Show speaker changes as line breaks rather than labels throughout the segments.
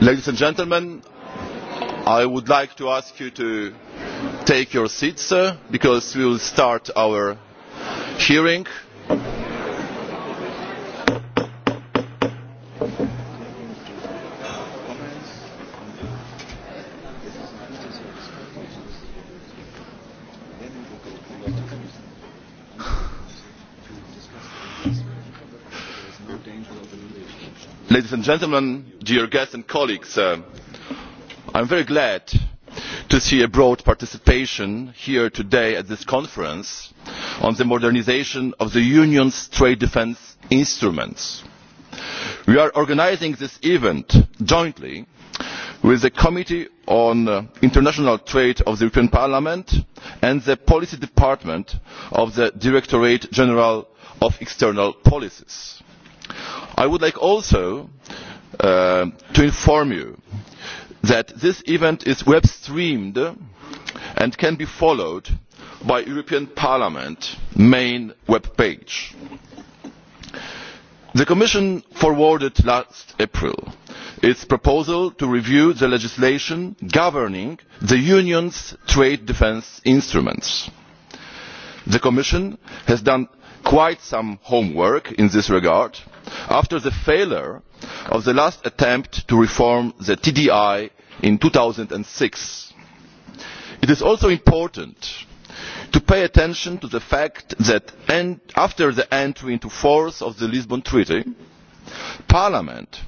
Ladies and gentlemen, I would like to ask you to take your seats because we will start our hearing. gentlemen dear guests and colleagues i am very glad to see a broad participation here today at this conference on the modernisation of the union's trade defence instruments. we are organising this event jointly with the committee on international trade of the european parliament and the policy department of the directorate general of external policies. I would like also to inform you that this event is web streamed and can be followed by the European Parliament main web page. The Commission forwarded last April its proposal to review the legislation governing the Union's trade defence instruments. The Commission has done quite some homework in this regard after the failure of the last attempt to reform the tdi in. two thousand six it is also important to pay attention to the fact that after the entry into force of the lisbon treaty parliament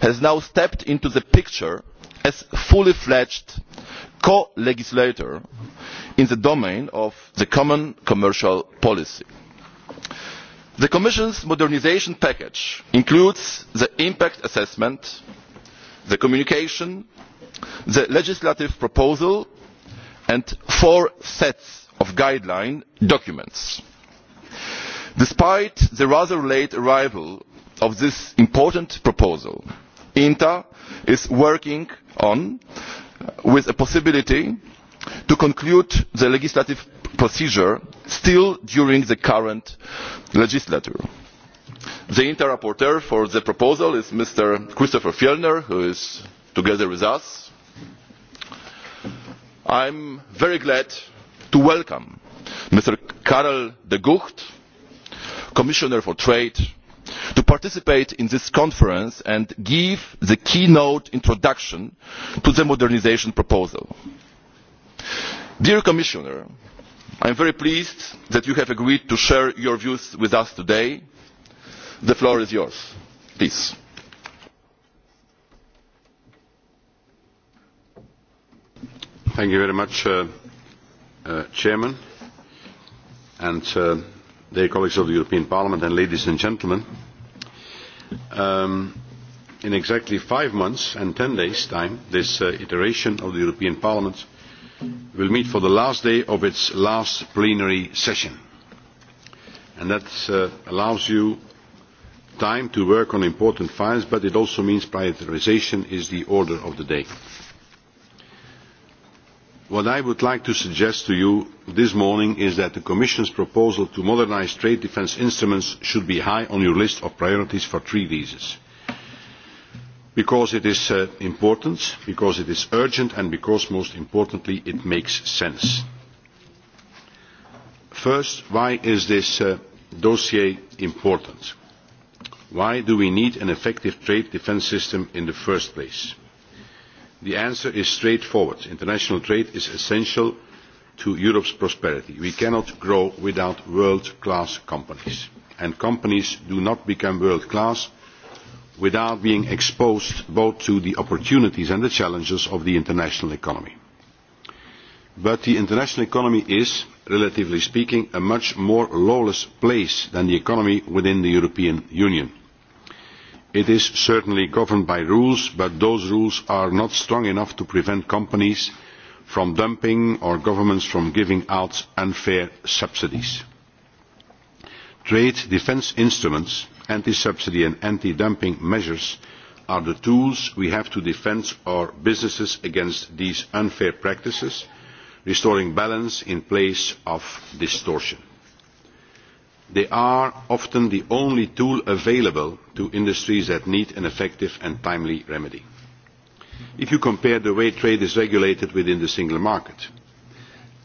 has now stepped into the picture as a fully fledged co legislator in the domain of the common commercial policy the commission's modernisation package includes the impact assessment the communication the legislative proposal and four sets of guideline documents. despite the rather late arrival of this important proposal inta is working on with a possibility to conclude the legislative procedure still during the current legislature. The inter rapporteur for the proposal is Mr Christopher Fjellner, who is together with us. I am very glad to welcome Mr Karel de Gucht, Commissioner for Trade, to participate in this conference and give the keynote introduction to the modernisation proposal. Dear Commissioner, I am very pleased that you have agreed to share your views with us today. The floor is yours. Please.
Thank you very much, Chairman, and dear colleagues of the European Parliament, and ladies and gentlemen. In exactly five months and ten days' time, this iteration of the European Parliament will meet for the last day of its last plenary session. And that allows you time to work on important files, but it also means prioritisation is the order of the day. What I would like to suggest to you this morning is that the Commission's proposal to modernise trade defence instruments should be high on your list of priorities for three reasons because it is important because it is urgent and because most importantly it makes sense. first why is this dossier important? why do we need an effective trade defence system in the first place? the answer is straightforward international trade is essential to europe's prosperity. we cannot grow without world class companies and companies do not become world class without being exposed both to the opportunities and the challenges of the international economy. But the international economy is, relatively speaking, a much more lawless place than the economy within the European Union. It is certainly governed by rules, but those rules are not strong enough to prevent companies from dumping or governments from giving out unfair subsidies. Trade defence instruments anti subsidy and anti dumping measures are the tools we have to defend our businesses against these unfair practices restoring balance in place of distortion. they are often the only tool available to industries that need an effective and timely remedy. if you compare the way trade is regulated within the single market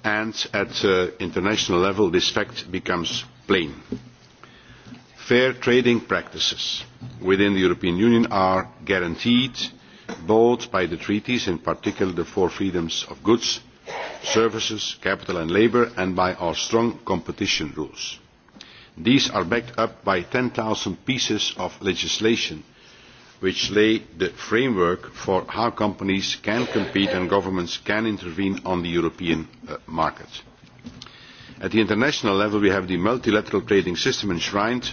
and at international level this fact becomes plain fair trading practices within the European Union are guaranteed both by the treaties, in particular the four freedoms of goods, services, capital and labour, and by our strong competition rules. These are backed up by 10,000 pieces of legislation which lay the framework for how companies can compete and governments can intervene on the European market. At the international level, we have the multilateral trading system enshrined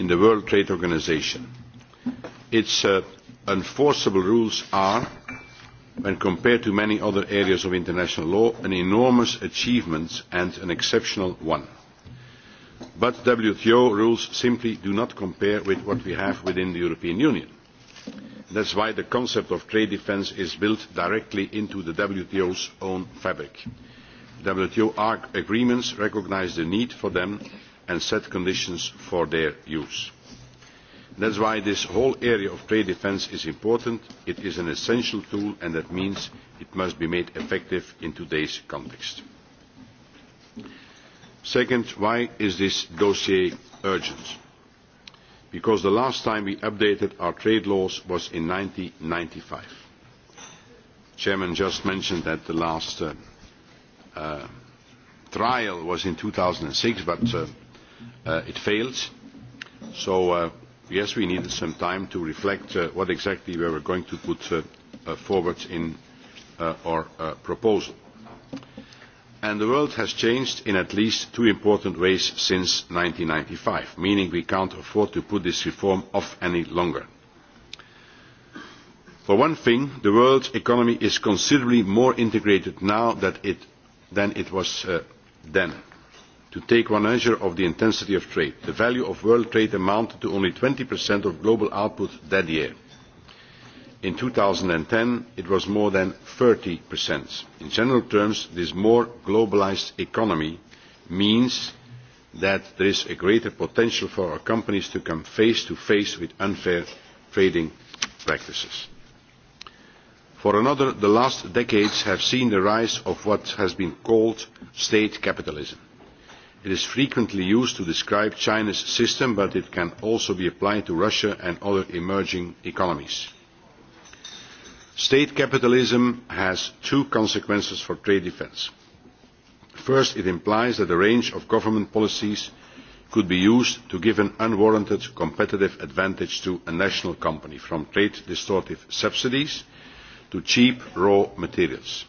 in the World Trade Organization. Its enforceable rules are, when compared to many other areas of international law, an enormous achievement and an exceptional one. But WTO rules simply do not compare with what we have within the European Union. That is why the concept of trade defence is built directly into the WTO's own fabric. WTO agreements recognise the need for them and set conditions for their use. That is why this whole area of trade defence is important. It is an essential tool and that means it must be made effective in today's context. Second, why is this dossier urgent? Because the last time we updated our trade laws was in five. The Chairman just mentioned that the last trial was in two thousand six, but it failed, So, yes, we needed some time to reflect what exactly we were going to put forward in our proposal. And the world has changed in at least two important ways since ninety five, meaning we cannot afford to put this reform off any longer. For one thing, the world economy is considerably more integrated now than it was then to take one measure of the intensity of trade the value of world trade amounted to only 20% of global output that year. In 2010 it was more than 30%. In general terms this more globalised economy means that there is a greater potential for our companies to come face to face with unfair trading practices. For another, the last decades have seen the rise of what has been called state capitalism It is frequently used to describe China's system, but it can also be applied to Russia and other emerging economies. State capitalism has two consequences for trade defence. First, it implies that a range of government policies could be used to give an unwarranted competitive advantage to a national company, from trade distortive subsidies to cheap raw materials.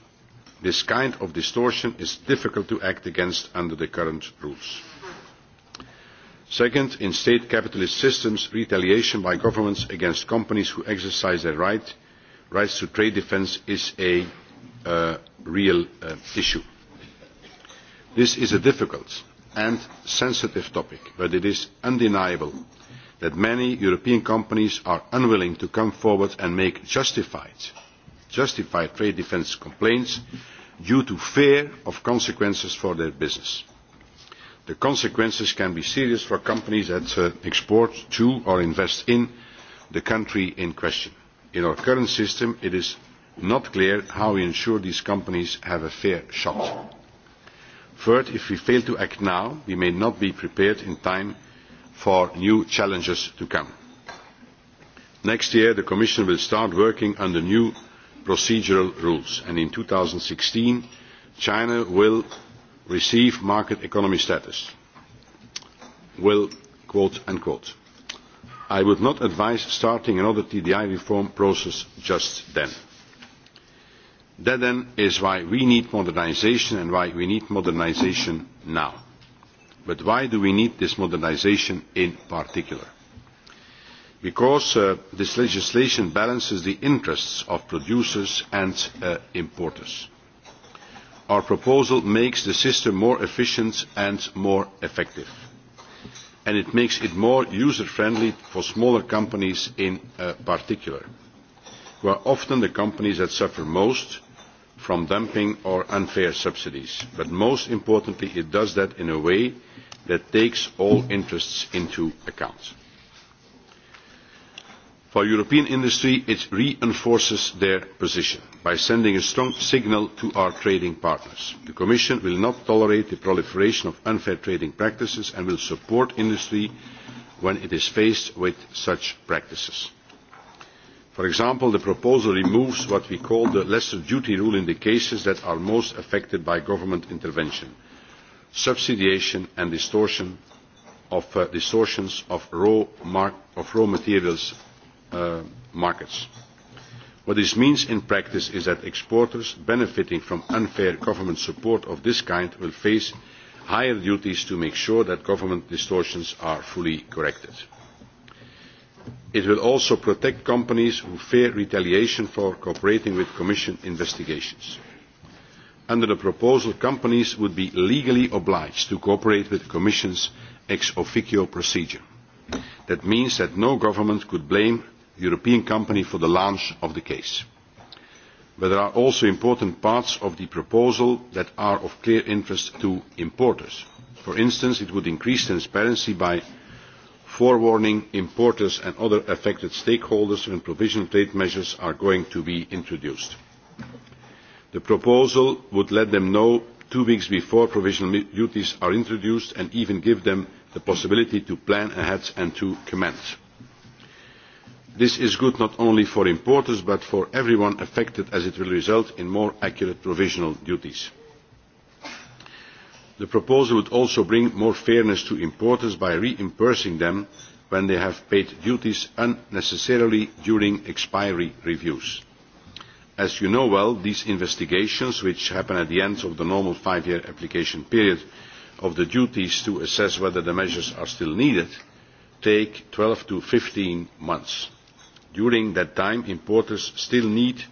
This kind of distortion is difficult to act against under the current rules. Second, in state capitalist systems, retaliation by governments against companies who exercise their rights to trade defence is a real issue. This is a difficult and sensitive topic, but it is undeniable that many European companies are unwilling to come forward and make justified justify trade defence complaints due to fear of consequences for their business. The consequences can be serious for companies that export to or invest in the country in question. In our current system, it is not clear how we ensure these companies have a fair shot. Third, if we fail to act now, we may not be prepared in time for new challenges to come. Next year, the Commission will start working on the new procedural rules and in 2016 China will receive market economy status. Will, I would not advise starting another TDI reform process just then. That then is why we need modernisation and why we need modernisation now. But why do we need this modernisation in particular? because this legislation balances the interests of producers and importers. Our proposal makes the system more efficient and more effective, and it makes it more user friendly for smaller companies in particular, who are often the companies that suffer most from dumping or unfair subsidies. But most importantly, it does that in a way that takes all interests into account. For European industry, it reinforces their position by sending a strong signal to our trading partners. The Commission will not tolerate the proliferation of unfair trading practices and will support industry when it is faced with such practices. For example, the proposal removes what we call the lesser duty rule in the cases that are most affected by government intervention, subsidiation and distortions of raw materials markets. What this means in practice is that exporters benefiting from unfair government support of this kind will face higher duties to make sure that government distortions are fully corrected. It will also protect companies who fear retaliation for cooperating with Commission investigations. Under the proposal, companies would be legally obliged to cooperate with the Commission's ex officio procedure. That means that no government could blame European company for the launch of the case. But there are also important parts of the proposal that are of clear interest to importers. For instance, it would increase transparency by forewarning importers and other affected stakeholders when provisional trade measures are going to be introduced. The proposal would let them know two weeks before provisional duties are introduced and even give them the possibility to plan ahead and to comment. This is good not only for importers but for everyone affected as it will result in more accurate provisional duties. The proposal would also bring more fairness to importers by reimbursing them when they have paid duties unnecessarily during expiry reviews. As you know well, these investigations, which happen at the end of the normal five-year application period of the duties to assess whether the measures are still needed, take 12 to 15 months. During that time, importers still need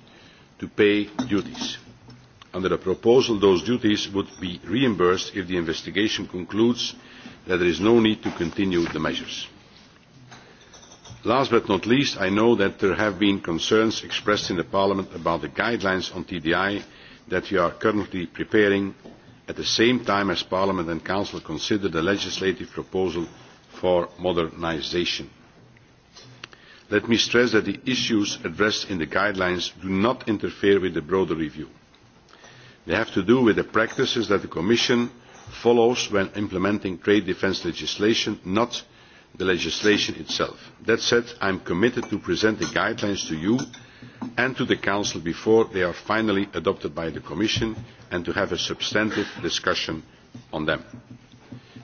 to pay duties. Under the proposal, those duties would be reimbursed if the investigation concludes that there is no need to continue the measures. Last but not least, I know that there have been concerns expressed in Parliament about the guidelines on TDI that we are currently preparing at the same time as Parliament and Council consider the legislative proposal for modernisation. Let me stress that the issues addressed in the guidelines do not interfere with the broader review. They have to do with the practices that the Commission follows when implementing trade defence legislation, not the legislation itself. That said, I am committed to present the guidelines to you and to the Council before they are finally adopted by the Commission and to have a substantive discussion on them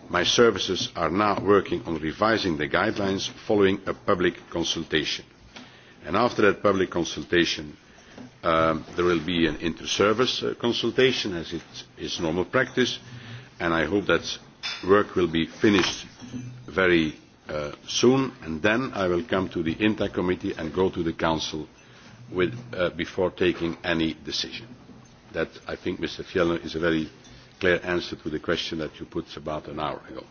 my services are now working on revising the guidelines following a public consultation and after that public consultation there will be an inter service consultation as is normal practice and i hope that work will be finished very soon and then i will come to the inta committee and go to the council before taking any decision. that i think mr fjellner is a very clear answer to the question that you put about an hour ago.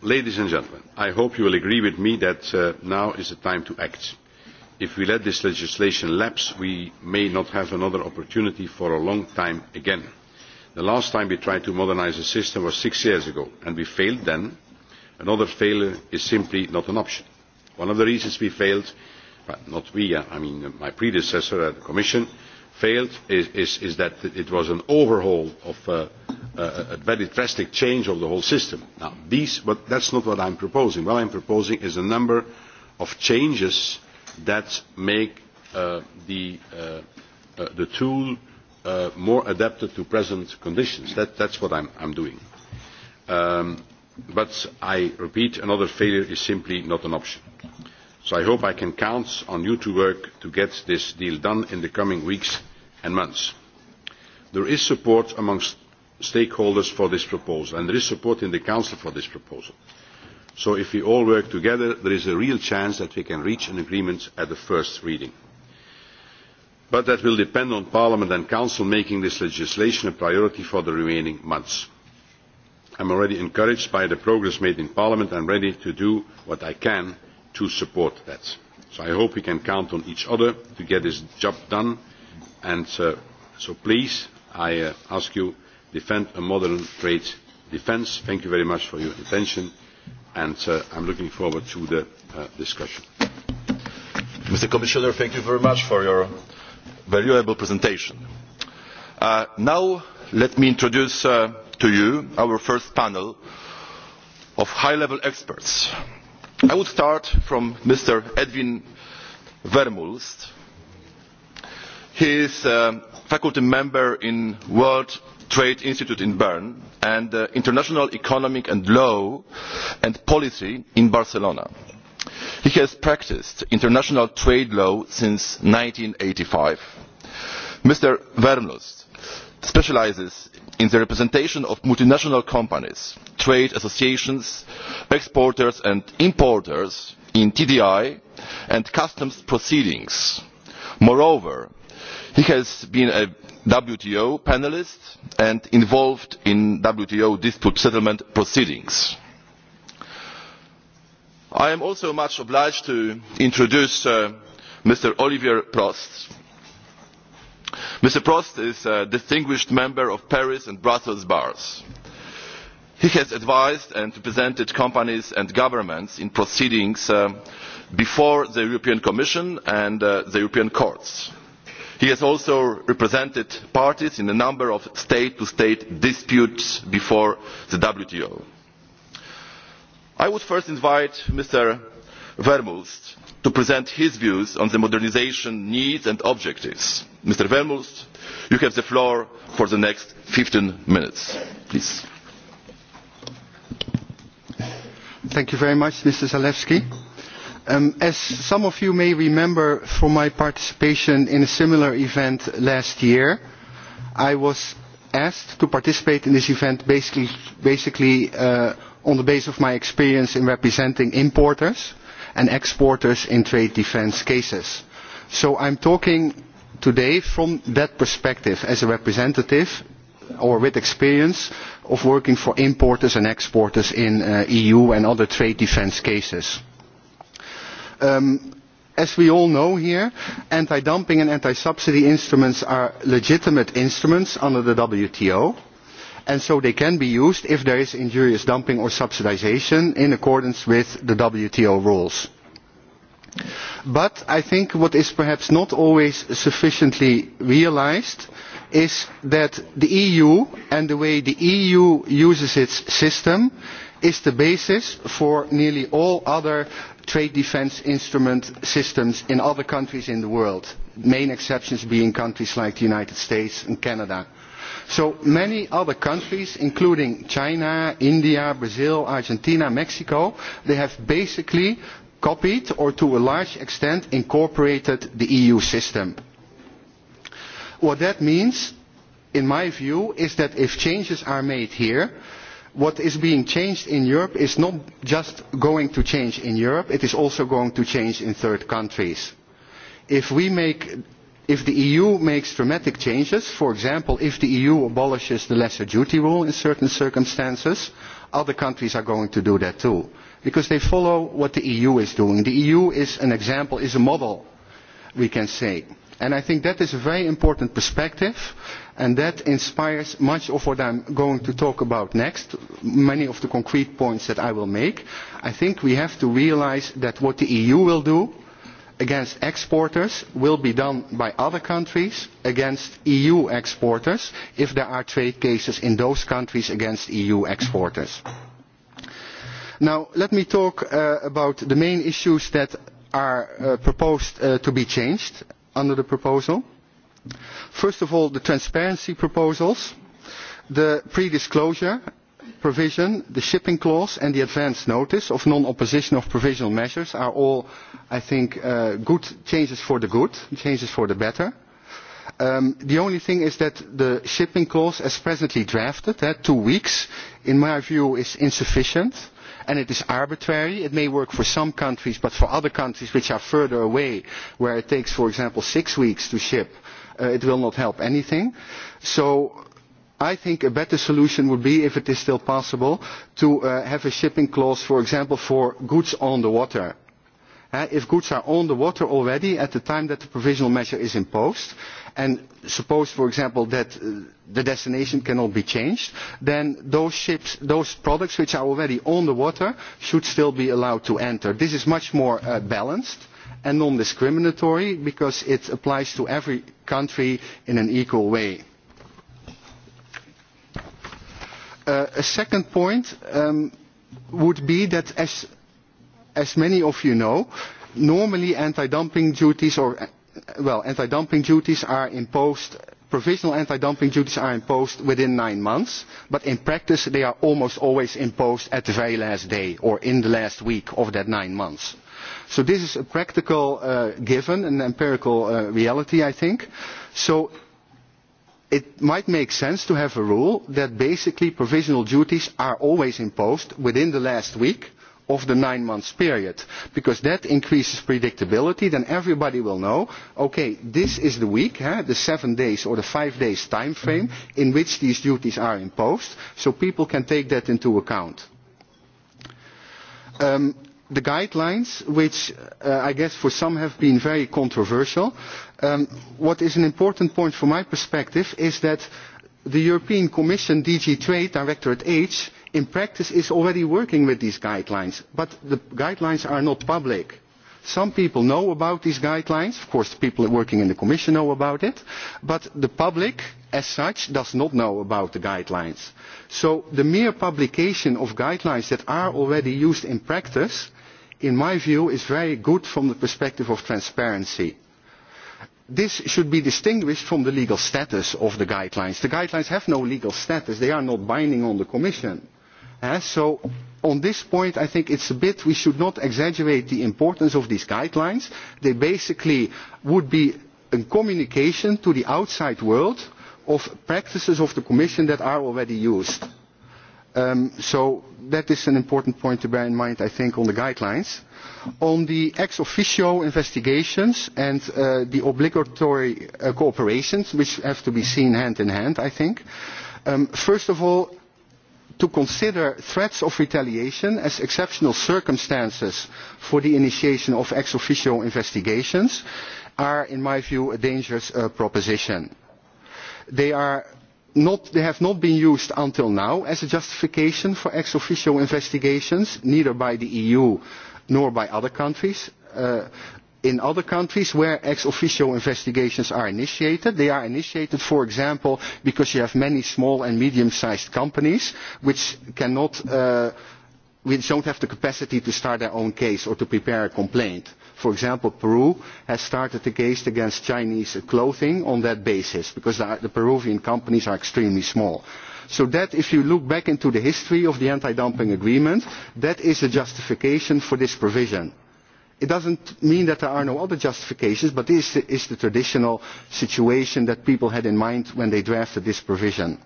Ladies and gentlemen, I hope you will agree with me that now is the time to act. If we let this legislation lapse, we may not have another opportunity for a long time again. The last time we tried to modernise the system was six years ago, and we failed then. Another failure is simply not an option. One of the reasons we failed, not we, I mean my predecessor at the Commission, failed is that it was an overhaul of a very drastic change of the whole system. Now, these, that's not what I'm proposing. What I'm proposing is a number of changes that make the tool more adapted to present conditions. That's what I'm doing. But I repeat, another failure is simply not an option. So I hope I can count on you to work to get this deal done in the coming weeks and months. There is support amongst stakeholders for this proposal and there is support in the Council for this proposal. So if we all work together, there is a real chance that we can reach an agreement at the first reading. But that will depend on Parliament and Council making this legislation a priority for the remaining months. I am already encouraged by the progress made in Parliament and ready to do what I can to support that. So I hope we can count on each other to get this job done and so please i ask you to defend a modern trade defence. thank you very much for your attention and i am looking forward to the
discussion. mr commissioner thank you very much for your valuable presentation. now let me introduce to you our first panel of high level experts. i would start from mr edwin vermulst he is a faculty member in the world trade institute in bern and international economic and law and policy in barcelona. he has practised international trade law since. one nine hundred and eighty five mr verhofstadt specialises in the representation of multinational companies trade associations exporters and importers in tdi and customs proceedings. moreover He has been a WTO panelist and involved in WTO dispute settlement proceedings. I am also much obliged to introduce Mr. Olivier Prost. Mr. Prost is a distinguished member of Paris and Brussels bars. He has advised and represented companies and governments in proceedings before the European Commission and the European courts. He has also represented parties in a number of state to state disputes before the WTO. I would first invite Mr Vermoost to present his views on the modernisation needs and objectives. Mr Vermoost, you have the floor for the next 15
minutes. Please. Thank you very much, Mr Zalewski. As some of you may remember from my participation in a similar event last year, I was asked to participate in this event basically on the basis of my experience in representing importers and exporters in trade defence cases. So I'm talking today from that perspective as a representative or with experience of working for importers and exporters in EU and other trade defence cases. As we all know here, anti dumping and anti subsidy instruments are legitimate instruments under the WTO and so they can be used if there is injurious dumping or subsidisation in accordance with the WTO rules. But I think what is perhaps not always sufficiently realised is that the EU and the way the EU uses its system is the basis for nearly all other trade defence instrument systems in other countries in the world main exceptions being countries like the united states and canada. so many other countries including china india brazil argentina and mexico have basically copied or to a large extent incorporated the eu system. what that means in my view is that if changes are made here what is being changed in Europe is not just going to change in Europe, it is also going to change in third countries. If the EU makes dramatic changes, for example, if the EU abolishes the lesser duty rule in certain circumstances, other countries are going to do that too, because they follow what the EU is doing. The EU is an example, is a model, we can say. And I think that is a very important perspective and that inspires much of what I am going to talk about next, many of the concrete points that I will make. I think we have to realise that what the EU will do against exporters will be done by other countries against EU exporters if there are trade cases in those countries against EU exporters. Now, let me talk about the main issues that are proposed to be changed under the proposal. First of all, the transparency proposals, the pre-disclosure provision, the shipping clause and the advance notice of non-opposition of provisional measures are all, I think, good changes for the good, changes for the better. The only thing is that the shipping clause as presently drafted, two weeks, in my view is insufficient and it is arbitrary. It may work for some countries, but for other countries which are further away, where it takes, for example, six weeks to ship, it will not help anything. So I think a better solution would be, if it is still possible, to have a shipping clause, for example, for goods on the water. If goods are on the water already at the time that the provisional measure is imposed, and suppose, for example, that the destination cannot be changed, then those ships, those products which are already on the water, should still be allowed to enter. This is much more balanced and non discriminatory because it applies to every country in an equal way. a second point would be that as many of you know normally anti dumping duties or anti dumping duties are imposed provisional anti dumping duties are imposed within nine months but in practice they are almost always imposed at the very last day or in the last week of that nine months. So this is a practical given, an empirical reality, I think. So it might make sense to have a rule that basically provisional duties are always imposed within the last week of the nine months period because that increases predictability then everybody will know okay this is the week the seven days or the five days time frame in which these duties are imposed so people can take that into account the guidelines which i guess for some have been very controversial what is an important point from my perspective is that the european commission dg trade directorate h in practice is already working with these guidelines but the guidelines are not public. some people know about these guidelines of course the people working in the commission know about it but the public as such does not know about the guidelines. so the mere publication of guidelines that are already used in practice in my view is very good from the perspective of transparency. This should be distinguished from the legal status of the guidelines. The guidelines have no legal status. They are not binding on the Commission. So on this point I think it's a bit we should not exaggerate the importance of these guidelines. They basically would be a communication to the outside world of practices of the Commission that are already used. So that is an important point to bear in mind, I think, on the guidelines. On the ex officio investigations and the obligatory cooperations, which have to be seen hand in hand, I think. First of all, to consider threats of retaliation as exceptional circumstances for the initiation of ex officio investigations are, in my view, a dangerous proposition. They are They have not been used until now as a justification for ex officio investigations, neither by the EU nor by other countries. In other countries where ex officio investigations are initiated, they are initiated, for example, because you have many small and medium sized companies which cannot which don't have the capacity to start their own case or to prepare a complaint. For example, Peru has started a case against Chinese clothing on that basis because the Peruvian companies are extremely small. So that, if you look back into the history of the anti-dumping agreement, that is a justification for this provision. It doesn't mean that there are no other justifications, but this is the traditional situation that people had in mind when they drafted this provision.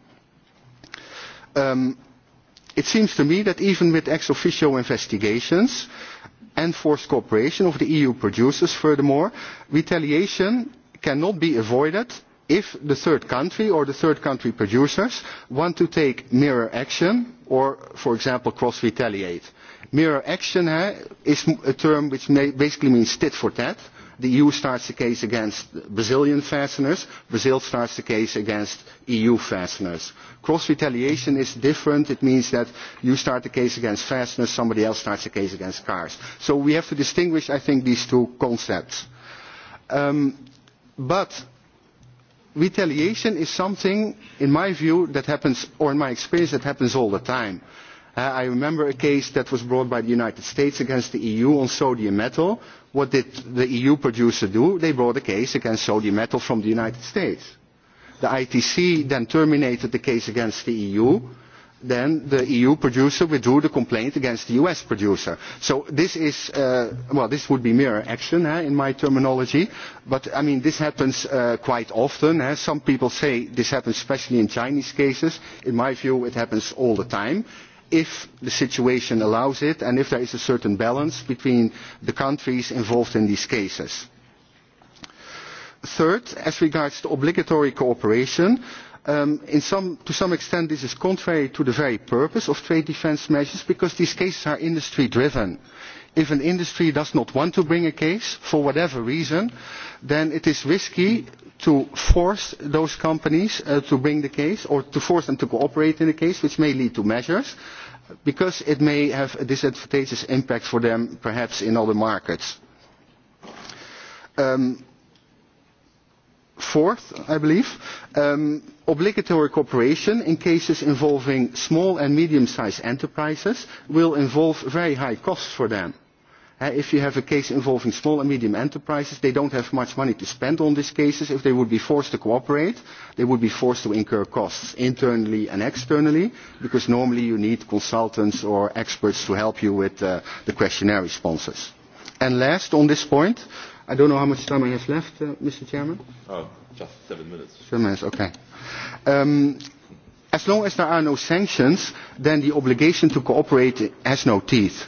It seems to me that even with ex officio investigations and forced cooperation of the EU producers, furthermore, retaliation cannot be avoided if the third country or the third country producers want to take mirror action or, for example, cross retaliate. Mirror action is a term which basically means tit for tat the EU starts the case against Brazilian fasteners, Brazil starts the case against EU fasteners. Cross retaliation is different. It means that you start the case against fasteners, somebody else starts the case against cars. So we have to distinguish, I think, these two concepts. But retaliation is something, in my view, that happens, or in my experience, that happens all the time I remember a case that was brought by the United States against the EU on sodium metal. What did the EU producer do? They brought a case against sodium metal from the United States. The ITC then terminated the case against the EU. Then the EU producer withdrew the complaint against the US producer. So this is, well, this would be mirror action in my terminology. But I mean, this happens quite often. Some people say this happens especially in Chinese cases. In my view, it happens all the time if the situation allows it and if there is a certain balance between the countries involved in these cases. Third, as regards to obligatory cooperation, to some extent this is contrary to the very purpose of trade defence measures because these cases are industry driven. If an industry does not want to bring a case for whatever reason, then it is risky to force those companies to bring the case or to force them to cooperate in a case, which may lead to measures because it may have a disadvantageous impact for them perhaps in other markets. Fourth, I believe, obligatory cooperation in cases involving small and medium-sized enterprises will involve very high costs for them. If you have a case involving small and medium enterprises, they don't have much money to spend on these cases. If they would be forced to cooperate, they would be forced to incur costs internally and externally, because normally you need consultants or experts to help you with the questionnaire responses. And last on this point, I don't know how much time I have left, Mr. Chairman. Oh, just seven minutes. Seven minutes, okay. As long as there are no sanctions, then the obligation to cooperate has no teeth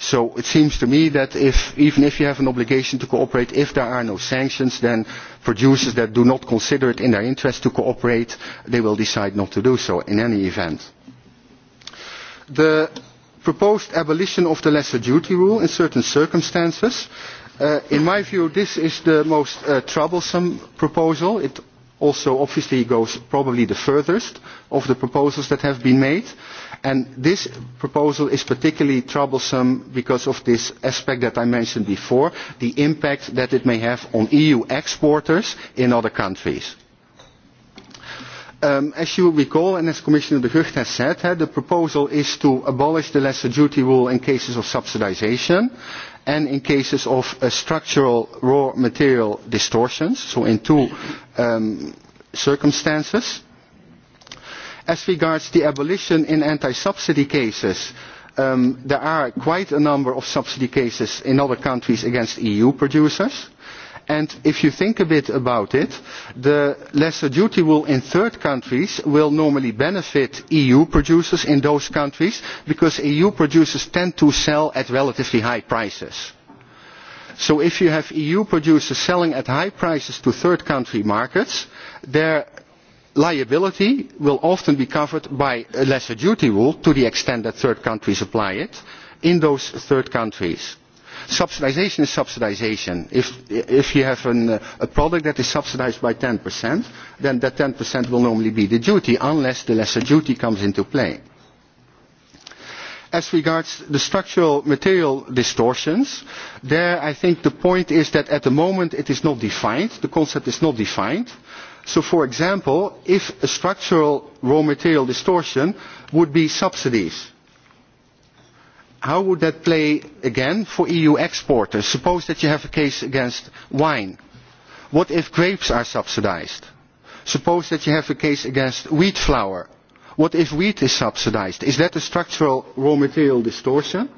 So it seems to me that even if you have an obligation to cooperate, if there are no sanctions, then producers that do not consider it in their interest to cooperate, they will decide not to do so in any event. The proposed abolition of the lesser duty rule in certain circumstances. In my view, this is the most troublesome proposal. It also obviously goes probably the furthest of the proposals that have been made And this proposal is particularly troublesome because of this aspect that I mentioned before, the impact that it may have on EU exporters in other countries. As you recall, and as Commissioner de Gucht has said, the proposal is to abolish the lesser duty rule in cases of subsidisation and in cases of structural raw material distortions, so in two circumstances As regards the abolition in anti-subsidy cases, there are quite a number of subsidy cases in other countries against EU producers. And if you think a bit about it, the lesser duty rule in third countries will normally benefit EU producers in those countries because EU producers tend to sell at relatively high prices. So if you have EU producers selling at high prices to third country markets, there liability will often be covered by a lesser duty rule to the extent that third countries apply it in those third countries. Subsidisation is subsidisation. If you have a product that is subsidised by 10%, then that 10% will normally be the duty unless the lesser duty comes into play. As regards the structural material distortions, there I think the point is that at the moment it is not defined, the concept is not defined So, for example, if a structural raw material distortion would be subsidies, how would that play again for EU exporters? Suppose that you have a case against wine. What if grapes are subsidised? Suppose that you have a case against wheat flour. What if wheat is subsidised? Is that a structural raw material distortion?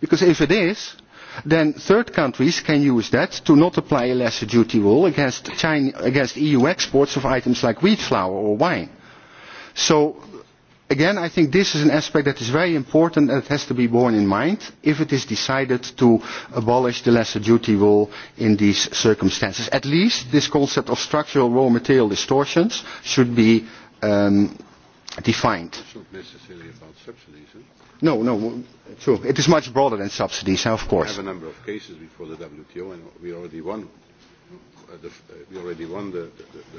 Because if it is then third countries can use that to not apply a lesser duty rule against eu exports of items like wheat flour or wine. so again i think this is an aspect that is very important and has to be borne in mind if it is decided to abolish the lesser duty rule in these circumstances. at least this concept of structural raw material distortions should be defined. about subsidies. No, no, true. It is much broader than subsidies, of course. We have a number
of cases before the WTO, and we already won. We already won the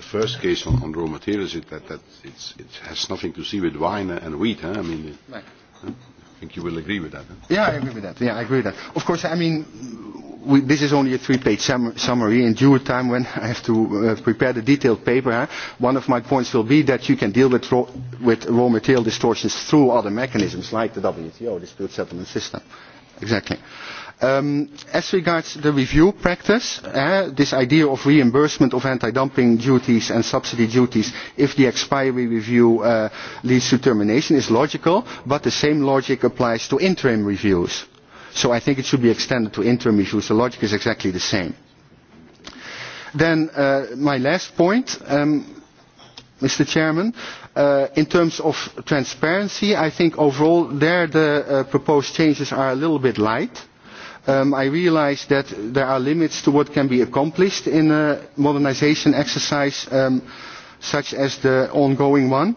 first case on raw materials. It has nothing to see with wine and wheat. I mean. I think you will agree with that.
Yeah, I agree with that. Yeah, I agree with that. Of course, I mean, we, this is only a three-page summary. In due time, when I have to uh, prepare the detailed paper, huh, one of my points will be that you can deal with raw, with raw material distortions through other mechanisms, like the WTO, dispute settlement system. Exactly. As regards the review practice, this idea of reimbursement of anti-dumping duties and subsidy duties if the expiry review leads to termination is logical, but the same logic applies to interim reviews. So I think it should be extended to interim reviews. The logic is exactly the same. Then my last point, Mr. Chairman, in terms of transparency, I think overall there the proposed changes are a little bit light I realise that there are limits to what can be accomplished in a modernisation exercise such as the ongoing one,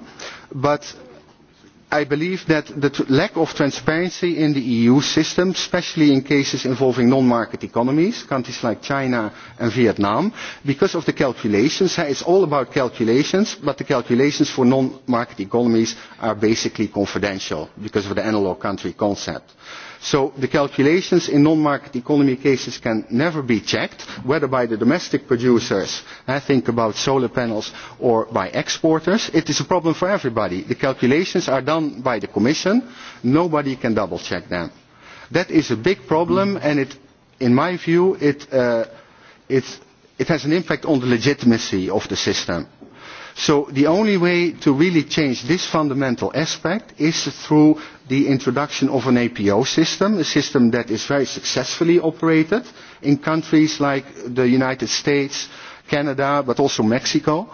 but I believe that the lack of transparency in the EU system, especially in cases involving non-market economies, countries like China and Vietnam, because of the calculations, is all about calculations, but the calculations for non-market economies are basically confidential because of the analog country concept. So the calculations in non-market economy cases can never be checked, whether by the domestic producers, I think about solar panels, or by exporters. It is a problem for everybody. The calculations are done by the Commission. Nobody can double check them. That is a big problem and in my view it has an impact on the legitimacy of the system. So the only way to really change this fundamental aspect is through the introduction of an APO system, a system that is very successfully operated in countries like the United States, Canada, but also Mexico.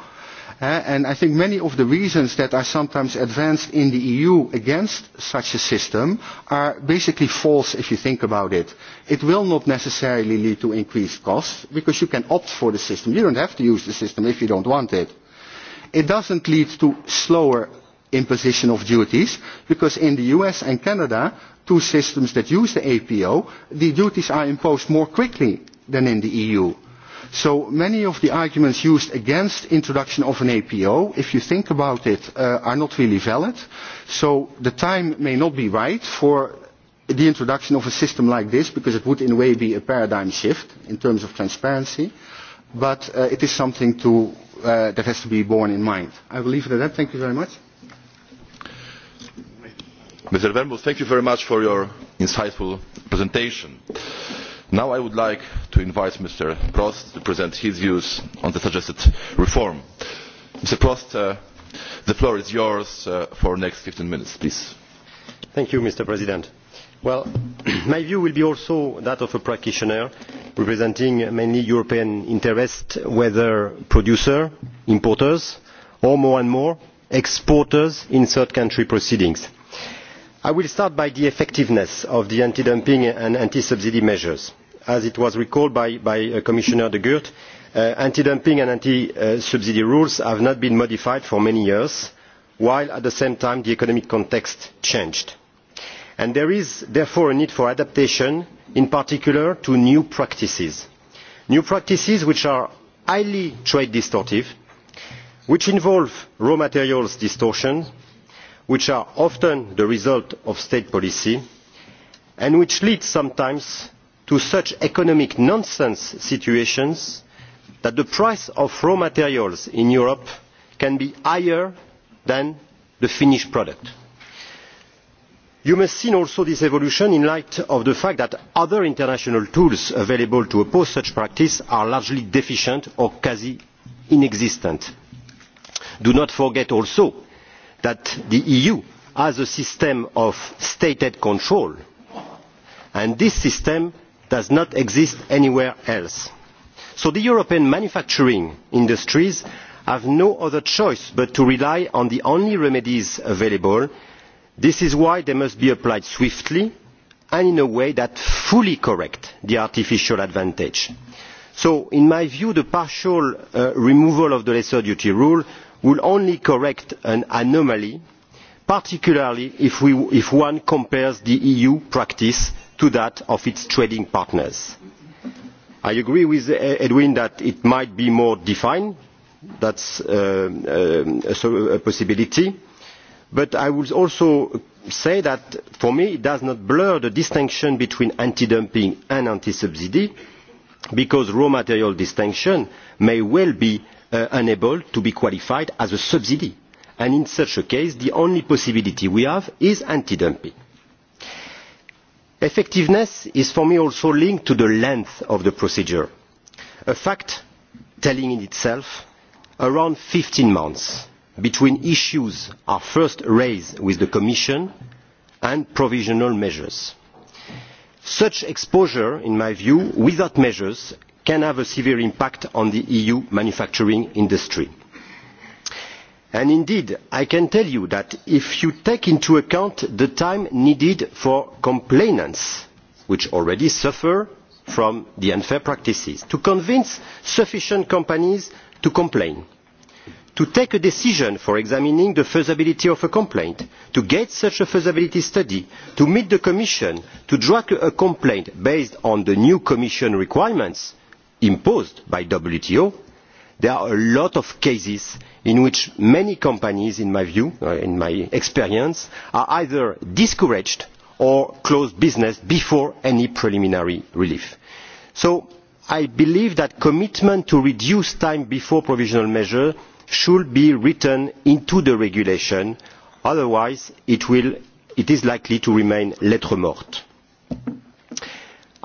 And I think many of the reasons that are sometimes advanced in the EU against such a system are basically false if you think about it. It will not necessarily lead to increased costs because you can opt for the system. You don't have to use the system if you don't want it. It doesn't lead to slower imposition of duties because in the us and canada two systems that use the apo the duties are imposed more quickly than in the eu. so many of the arguments used against introduction of an apo if you think about it are not really valid so the time may not be right for the introduction of a system like this because it would in a way be a paradigm shift in terms of transparency but it is something that has to be borne in mind. i will leave it at that. thank you very much.
Mr. Vermouth, thank you very much for your insightful presentation. Now I would like to invite Mr. Prost to present his views on the suggested reform.
Mr. Prost, the floor is yours for the next 15 minutes, please. Thank you, Mr. President. my view will be also that of a practitioner representing mainly European interests, whether producers, importers, or more and more exporters in third country proceedings i will start by the effectiveness of the anti dumping and anti subsidy measures. as was recalled by commissioner de gucht anti dumping and anti subsidy rules have not been modified for many years while at the same time the economic context changed. there is therefore a need for adaptation in particular to new practices new practices which are highly trade distortive which involve raw materials distortion which are often the result of state policy and which lead sometimes to such economic nonsense situations that the price of raw materials in europe can be higher than the finished product. you must see also this evolution in light of the fact that other international tools available to oppose such practice are largely deficient or quasi inexistent do not forget also that the eu has a system of stated control and this system does not exist anywhere else. so the european manufacturing industries have no other choice but to rely on the only remedies available. this is why they must be applied swiftly and in a way that fully corrects the artificial advantage. so in my view the partial removal of the lesser duty rule will only correct an anomaly particularly if one compares the eu practice to that of its trading partners. i agree with edwin that it might be more defined that is a possibility but i would also say that for me it does not blur the distinction between anti dumping and anti subsidy because raw material distinction may well be unable to be qualified as a subsidy and in such a case the only possibility we have is anti dumping. effectiveness is for me also linked to the length of the procedure a fact telling in itself around 15 months between issues are first raised with the commission and provisional measures. such exposure in my view without measures can have a severe impact on the eu manufacturing industry. indeed i can tell you that if you take into account the time needed for complainants which already suffer from the unfair practices to convince sufficient companies to complain to take a decision for examining the feasibility of a complaint to get such a feasibility study to meet the commission to draft a complaint based on the new commission requirements imposed by wto there are a lot of cases in which many companies in my view in my experience are either discouraged or close business before any preliminary relief. so i believe that commitment to reduce time before provisional measures should be written into the regulation otherwise it is likely to remain lettre morte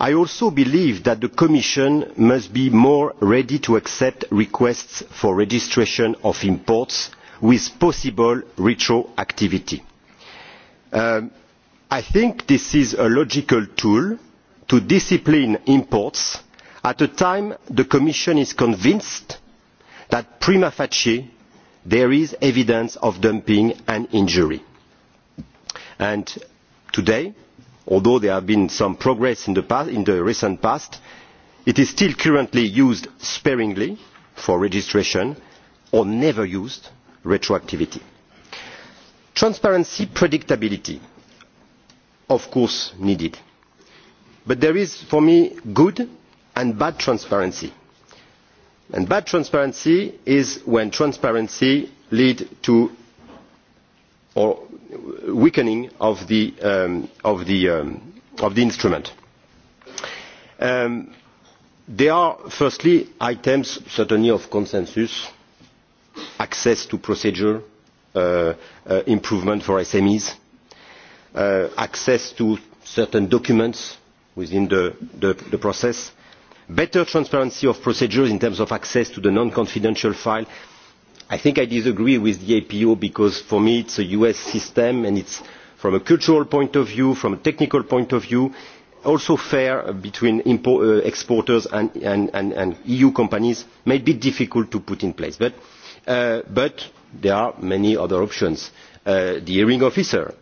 i also believe that the commission must be more ready to accept requests for registration of imports with possible retroactivity. i think this is a logical tool to discipline imports at a time the commission is convinced that prima facie there is evidence of dumping and injury. today although there has been some progress in the recent past it is still currently used sparingly for registration or never used retroactivity. transparency predictability of course needed but there is for me good and bad transparency and bad transparency is when transparency leads to or weakening of the instrument. There are, firstly, items certainly of consensus, access to procedure, improvement for SMEs, access to certain documents within the process, better transparency of procedures in terms of access to the non-confidential file. I think I disagree with the APO because for me it's a US system and it's from a cultural point of view, from a technical point of view, also fair between exporters and EU companies may be difficult to put in place. But there are many other options. The hearing officer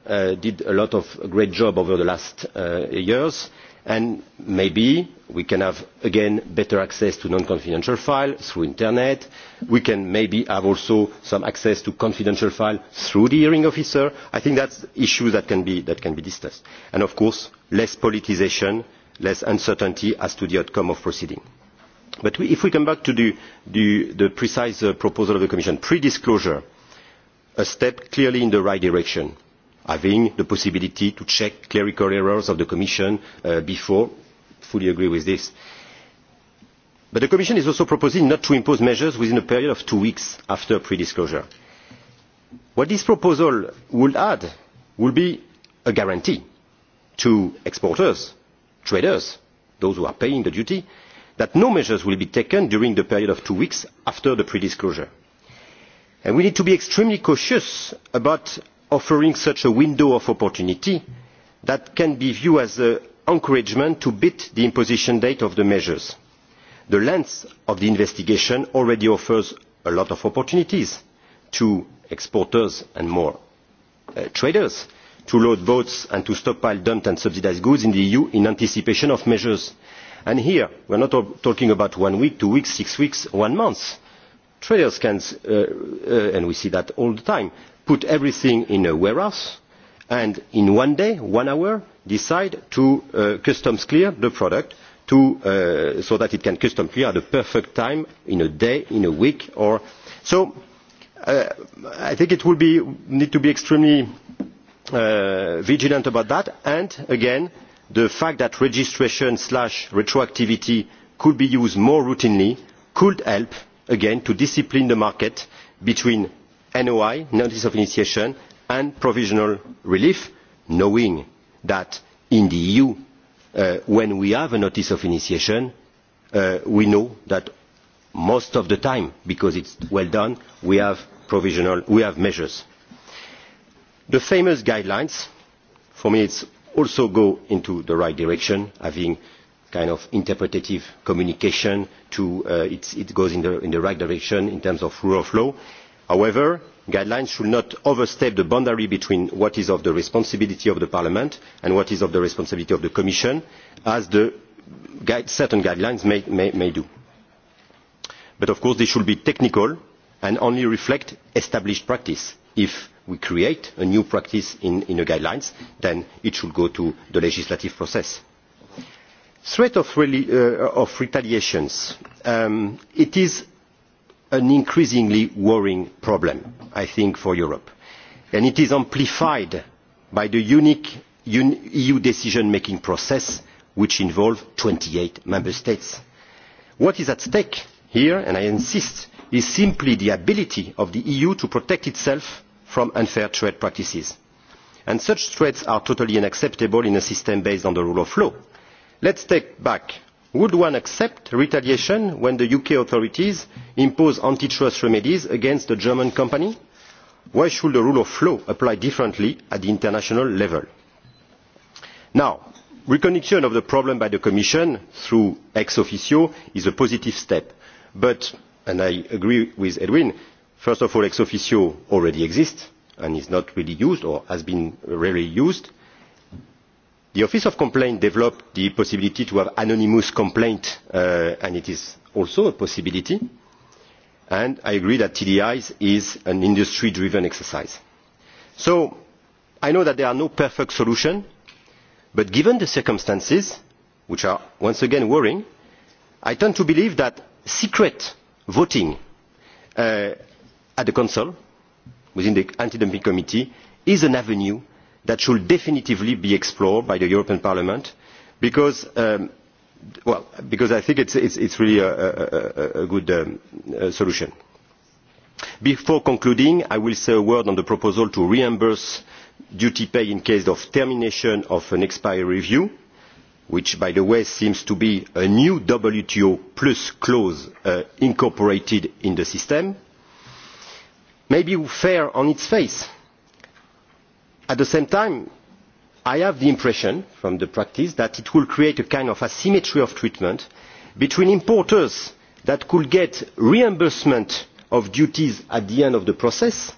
did a lot of great job over the last years and maybe we can have again better access to non confidential files through internet we can maybe have also some access to confidential files through the hearing officer. i think that is an issue that can be discussed and of course less politicisation less uncertainty as to the outcome of proceedings. but if we come back to the precise proposal of the commission pre disclosure a step clearly in the right direction having the possibility to check clerical errors of the Commission before. Fully agree with this. But the Commission is also proposing not to impose measures within a period of two weeks after pre-disclosure. What this proposal would add would be a guarantee to exporters, traders, those who are paying the duty, that no measures will be taken during the period of two weeks after the pre-disclosure. And we need to be extremely cautious about offering such a window of opportunity that can be viewed as an encouragement to beat the imposition date of the measures. The length of the investigation already offers a lot of opportunities to exporters and more traders to load boats and to stockpile dumped and subsidised goods in the EU in anticipation of measures. And here we are not talking about one week, two weeks, six weeks, one month. Traders can, and we see that all the time, put everything in a warehouse and in one day, one hour, decide to customs clear the product so that it can custom clear at the perfect time in a day, in a week. or So I think it will need to be extremely vigilant about that. And again, the fact that registration slash retroactivity could be used more routinely could help, again, to discipline the market between NOI, notice of initiation, and provisional relief, knowing that in the EU, when we have a notice of initiation, we know that most of the time, because it is well done, we have provisional, have measures. The famous guidelines, for me, also go into the right direction, having kind of interpretative communication. It goes in the right direction in terms of rule of law however guidelines should not overstep the boundary between what is of the responsibility of parliament and what is of the responsibility of the commission as certain guidelines may do. but of course they should be technical and only reflect established practice. if we create a new practice in the guidelines then it should go to the legislative process. threat of retaliation it an increasingly worrying problem, I think, for Europe. And it is amplified by the unique EU decision-making process, which involves 28 member states. What is at stake here, and I insist, is simply the ability of the EU to protect itself from unfair trade practices. And such threats are totally unacceptable in a system based on the rule of law. Let's take back Would one accept retaliation when the UK authorities impose antitrust remedies against a German company? Why should the rule of law apply differently at the international level? Now, recognition of the problem by the Commission through ex officio is a positive step, but and I agree with Edwin first of all ex officio already exists and is not really used or has been rarely used the office of complaint developed the possibility to have anonymous complaint and it is also a possibility and i agree that tdis is an industry driven exercise. so i know that there are no perfect solutions but given the circumstances which are once again worrying i tend to believe that secret voting at the council within the anti dumping committee is an avenue that should definitively be explored by the European Parliament because I think it is really a good solution. Before concluding, I will say a word on the proposal to reimburse duty pay in case of termination of an expiry review, which, by the way, seems to be a new WTO plus clause incorporated in the system, Maybe be fair on its face at the same time i have the impression from the practice that it will create a kind of asymmetry of treatment between importers that could get reimbursement of duties at the end of the process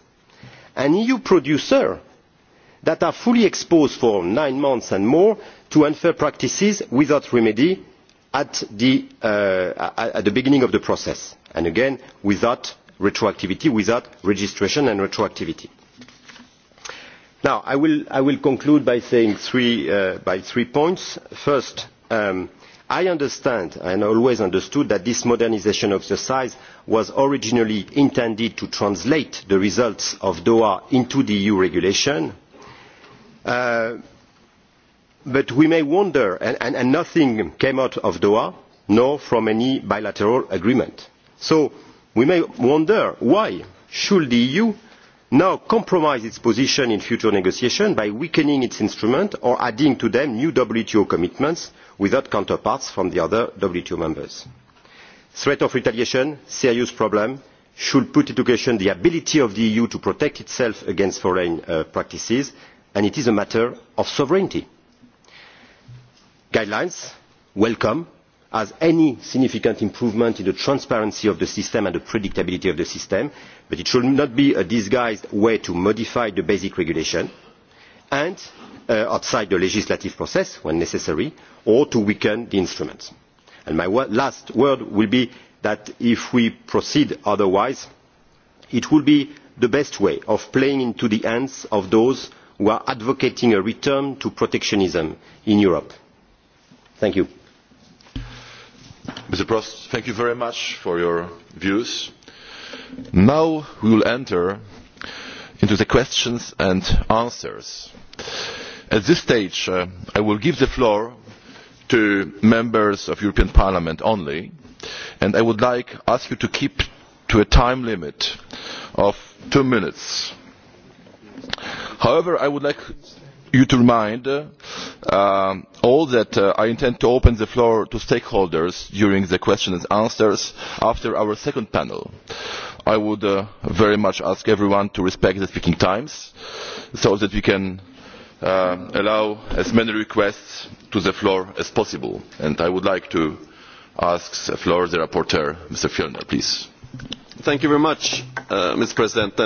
and eu producers that are fully exposed for nine months and more to unfair practices without remedy at the beginning of the process and again without retroactivity without registration and retroactivity. Now, I will conclude by saying three points. First, I understand and always understood that this modernisation exercise was originally intended to translate the results of Doha into the EU regulation. But we may wonder, and nothing came out of Doha, nor from any bilateral agreement. So we may wonder why should the EU now compromise its position in future negotiations by weakening its instruments or adding to them new wto commitments without counterparts from the other wto members. threat of retaliation serious problem should put into question the ability of the eu to protect itself against foreign practices and it is a matter of sovereignty. guidelines welcome as any significant improvement in the transparency of the system and the predictability of the system but it should not be a disguised way to modify the basic regulation and outside the legislative process when necessary or to weaken the instruments. my last word will be that if we proceed otherwise it will be the best way of playing into the hands of those who are advocating a return to protectionism in europe. thank you. Mr. Prost, thank you very much for your views. Now we
will enter into the questions and answers. At this stage, I will give the floor to members of European Parliament only, and I would like ask you to keep to a time limit of two minutes. However, I would like you to remind all that I intend to open the floor to stakeholders during the questions and answers after our second panel. I would very much ask everyone to respect the speaking times so that we can allow as many requests to the floor as possible. And I would like to ask the floor the rapporteur, Mr. Fjellner, please. Thank you very much,
President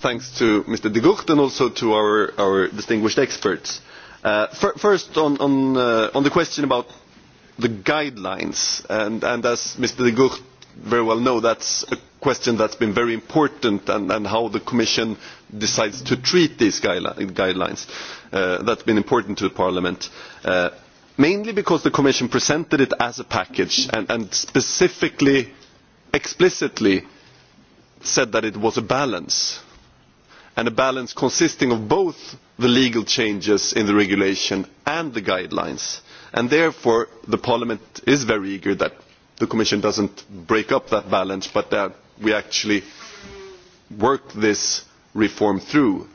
thanks to Mr. de Gucht and also to our distinguished experts. First, on the question about the guidelines, and as Mr. de Gucht very well knows, that is a question that has been very important, and how the Commission decides to treat these guidelines. That's been important to Parliament, mainly because the Commission presented it as a package and specifically, explicitly said that it was a balance and a balance consisting of both the legal changes in the regulation and the guidelines. And therefore, Parliament is very eager that the Commission does not break up that balance, but that we actually work this reform through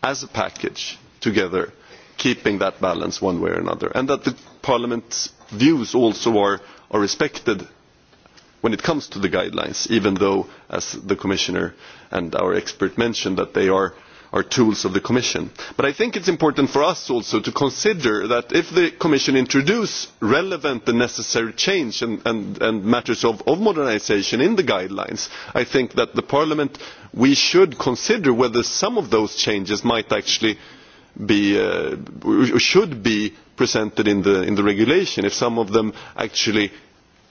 as a package together, keeping that balance one way or another, and that Parliament's views also are respected when it comes to the guidelines, even though, as the Commissioner and our expert mentioned, that they are tools of the Commission. But I think it is important for us also to consider that if the Commission introduces relevant and necessary change and matters of modernisation in the guidelines, I think that the Parliament we should consider whether some of those changes might actually be should be presented in the regulation, if some of them actually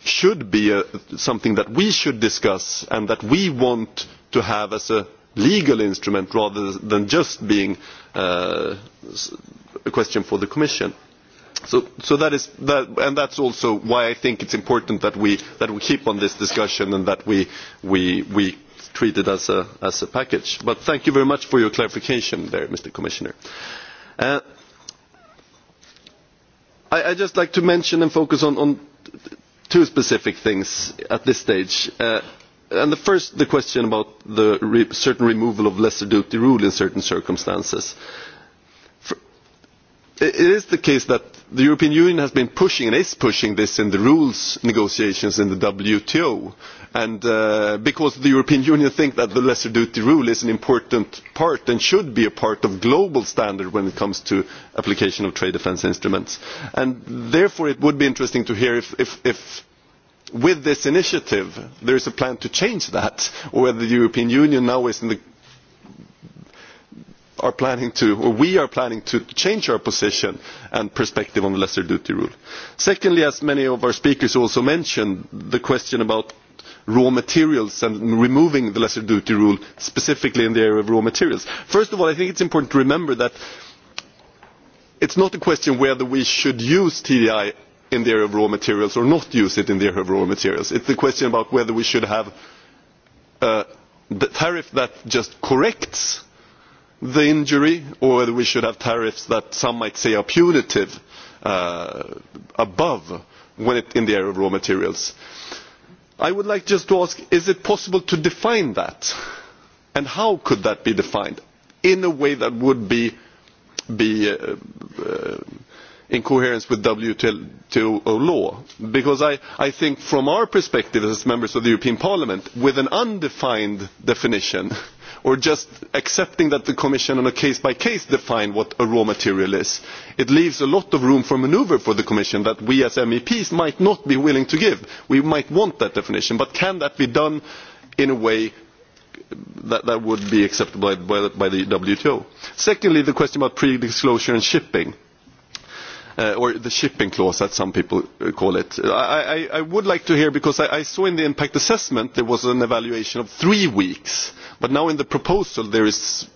should be something that we should discuss and that we want to have as a legal instrument rather than just being a question for the Commission. And that's also why I think it's important that we keep on this discussion and that we treat it as a package. But thank you very much for your clarification there, Mr. Commissioner. I'd just like to mention and focus on two specific things at this stage. And The first, the question about the certain removal of lesser duty rule in certain circumstances. It is the case that the european union has been pushing and is pushing this in the rules negotiations in the wto because the european union thinks that the lesser duty rule is an important part and should be a part of global standard when it comes to application of trade defence instruments and therefore it would be interesting to hear if with this initiative there is a plan to change that or whether the european union now is in the are planning to or we are planning to change our position and perspective on the lesser duty rule. secondly as many of our speakers also mentioned the question about raw materials and removing the lesser duty rule specifically in the area of raw materials. first of all i think it's important to remember that it's not a question whether we should use tdi in the area of raw materials or not use it in the area of raw materials. It's is a question about whether we should have a tariff that just corrects the injury or whether we should have tariffs that some might say are punitive above when in the area of raw materials. I would like just to ask, is it possible to define that? And how could that be defined in a way that would be in coherence with WTO law? Because I think from our perspective as members of the European Parliament, with an undefined definition, or just accepting that the Commission on a case by case defines what a raw material is. It leaves a lot of room for manoeuvre for the Commission that we as MEPs might not be willing to give. We might want that definition, but can that be done in a way that would be acceptable by the WTO? Secondly, the question about pre disclosure and shipping or the shipping clause as some people call it. I would like to hear, because I saw in the impact assessment there was an evaluation of three weeks, but now in the proposal there is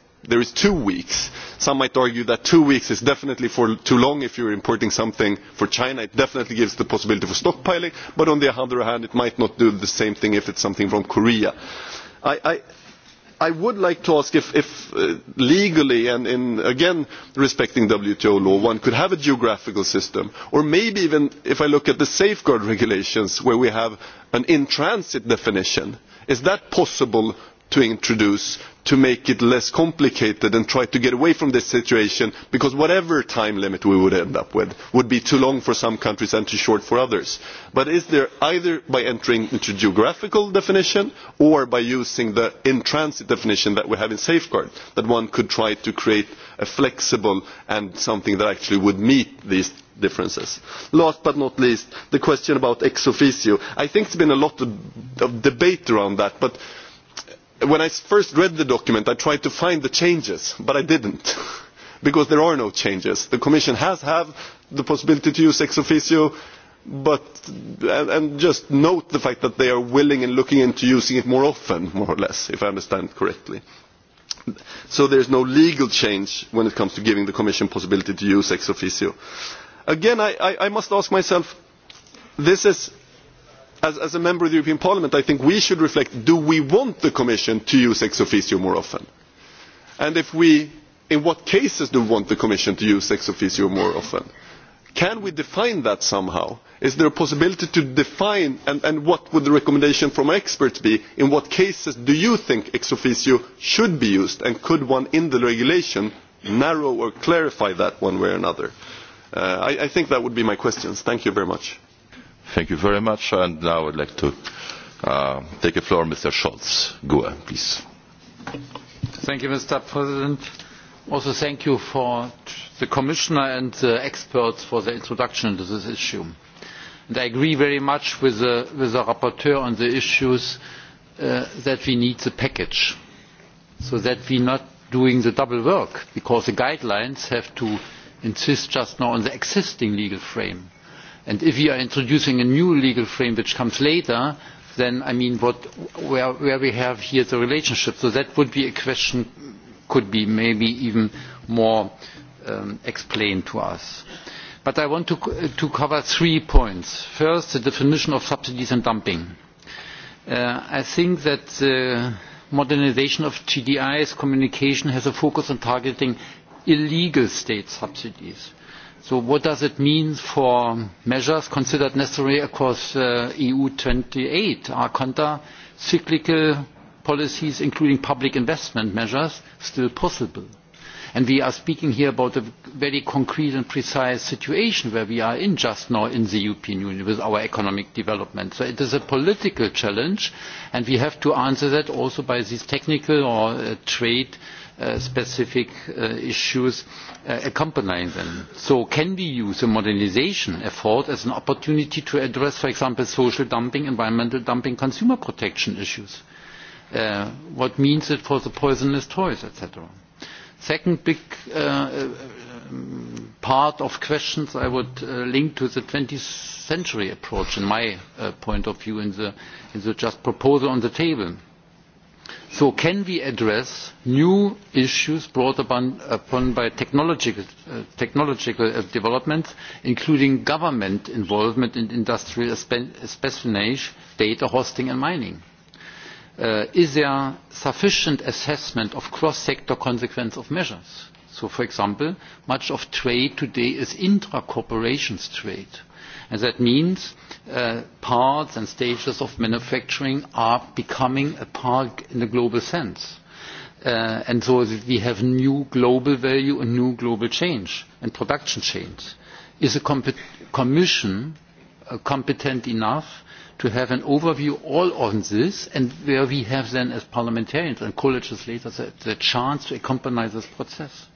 two weeks. Some might argue that two weeks is definitely too long if you are importing something for China. It definitely gives the possibility for stockpiling, but on the other hand it might not do the same thing if it is something from Korea. I would like to ask if legally and again respecting WTO law one could have a geographical system or maybe even if I look at the safeguard regulations where we have an in transit definition, is that possible to introduce to make it less complicated and try to get away from this situation because whatever time limit we would end up with would be too long for some countries and too short for others. But is there either by entering into geographical definition or by using the in-transit definition that we have in safeguard that one could try to create a flexible and something that actually would meet these differences. Last but not least, the question about ex officio. I think has been a lot of debate around that, but when i first read the document i tried to find the changes but i didn't because there are no changes. the commission has had the possibility to use ex officio but and just note the fact that they are willing and looking into using it more often more or less if i understand correctly. so there is no legal change when it comes to giving the commission the possibility to use ex officio. again i must ask myself this is as a member of the European Parliament, I think we should reflect, do we want the Commission to use ex officio more often? And if we, in what cases do we want the Commission to use ex officio more often? Can we define that somehow? Is there a possibility to define, and what would the recommendation from experts be, in what cases do you think ex officio should be used, and could one in the regulation narrow or clarify that one way or another? I think that would be my questions. Thank you very much.
Thank you very much. And now I'd like to take the floor, Mr. Scholz. Go please.
Thank you, Mr. President. Also, thank you for the Commissioner and the experts for the introduction to this issue. And I agree very much with the rapporteur on the issues that we need the package so that we are not doing the double work because the guidelines have to insist just now on the existing legal frame and if we are introducing a new legal frame which comes later then i mean where we have here the relationship so that would be a question could be maybe even more explained to us. but i want to cover three points. first the definition of subsidies and dumping. i think that the modernisation of gdi's communication has a focus on targeting illegal state subsidies So what does it mean for measures considered necessary across EU28? Are counter-cyclical policies, including public investment measures, still possible? And we are speaking here about a very concrete and precise situation where we are in just now in the European Union with our economic development. So it is a political challenge, and we have to answer that also by these technical or trade specific issues accompanying them. So can we use the modernisation effort as an opportunity to address, for example, social dumping, environmental dumping, consumer protection issues? What means it for the poisonous toys, etc.? Second big part of questions I would link to the 20th century approach, in my point of view, in the just proposal on the table So can we address new issues brought upon by technological developments, including government involvement in industrial espionage, data hosting and mining? Is there sufficient assessment of cross-sector consequences of measures? So, for example, much of trade today is intra-corporations trade, and that means parts and stages of manufacturing are becoming a part in a global sense. And so we have new global value and new global change and production change. Is the Commission competent enough to have an overview all on this and where we have then as parliamentarians and co-legislators the chance to accompany this process?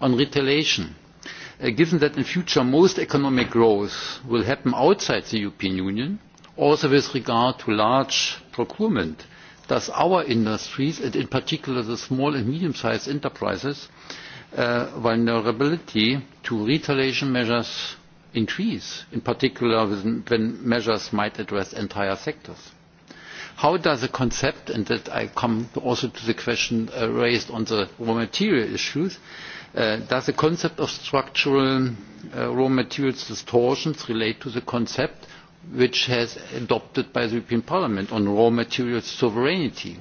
On retaliation given that in future most economic growth will happen outside the European Union, also with regard to large procurement, does our industries, and in particular the small and medium-sized enterprises, vulnerability to retaliation measures increase, in particular when measures might address entire sectors? How does the concept, and that I come also to the question raised on the raw material issues, does the concept of structural raw materials distortions relate to the concept which has adopted by the European Parliament on raw materials sovereignty,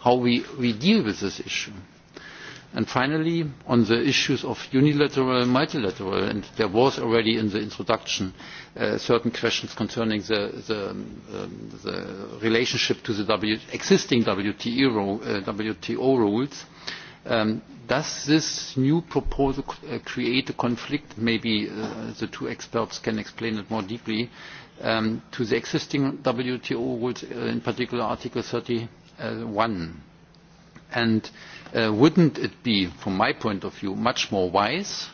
how we deal with this issue? And finally, on the issues of unilateral and multilateral, and there was already in the introduction certain questions concerning the relationship to the existing WTO rules Does this new proposal create a conflict? Maybe the two experts can explain it more deeply to the existing WTO rules, in particular Article 31. And wouldn't it be, from my point of view, much more wise,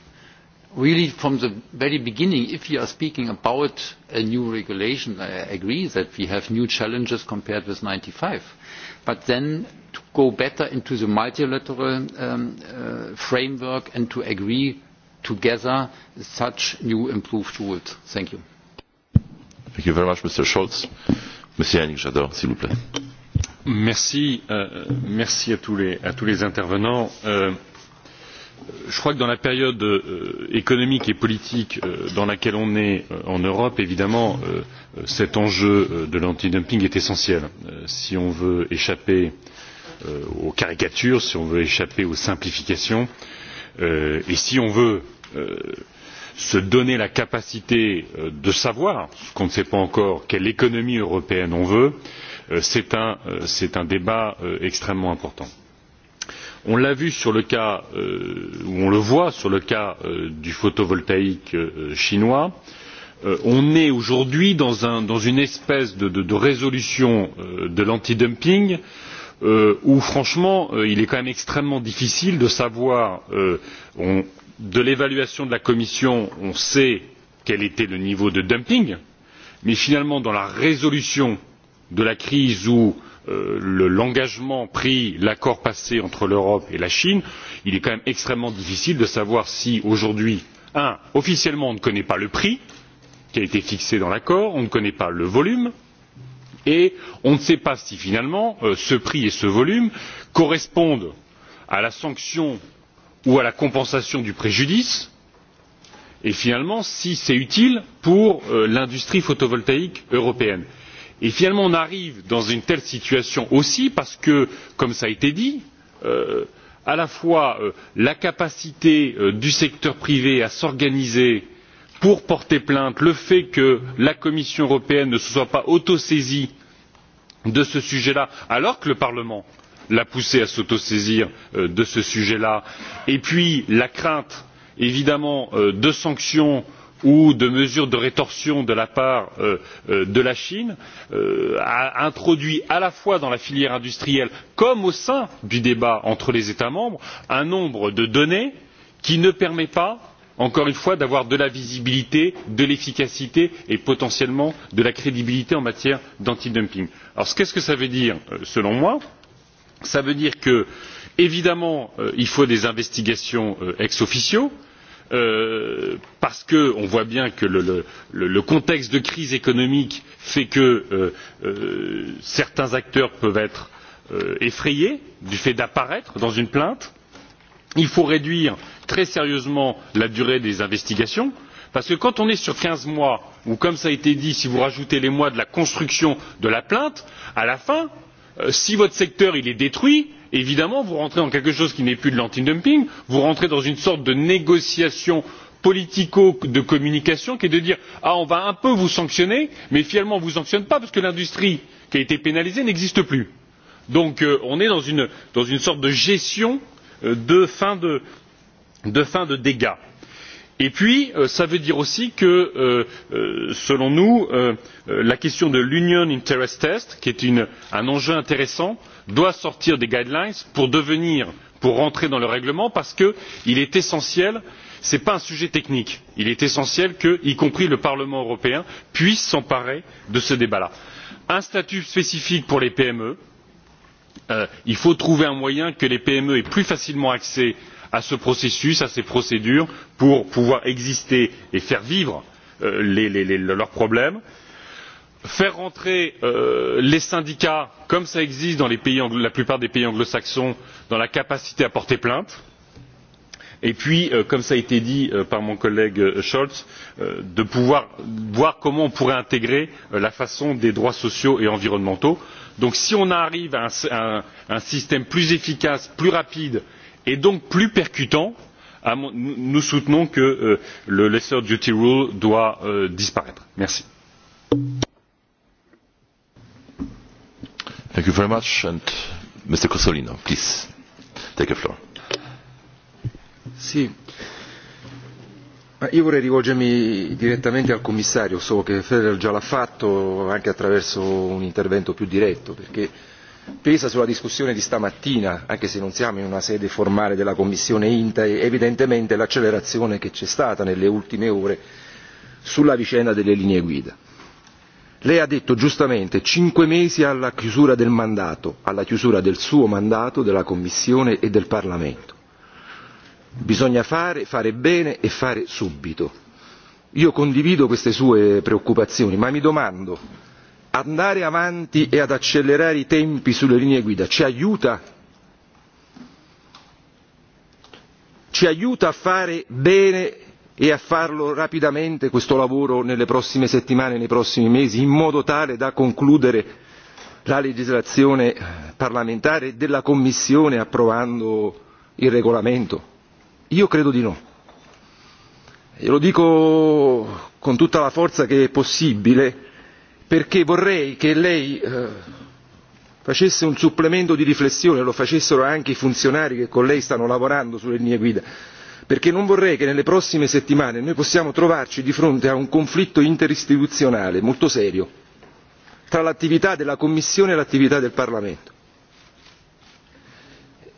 really from the very beginning, if you are speaking about a new regulation, I agree that we have new challenges compared with 95, but then go better into the multilateral framework and to agree together such new improved rules. Thank you.
Thank you very much, Mr. Scholz. Monsieur Yannick Jadot, s'il vous plaît.
Merci. Merci à tous
les intervenants. Je crois que dans la période économique et politique dans laquelle on est en Europe, évidemment, cet enjeu de l'antidumping est essentiel. Si on veut échapper aux caricatures, si on veut échapper aux simplifications, et si on veut se donner la capacité de savoir ce qu'on ne sait pas encore quelle économie européenne on veut, c'est un débat extrêmement important. On l'a vu sur le cas ou on le voit sur le cas du photovoltaïque chinois. On est aujourd'hui dans une espèce de résolution de l'antidumping où franchement il est quand même extrêmement difficile de savoir de l'évaluation de la commission on sait quel était le niveau de dumping mais finalement dans la résolution de la crise ou l'engagement pris l'accord passé entre l'europe et la chine il est quand même extrêmement difficile de savoir si aujourd'hui officiellement on ne connaît pas le prix qui a été fixé dans l'accord on ne connaît pas le volume et on ne sait pas si finalement ce prix et ce volume correspondent à la sanction ou à la compensation du préjudice et finalement si c'est utile pour l'industrie photovoltaïque européenne. et finalement on arrive dans une telle situation aussi parce que comme cela a été dit à la fois la capacité du secteur privé à s'organiser pour porter plainte le fait que la commission européenne ne se soit pas autosaisie de ce sujet là alors que le parlement l'a poussé à s'autosaisir de ce sujet là et puis la crainte évidemment de sanctions ou de mesures de rétorsion de la part de la chine a introduit à la fois dans la filière industrielle comme au sein du débat entre les états membres un nombre de données qui ne permet pas encore une fois d'avoir de la visibilité de l'efficacité et potentiellement de la crédibilité en matière d'antidumping qu'est ce que cela veut dire selon moi? cela veut dire que évidemment il faut des investigations ex officio parce qu'on voit bien que le contexte de crise économique fait que certains acteurs peuvent être effrayés du fait d'apparaître dans une plainte. il faut réduire très sérieusement la durée des investigations parce que quand on est sur quinze mois ou comme cela a été dit si vous rajoutez les mois de la construction de la plainte à la fin si votre secteur est détruit évidemment vous rentrez dans quelque chose qui n'est plus de l'anti dumping, vous rentrez dans une sorte de négociation politico de communication qui est de dire ah on va un peu vous sanctionner mais finalement on ne vous sanctionne pas parce que l'industrie qui a été pénalisée n'existe plus. donc on est dans une sorte de gestion de fin de dégâts et puis cela veut dire aussi que selon nous la question de l'union interest test qui est un enjeu intéressant doit sortir des guidelines pour devenir pour entrer dans le règlement parce qu'il est essentiel ce n'est pas un sujet technique il est essentiel que y compris le parlement européen puisse s'emparer de ce débat là. un statut spécifique pour les pme il faut trouver un moyen que les pme aient plus facilement accès à ce processus à ces procédures pour pouvoir exister et faire vivre leurs problèmes faire entrer les syndicats comme cela existe dans la plupart des pays anglo saxons dans la capacité à porter plainte et puis comme cela a été dit par mon collègue scholz de pouvoir voir comment on pourrait intégrer la façon des droits sociaux et environnementaux. donc si on arrive à un système plus efficace plus rapide et donc plus percutant nous soutenons que le lesser duty rule doit disparaître. merci.
Io vorrei rivolgermi direttamente al commissario, so che Federer già l'ha fatto anche attraverso un intervento più diretto, perché pesa sulla discussione di stamattina anche se non siamo in una sede formale della commissione inta evidentemente l'accelerazione che c'è stata nelle ultime ore sulla vicenda delle linee guida. lei ha detto giustamente cinque mesi alla chiusura del mandato alla chiusura del suo mandato della commissione e del parlamento. bisogna fare fare bene e fare subito. io condivido queste sue preoccupazioni ma mi domando andare avanti e ad accelerare i tempi sulle linee guida ci aiuta? Ci aiuta a fare bene e a farlo rapidamente questo lavoro nelle prossime settimane, nei prossimi mesi, in modo tale da concludere la legislazione parlamentare della Commissione approvando il regolamento? Io credo di no. E lo dico con tutta la forza che è possibile perché vorrei che lei facesse un supplemento di riflessione lo facessero anche i funzionari che con lei stanno lavorando sulle linee guida perché non vorrei che nelle prossime settimane noi possiamo trovarci di fronte a un conflitto interistituzionale molto serio tra l'attività della commissione e l'attività del parlamento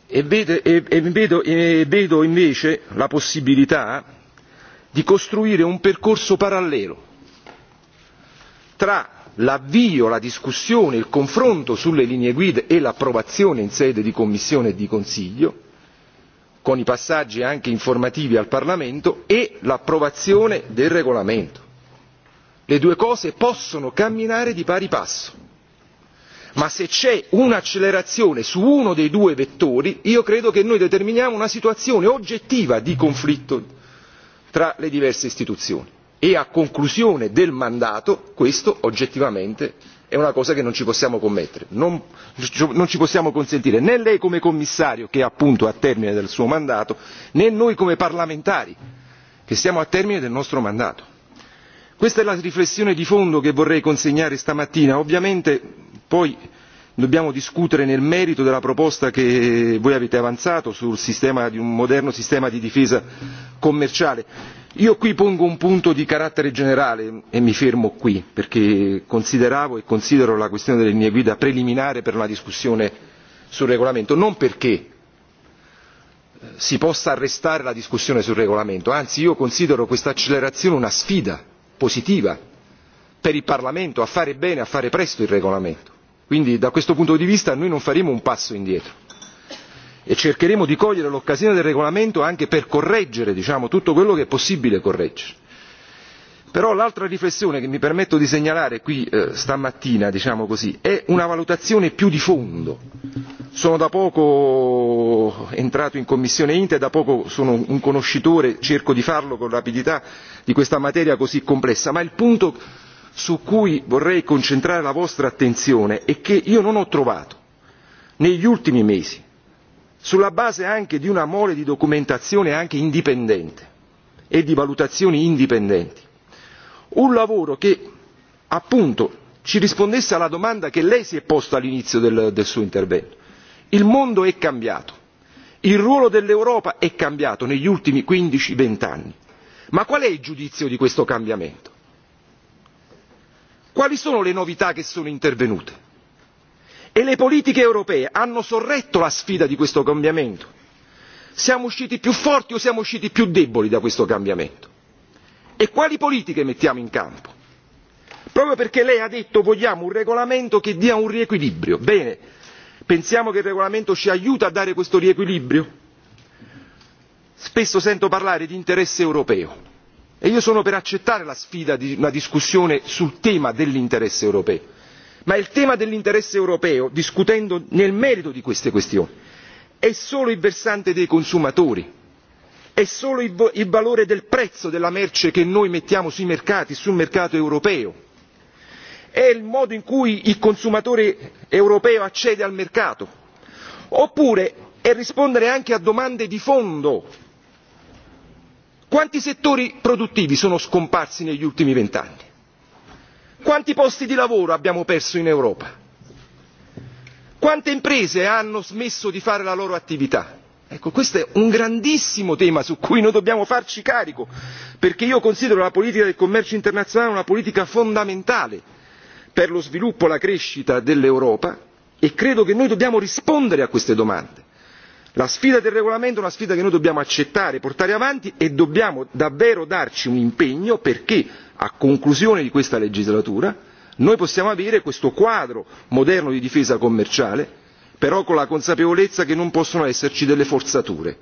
e vedo invece la possibilità di costruire un percorso parallelo tra l'avvio la discussione il confronto sulle linee guida e l'approvazione in sede di commissione e di consiglio con i passaggi anche informativi al parlamento e l'approvazione del regolamento. le due cose possono camminare di pari passo ma se c'è un'accelerazione su uno dei due vettori io credo che noi determiniamo una situazione oggettiva di conflitto tra le diverse istituzioni e a conclusione del mandato questo oggettivamente è una cosa che non ci possiamo commettere non ci possiamo consentire né lei come commissario che è appunto a termine del suo mandato né noi come parlamentari che siamo a termine del nostro mandato. questa è la riflessione di fondo che vorrei consegnare stamattina ovviamente poi dobbiamo discutere nel merito della proposta che voi avete avanzato sul sistema di un moderno sistema di difesa commerciale. io qui pongo un punto di carattere generale e mi fermo qui perché consideravo e considero la questione delle linee guida preliminare per una discussione sul regolamento non perché si possa arrestare la discussione sul regolamento anzi io considero questa accelerazione una sfida positiva per il parlamento a fare bene a fare presto il regolamento quindi da questo punto di vista noi non faremo un passo indietro e cercheremo di cogliere l'occasione del regolamento anche per correggere diciamo tutto quello che è possibile correggere però l'altra riflessione che mi permetto di segnalare qui stamattina diciamo così è una valutazione più di fondo sono da poco entrato in commissione inte da poco sono un conoscitore cerco di farlo con rapidità di questa materia così complessa ma il punto su cui vorrei concentrare la vostra attenzione e che io non ho trovato negli ultimi mesi sulla base anche di una mole di documentazione anche indipendente e di valutazioni indipendenti un lavoro che appunto ci rispondesse alla domanda che lei si è posto all'inizio del suo intervento il mondo è cambiato il ruolo dell'europa è cambiato negli ultimi quindici anni ma qual è il giudizio di questo cambiamento? quali sono le novità che sono intervenute? e le politiche europee hanno sorretto la sfida di questo cambiamento? siamo usciti più forti o siamo usciti più deboli da questo cambiamento? e quali politiche mettiamo in campo? proprio perché lei ha detto vogliamo un regolamento che dia un riequilibrio. bene pensiamo che il regolamento ci aiuta a dare questo riequilibrio? spesso sento parlare di interesse europeo e io sono per accettare la sfida di una discussione sul tema dell'interesse europeo ma il tema dell'interesse europeo discutendo nel merito di queste questioni è solo il versante dei consumatori è solo il valore del prezzo della merce che noi mettiamo sui mercati sul mercato europeo è il modo in cui il consumatore europeo accede al mercato oppure è rispondere anche a domande di fondo Quanti settori produttivi sono scomparsi negli ultimi vent'anni? Quanti posti di lavoro abbiamo perso in Europa? Quante imprese hanno smesso di fare la loro attività? Ecco, questo è un grandissimo tema su cui noi dobbiamo farci carico, perché io considero la politica del commercio internazionale una politica fondamentale per lo sviluppo e la crescita dell'Europa e credo che noi dobbiamo rispondere a queste domande la sfida del regolamento è una sfida che noi dobbiamo accettare portare avanti e dobbiamo davvero darci un impegno perché a conclusione di questa legislatura noi possiamo avere questo quadro moderno di difesa commerciale però con la consapevolezza che non possono esserci delle forzature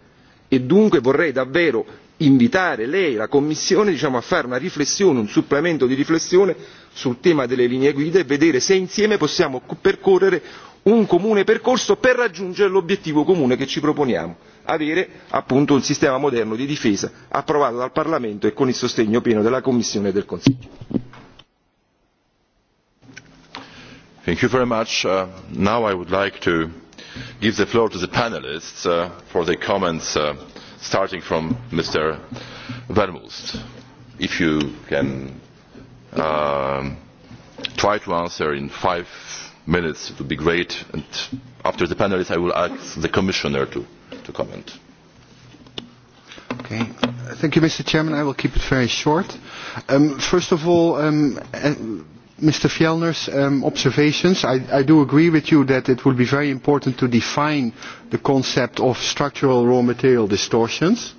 e dunque vorrei davvero invitare lei e la commissione diciamo a fare una riflessione un supplemento di riflessione sul tema delle linee guida e vedere se insieme possiamo percorrere un comune percorso per raggiungere l'obiettivo comune che ci proponiamo avere appunto un sistema moderno di difesa approvato dal parlamento e con il sostegno pieno della commissione e del consiglio.
Thank you very much. Now I would like to give the floor to the panelists for their comments, starting from Mr. Vermoost. If you can try to answer in five minutes. It would be great. And after the panelists, I will ask the Commissioner to, to comment.
Okay. Thank you, Mr. Chairman. I will keep it very short. Um, first of all, Mr. Fjellner's observations, I do agree with you that it would be very important to define the concept of structural raw material distortions.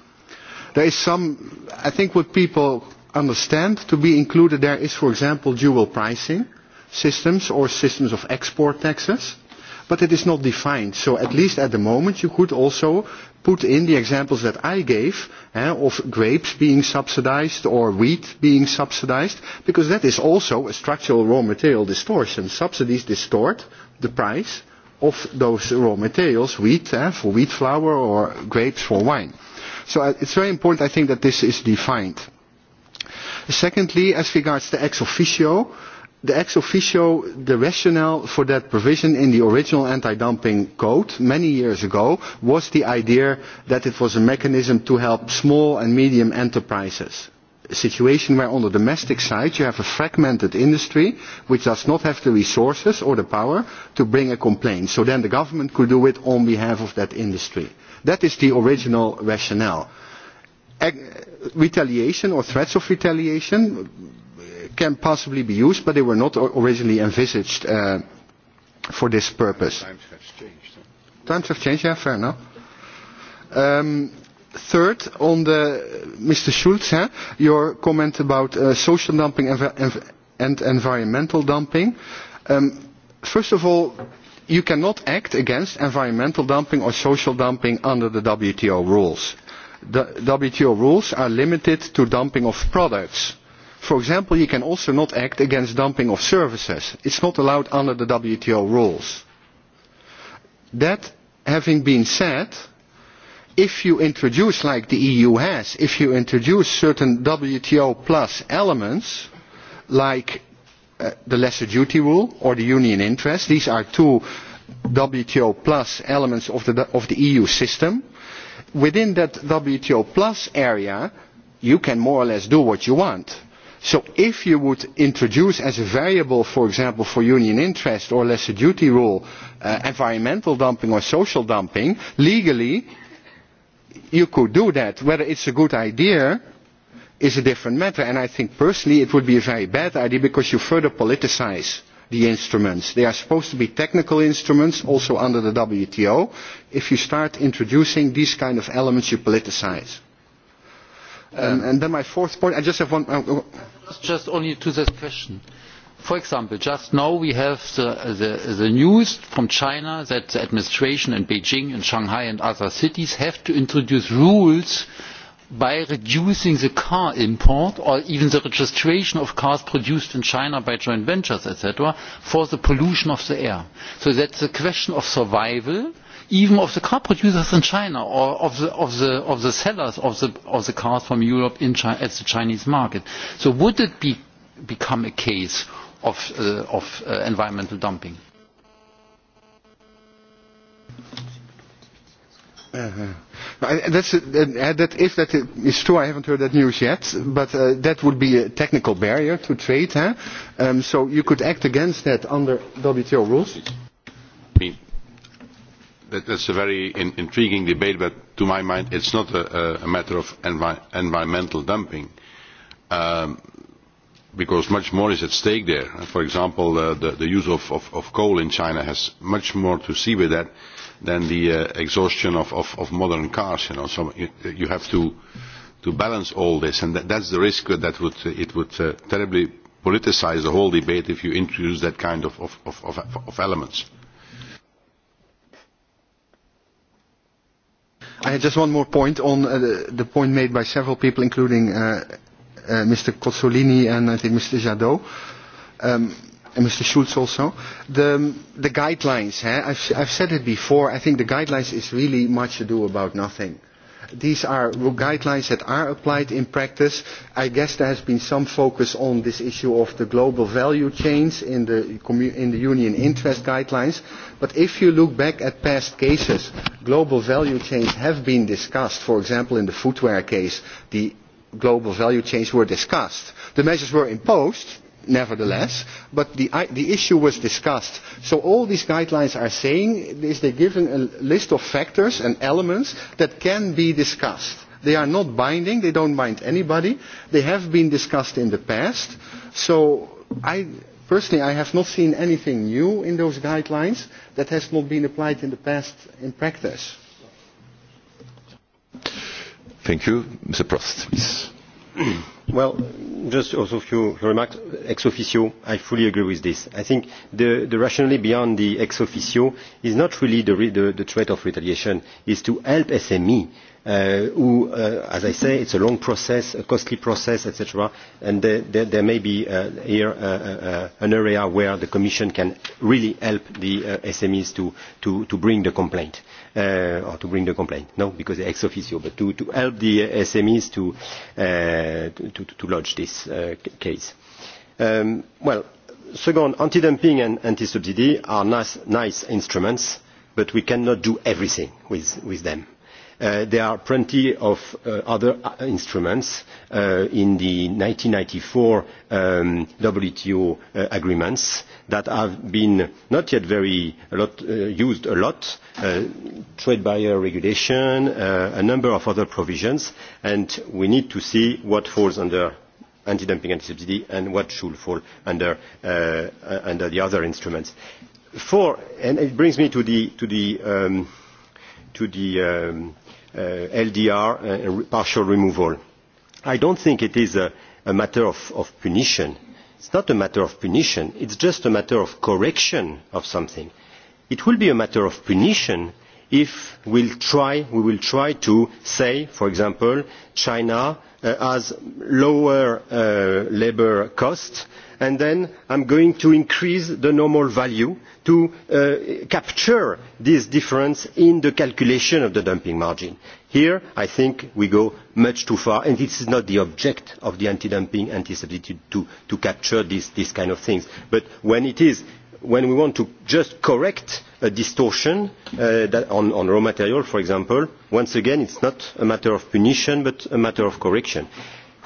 There is some, I think what people understand to be included there is, for example, dual pricing systems or systems of export taxes, but it is not defined. So at least at the moment you could also put in the examples that I gave of grapes being subsidized or wheat being subsidized, because that is also a structural raw material distortion. Subsidies distort the price of those raw materials, wheat for wheat flour or grapes for wine. So it's very important, I think, that this is defined. Secondly, as regards the ex officio, the ex officio the rationale for that provision in the original anti dumping code many years ago was the idea that it was a mechanism to help small and medium enterprises a situation where on the domestic side you have a fragmented industry which does not have the resources or the power to bring a complaint so then the government could do it on behalf of that industry. that is the original rationale. retaliation or threats of retaliation can possibly be used, but they were not originally envisaged for this purpose. Times
have changed.
Times have changed, yeah, fair enough. Third, on the Mr. Schulz, your comment about social dumping and environmental dumping. First of all, you cannot act against environmental dumping or social dumping under the WTO rules. The WTO rules are limited to dumping of products For example, you can also not act against dumping of services. It is not allowed under the WTO rules. That having been said, if you introduce, like the EU has, if you introduce certain WTO plus elements, like the lesser duty rule or the union interest, these are two WTO plus elements of the EU system. Within that WTO plus area, you can more or less do what you want So if you would introduce as a variable, for example, for union interest or lesser duty rule, environmental dumping or social dumping, legally you could do that. Whether it's a good idea is a different matter. And I think personally it would be a very bad idea because you further politicise the instruments. They are supposed to be technical instruments, also under the WTO. If you start introducing these kind of elements, you politicise. And then my fourth point, I just
have one. Just only to this question. For example, just now we have the news from China that the administration in Beijing and Shanghai and other cities have to introduce rules by reducing the car import or even the registration of cars produced in China by joint ventures, etc., for the pollution of the air. So that's a question of survival even of the car producers in China or of the of of the the sellers of the of the cars from Europe in China at the Chinese market. So would it become a case of environmental dumping?
If that is true, I haven't heard that news yet, but that would be a technical barrier to trade. So you could act against that under WTO rules.
That is a very intriguing debate, but to my mind it's not a matter of environmental dumping, because much more is at stake there. For example, the use of coal in China has much more to see with that than the exhaustion of modern cars. So you have to balance all this, and that's the risk that it would terribly politicise the whole debate if you introduce that kind of elements.
I had just one more point on the point made by several people, including Mr. Cozzolini and I think Mr. Jadot and Mr. Schulz also. The guidelines, I've said it before, I think the guidelines is really much ado about nothing these are guidelines that are applied in practice. I guess there has been some focus on this issue of the global value chains in the Union interest guidelines. But if you look back at past cases, global value chains have been discussed. For example, in the footwear case, the global value chains were discussed. The measures were imposed nevertheless but the issue was discussed so all these guidelines are saying is they give a list of factors and elements that can be discussed they are not binding they don't bind anybody they have been discussed in the past so i personally i have not seen anything new in those guidelines that has not been applied in the past in practice
thank you mr prost
Well, just also a few remarks. Ex officio, I fully agree with this. I think the rationale beyond the ex officio is not really the threat of retaliation, is to help SMEs, who, as I say, it's a long process, a costly process, etc. And there may be here an area where the Commission can really help the SMEs to bring the complaint or to bring the complaint, no, because are ex officio, but to help the SMEs to lodge this case. Well, second, anti-dumping and anti-subsidy are nice instruments, but we cannot do everything with them There are plenty of other instruments in the 1994 WTO agreements that have been not yet very used a lot, trade barrier regulation, a number of other provisions, and we need to see what falls under anti-dumping and subsidy and what should fall under the other instruments. Four, and it brings me to the LDR partial removal. I don't think it is a matter of punition. It's not a matter of punition. It's just a matter of correction of something. It will be a matter of punition if we will try to say, for example, China has lower labour costs and then I am going to increase the normal value to capture this difference in the calculation of the dumping margin. Here I think we go much too far and this is not the object of the anti dumping, anti substitute to capture these kinds of things. But when it is when we want to just correct a distortion on raw material, for example, once again, it's not a matter of punition, but a matter of correction.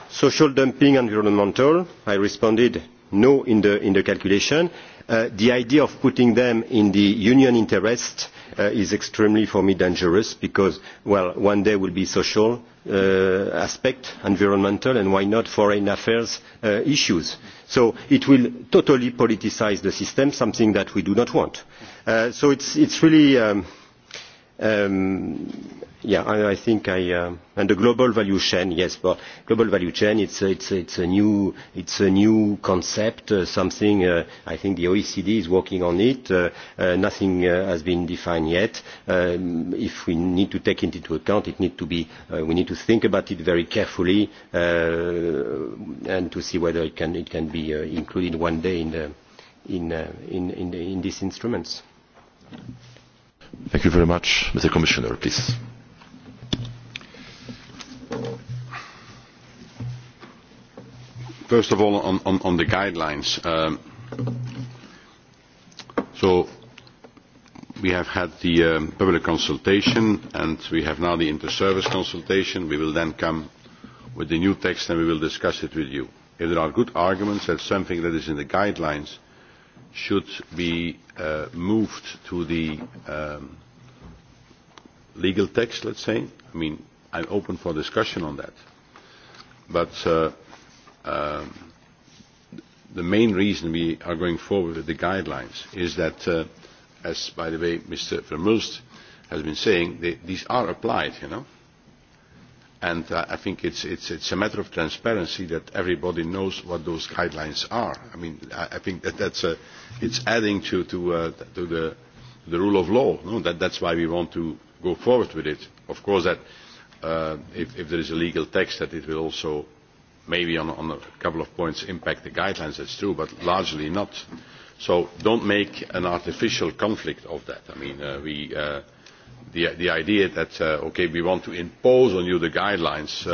Social dumping, environmental, I responded no in the calculation the idea of putting them in the union interest is extremely for me dangerous because well one day will be social aspect environmental and why not foreign affairs issues so it will totally politicise the system something that we do not want so it's really Yeah, I think I and the global value chain, yes, but global value chain, it's it's it's a new it's a new concept, something I think the OECD is working on it. Nothing has been defined yet. If we need to take it into account, it need to be we need to think about it very carefully and to see whether it can it can be included one day in the in in in these instruments.
Thank you very much, Mr. Commissioner. Please.
First of all, on the guidelines. So we have had the public consultation and we have now the inter-service consultation. We will then come with the new text and we will discuss it with you. If there are good arguments that something that is in the guidelines should be moved to the legal text, let's say, I mean am open for discussion on that. But the main reason we are going forward with the guidelines is that, as by the way Mr. Vermulst has been saying, these are applied, you know. And I think it's it's a matter of transparency that everybody knows what those guidelines are. I mean, I think that that's it's adding to the rule of law. That That's why we want to go forward with it. Of course, that if there is a legal text that it will also maybe on a couple of points impact the guidelines that's true but largely not so don't make an artificial conflict of that i mean we the idea that okay we want to impose on you the guidelines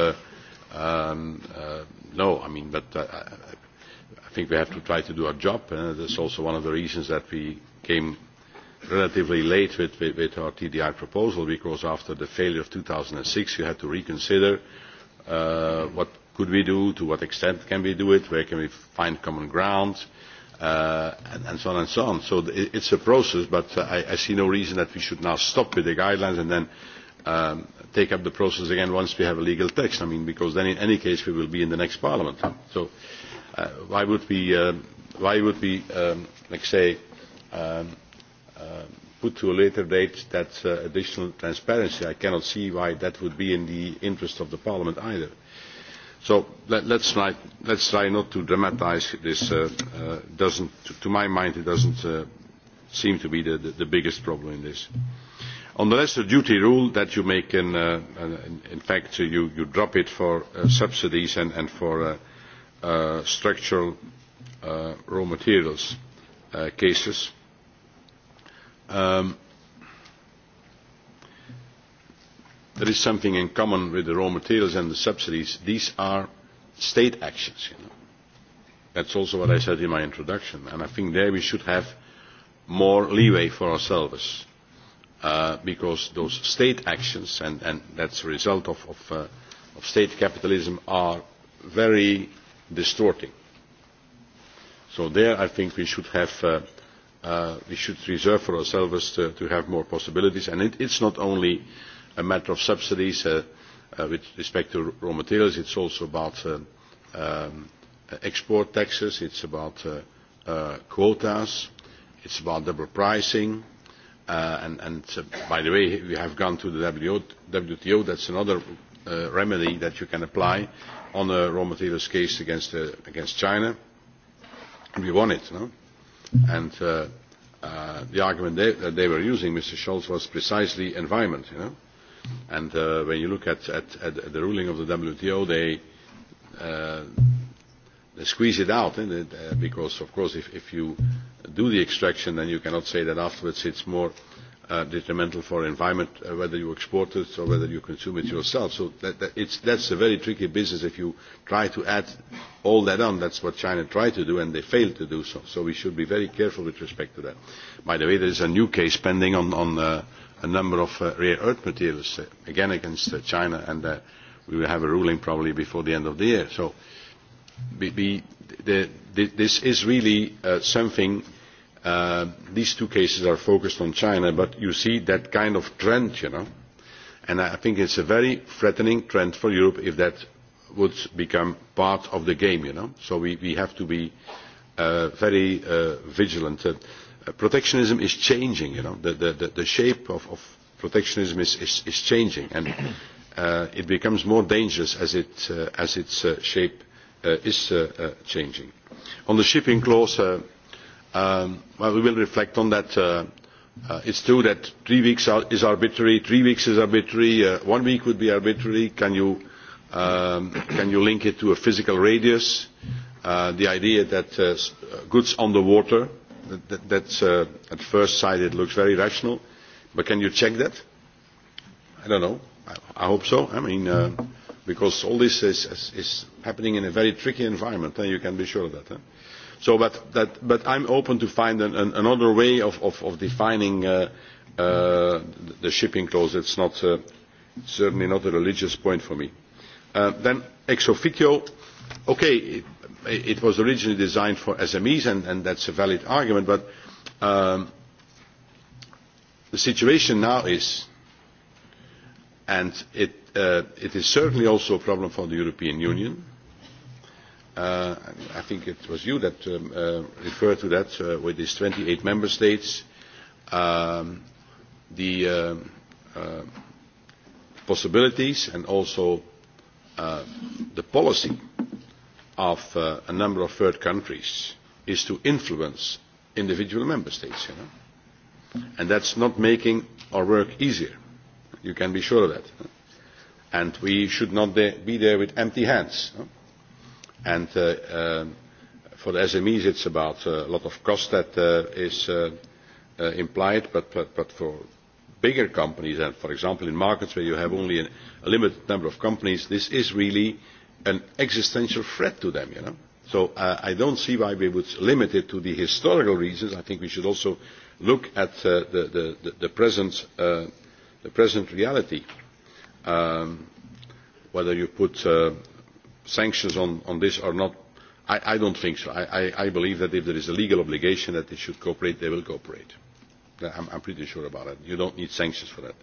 no i mean but i think we have to try to do our job and is also one of the reasons that we came relatively late with our TDI proposal because after the failure of 2006 you had to reconsider what could we do, to what extent can we do it, where can we find common ground, and so on and so on. So it's a process, but I see no reason that we should now stop with the guidelines and then take up the process again once we have a legal text. I mean, because then in any case we will be in the next parliament. So why would we, why would we, like say, put to a later date that additional transparency. I cannot see why that would be in the interest of Parliament either. So let's try not to dramatise this. To my mind, it doesn't seem to be the biggest problem in this. On the lesser duty rule that you make, in fact, you drop it for subsidies and for structural raw materials cases There is something in common with the raw materials and the subsidies. These are state actions. That's also what I said in my introduction. And I think there we should have more leeway for ourselves because those state actions, and that's a result of state capitalism, are very distorting. So there I think we should have we should reserve for ourselves to have more possibilities. And it is not only a matter of subsidies with respect to raw materials, it's also about export taxes, it's about quotas, it's about double pricing. And by the way, we have gone to the WTO. That's another remedy that you can apply on a raw materials case against China. We won it. And the argument that they were using, Mr. Scholz, was precisely environment. And when you look at the ruling of the WTO, they squeeze it out, because, of course, if you do the extraction, then you cannot say that afterwards it's more detrimental for environment, whether you export it or whether you consume it yourself. So that that's a very tricky business if you try to add all that on. That's what China tried to do, and they failed to do so. So we should be very careful with respect to that. By the way, there is a new case pending on a number of rare earth materials, again against China, and we will have a ruling probably before the end of the year. So this is really something. These two cases are focused on China, but you see that kind of trend, you know. And I think it's a very threatening trend for Europe if that would become part of the game, you know. So we have to be very vigilant. Protectionism is changing, you know. The shape of protectionism is changing, and it becomes more dangerous as its shape is changing. On the shipping clause, we will reflect on that. It's true that three weeks is arbitrary, three weeks is arbitrary, one week would be arbitrary. Can you Can you link it to a physical radius? The idea that goods on the water, that at first sight it looks very rational, but can you check that? I don't know. I hope so. I mean, because all this is happening in a very tricky environment, and you can be sure of that. So, but I'm open to find another way of defining the shipping clause. It's not certainly not a religious point for me. Then ex officio, okay, it was originally designed for SMEs and that's a valid argument, but the situation now is, and it is certainly also a problem for the European Union. I think it was you that referred to that with these 28 member states. The possibilities and also the policy of a number of third countries is to influence individual member states and that's not making our work easier you can be sure of that and we should not be there with empty hands and for the smes it's about a lot of cost that is implied but for bigger companies and for example in markets where you have only a limited number of companies this is really an existential threat to them so i not see why we would limit it to the historical reasons i think we should also look at the present present reality whether you put sanctions on this or not i don't think so i believe that if there is a legal obligation that they should cooperate they will cooperate I'm pretty sure about that. You don't need sanctions for that.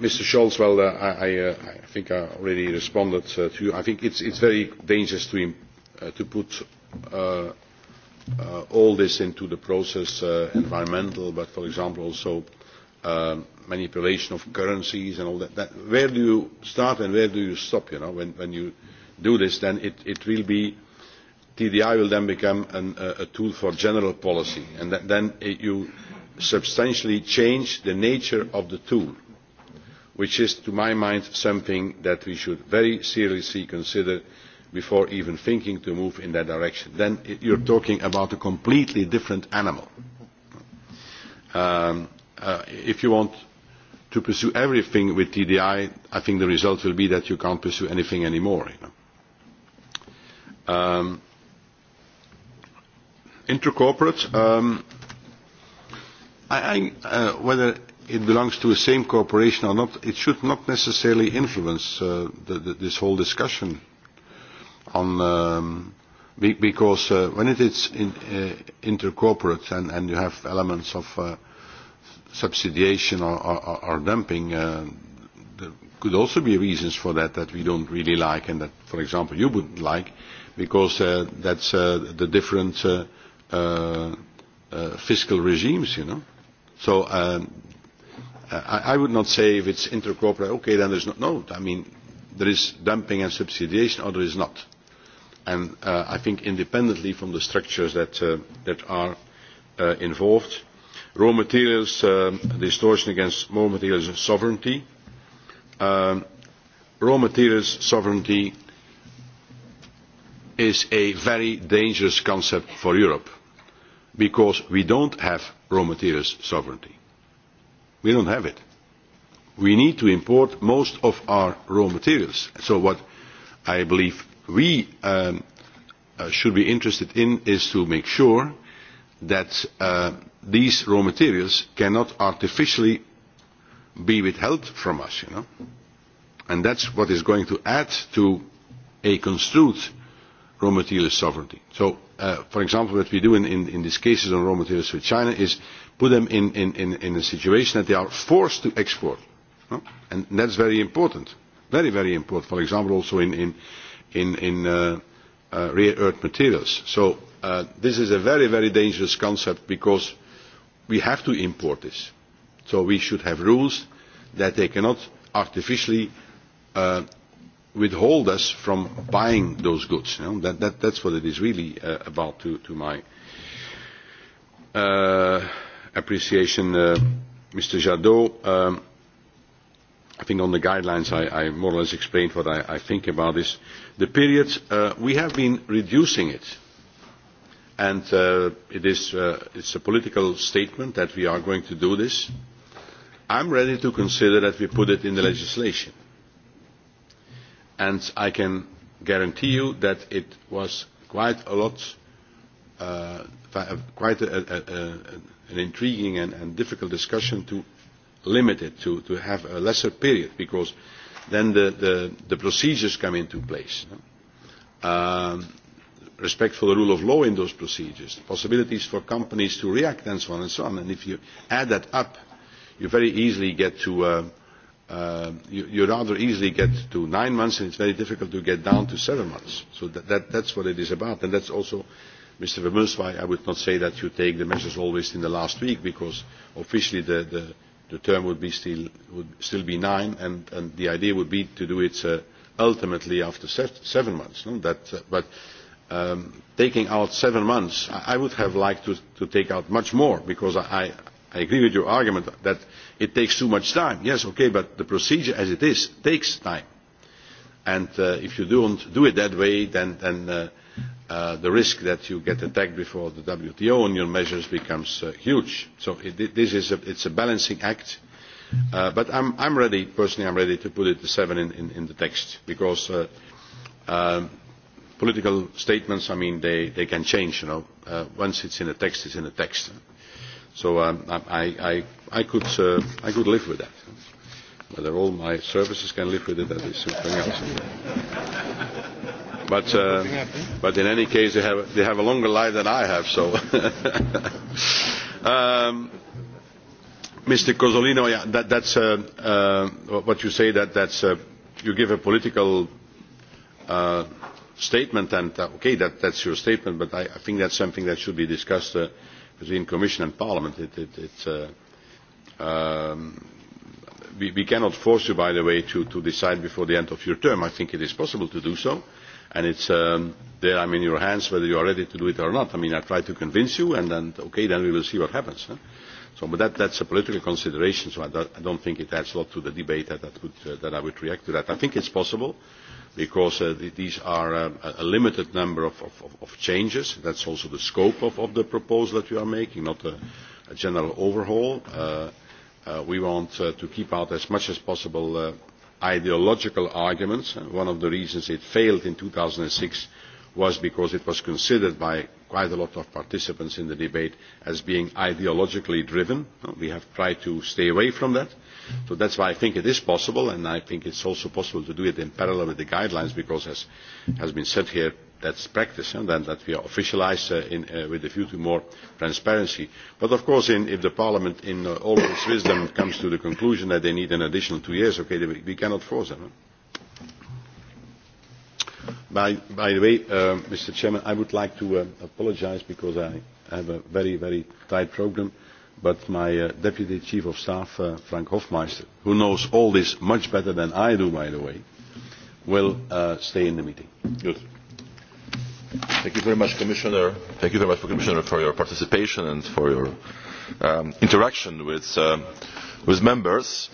Mr. Scholz, well, I think I already responded to you. I think it's very dangerous to put all this into the process, environmental, but for example also manipulation of currencies and all that. Where do you start and where do you stop? When you do this, then it will be TDI will then become a tool for general policy, and then you substantially change the nature of the tool, which is, to my mind, something that we should very seriously consider before even thinking to move in that direction. Then you are talking about a completely different animal. If you want to pursue everything with TDI, I think the result will be that you cannot pursue anything anymore intercorporate. Whether it belongs to the same corporation or not, it should not necessarily influence this whole discussion, because when it is intercorporate and you have elements of subsidiation or dumping, there could also be reasons for that that we don't really like and that, for example, you wouldn't like, because that's the different fiscal regimes, you know. So I would not say if it's intercorporate, okay, then there's no. I mean, there is dumping and subsidiation, or there is not. And I think independently from the structures that are involved, raw materials distortion against raw materials sovereignty, raw materials sovereignty is a very dangerous concept for Europe because we don't have raw materials sovereignty. We don't have it. We need to import most of our raw materials. So what I believe we should be interested in is to make sure that these raw materials cannot artificially be withheld from us. And that's what is going to add to a construed raw material sovereignty. So, for example, what we do in these cases on raw materials with China is put them in a situation that they are forced to export. And that's very important. Very, very important. For example, also in rare earth materials. So this is a very, very dangerous concept because we have to import this. So we should have rules that they cannot artificially withhold us from buying those goods. That's what it is really about, to my appreciation, Mr. Jadot. I think on the guidelines I more or less explained what I think about this. The period, we have been reducing it. And it is a political statement that we are going to do this. I'm ready to consider that we put it in the legislation and I can guarantee you that it was quite a lot, quite an intriguing and difficult discussion to limit it, to have a lesser period, because then the procedures come into place. Respect for the rule of law in those procedures, possibilities for companies to react and so on and so on. And if you add that up, you very easily get to you rather easily get to nine months and it is very difficult to get down to seven months. So that, is what it is about. And is also, Mr. Vermeers, why I would not say that you take the measures always in the last week because officially the, term would, still, be nine and, the idea would be to do it ultimately after seven months. but taking out seven months, I, would have liked to, take out much more because I agree with your argument that – It takes too much time. Yes, okay, but the procedure as it is takes time. And if you do not do it that way, then the risk that you get attacked before the WTO on your measures becomes huge. So this is a balancing act. But am ready, personally, am ready to put it the seven in the text because political statements, I mean, they can change. You know, once it's in a text, it is in a text. So I I I could I could live with that. Whether all my services can live with it, that is something else. But in any case, they have a longer life than I have, so. um Mr. that that's what you say, that that's you give a political statement, and okay, that that's your statement, but I think that's something that should be discussed between Commission and Parliament. We cannot force you, by the way, to decide before the end of your term. I think it is possible to do so, and it's there. I'm in your hands whether you are ready to do it or not. I mean, I try to convince you, and then, okay, then we will see what happens. So, but that's a political consideration. So I don't think it adds a lot to the debate that I would react to that. I think it's possible because these are a limited number of changes. That's also the scope of the proposal that we are making, not a general overhaul. We want to keep out as much as possible ideological arguments. One of the reasons it failed in 2006 was because it was considered by quite a lot of participants in the debate as being ideologically driven. We have tried to stay away from that So that's why I think it is possible, and I think it is also possible to do it in parallel with the guidelines, because as has been said here, that's practice, and that we are officialised with a view to more transparency. But of course, if the Parliament, in all of its wisdom, comes to the conclusion that they need an additional two years, okay, we cannot force them. By the way, Mr. Chairman, I would like to apologise because I have a very, very tight programme but my Deputy Chief of Staff, Frank Hofmeister, who knows all this much better than I do, by the way, will stay in the meeting.
Good. Thank you very much, Commissioner. Thank you very much, Commissioner, for your participation and for your interaction with with members.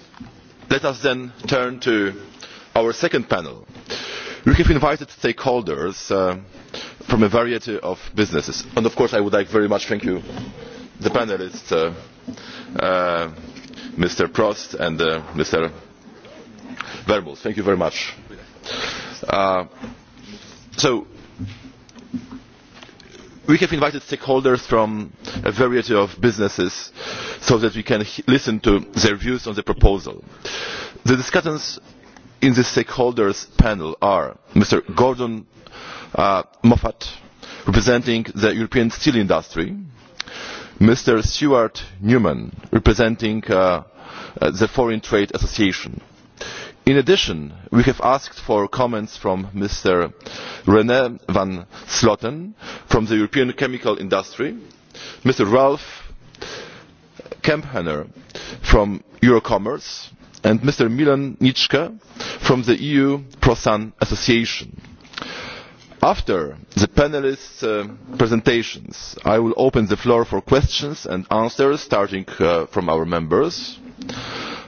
Let us then turn to our second panel. We have invited stakeholders from a variety of businesses. And of course, I would like very much thank you the panelists, Mr. Prost and Mr. Verbal. Thank you very much. So, we have invited stakeholders from a variety of businesses so that we can listen to their views on the proposal. The discussions in the stakeholders panel are Mr. Gordon Moffat, representing the European steel industry, Mr. Stuart Newman, representing the Foreign Trade Association. In addition, we have asked for comments from Mr. René van Sloten from the European Chemical Industry, Mr. Ralph Kemphener from Eurocommerce, and Mr. Milan Nitschke from the EU ProSan Association. After the panelists' presentations, I will open the floor for questions and answers, starting from our members.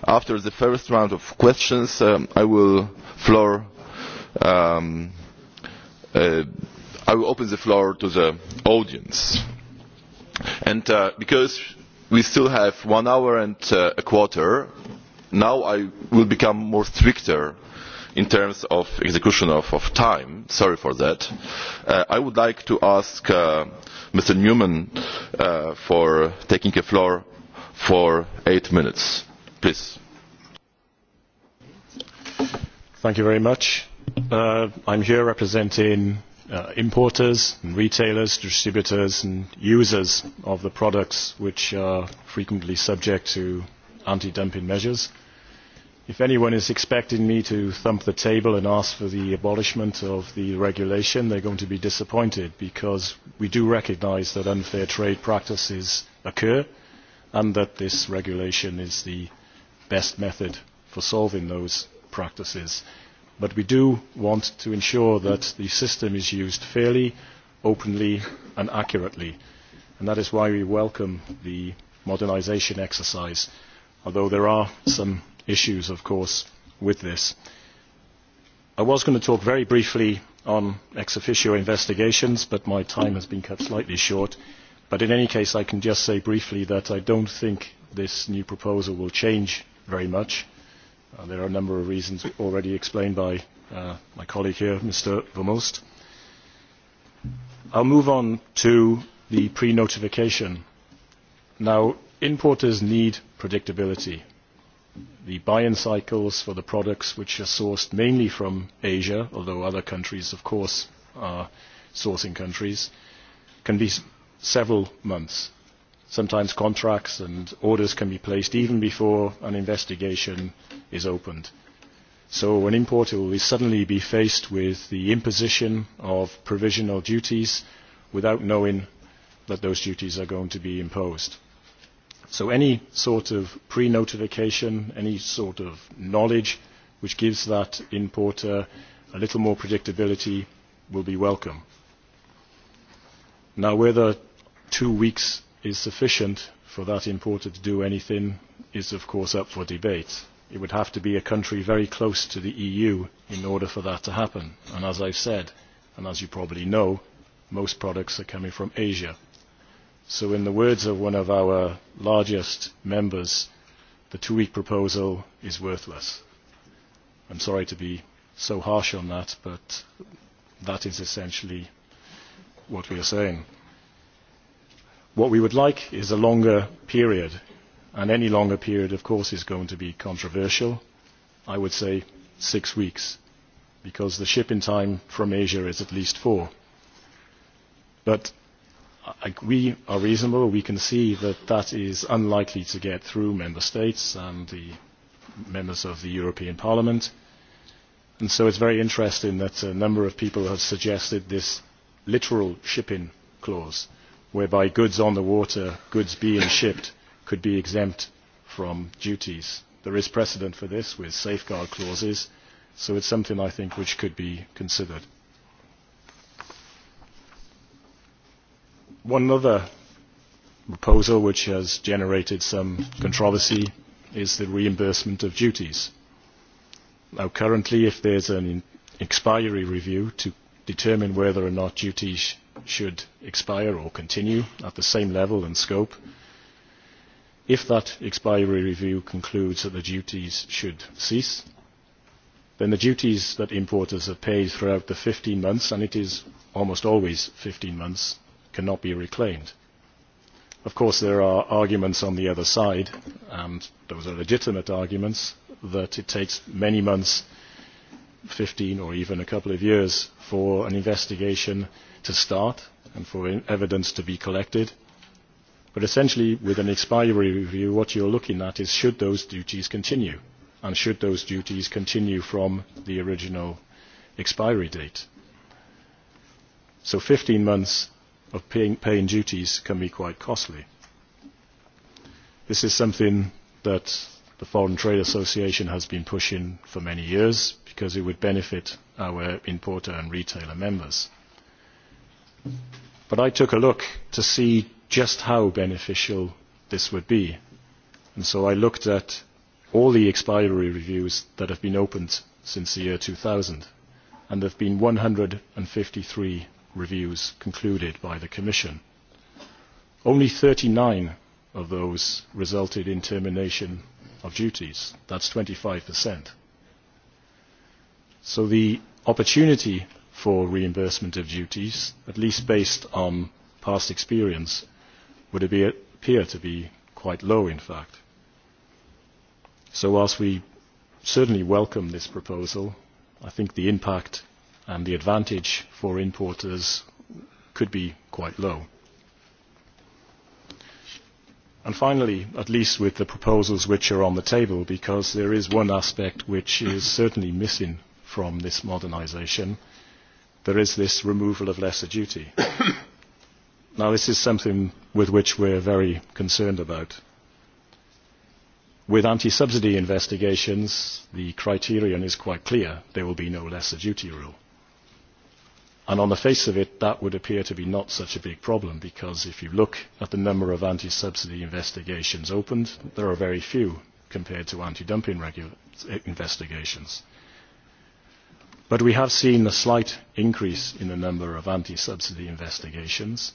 After the first round of questions, I will I will open the floor to the audience. And because we still have one hour and a quarter, now I will become more stricter in terms of execution of time sorry for that i would like to ask mr newman for taking the floor for eight minutes please
thank you very much i'm here representing importers and retailers distributors and users of the products which are frequently subject to anti dumping measures If anyone is expecting me to thump the table and ask for the abolishment of the regulation, they're going to be disappointed because we do recognise that unfair trade practices occur and that this regulation is the best method for solving those practices. But we do want to ensure that the system is used fairly, openly and accurately. And that is why we welcome the modernisation exercise, although there are some issues, of course, with this. I was going to talk very briefly on ex officio investigations, but my time has been cut slightly short. But in any case, I can just say briefly that I do not think this new proposal will change very much. There are a number of reasons already explained by my colleague here, Mr. Vermost. I'll move on to the pre-notification. Now, importers need predictability the buy-in cycles for the products which are sourced mainly from Asia, although other countries, of course, are sourcing countries, can be several months. Sometimes contracts and orders can be placed even before an investigation is opened. So an importer will suddenly be faced with the imposition of provisional duties without knowing that those duties are going to be imposed. So any sort of pre-notification, any sort of knowledge which gives that importer a little more predictability will be welcome. Now whether two weeks is sufficient for that importer to do anything is of course up for debate. It would have to be a country very close to the EU in order for that to happen. And as I've said, and as you probably know, most products are coming from Asia So in the words of one of our largest members, the two-week proposal is worthless. I'm sorry to be so harsh on that, but that is essentially what we are saying. What we would like is a longer period, and any longer period, of course, is going to be controversial. I would say six weeks, because the shipping time from Asia is at least four. But we are reasonable. We can see that that is unlikely to get through member states and the members of the European Parliament. And so is very interesting that a number of people have suggested this literal shipping clause, whereby goods on the water, goods being shipped, could be exempt from duties. There is precedent for this with safeguard clauses, so it is something I think which could be considered. One other proposal which has generated some controversy is the reimbursement of duties. Now currently if there is an expiry review to determine whether or not duties should expire or continue at the same level and scope, if that expiry review concludes that the duties should cease, then the duties that importers have paid throughout the 15 months, and it is almost always 15 months, cannot be reclaimed. Of course, there are arguments on the other side, and those are legitimate arguments, that it takes many months, 15 or even a couple of years, for an investigation to start and for evidence to be collected. But essentially, with an expiry review, what you are looking at is should those duties continue, and should those duties continue from the original expiry date. So 15 months of paying duties can be quite costly. This is something that the Foreign Trade Association has been pushing for many years because it would benefit our importer and retailer members. But I took a look to see just how beneficial this would be. And so I looked at all the expiry reviews that have been opened since the year 2000, and there have been 153 reviews concluded by the Commission. Only 39 of those resulted in termination of duties. That's 25%. So the opportunity for reimbursement of duties, at least based on past experience, would appear to be quite low, in fact. So whilst we certainly welcome this proposal, I think the impact and the advantage for importers could be quite low. And finally, at least with the proposals which are on the table, because there is one aspect which is certainly missing from this modernisation, there is this removal of lesser duty. Now, this is something with which are very concerned about. With anti-subsidy investigations, the criterion is quite clear. There will be no lesser duty rule. And on the face of it, that would appear to be not such a big problem, because if you look at the number of anti-subsidy investigations opened, there are very few compared to anti-dumping investigations. But we have seen a slight increase in the number of anti-subsidy investigations,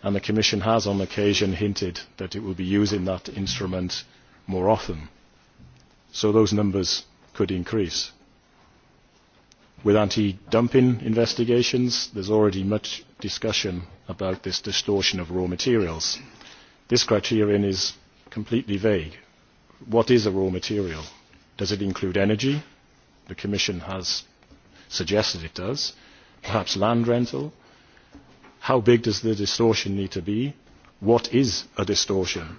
and the Commission has on occasion hinted that it will be using that instrument more often. So those numbers could increase. With anti-dumping investigations, is already much discussion about this distortion of raw materials. This criterion is completely vague. What is a raw material? Does it include energy? The Commission has suggested it does. Perhaps land rental? How big does the distortion need to be? What is a distortion?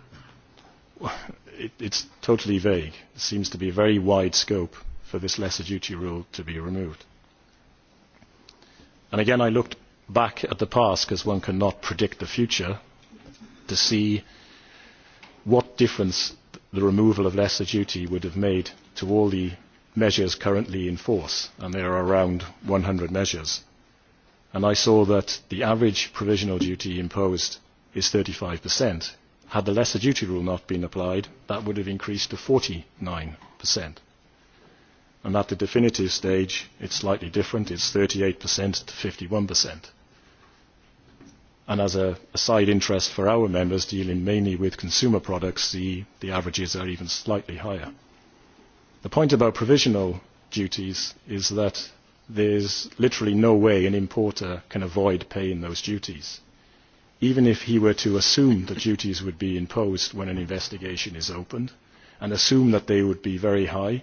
It's totally vague. It seems to be a very wide scope for this lesser duty rule to be removed. And again, I looked back at the past because one cannot predict the future to see what difference the removal of lesser duty would have made to all the measures currently in force, and there are around 100 measures. And I saw that the average provisional duty imposed is 35%. Had the lesser duty rule not been applied, that would have increased to 49% and at the definitive stage it's slightly different, it is it's 38% to fifty 51%. And as a side interest for our members dealing mainly with consumer products, the averages are even slightly higher. The point about provisional duties is that there is literally no way an importer can avoid paying those duties, even if he were to assume that duties would be imposed when an investigation is opened, and assume that they would be very high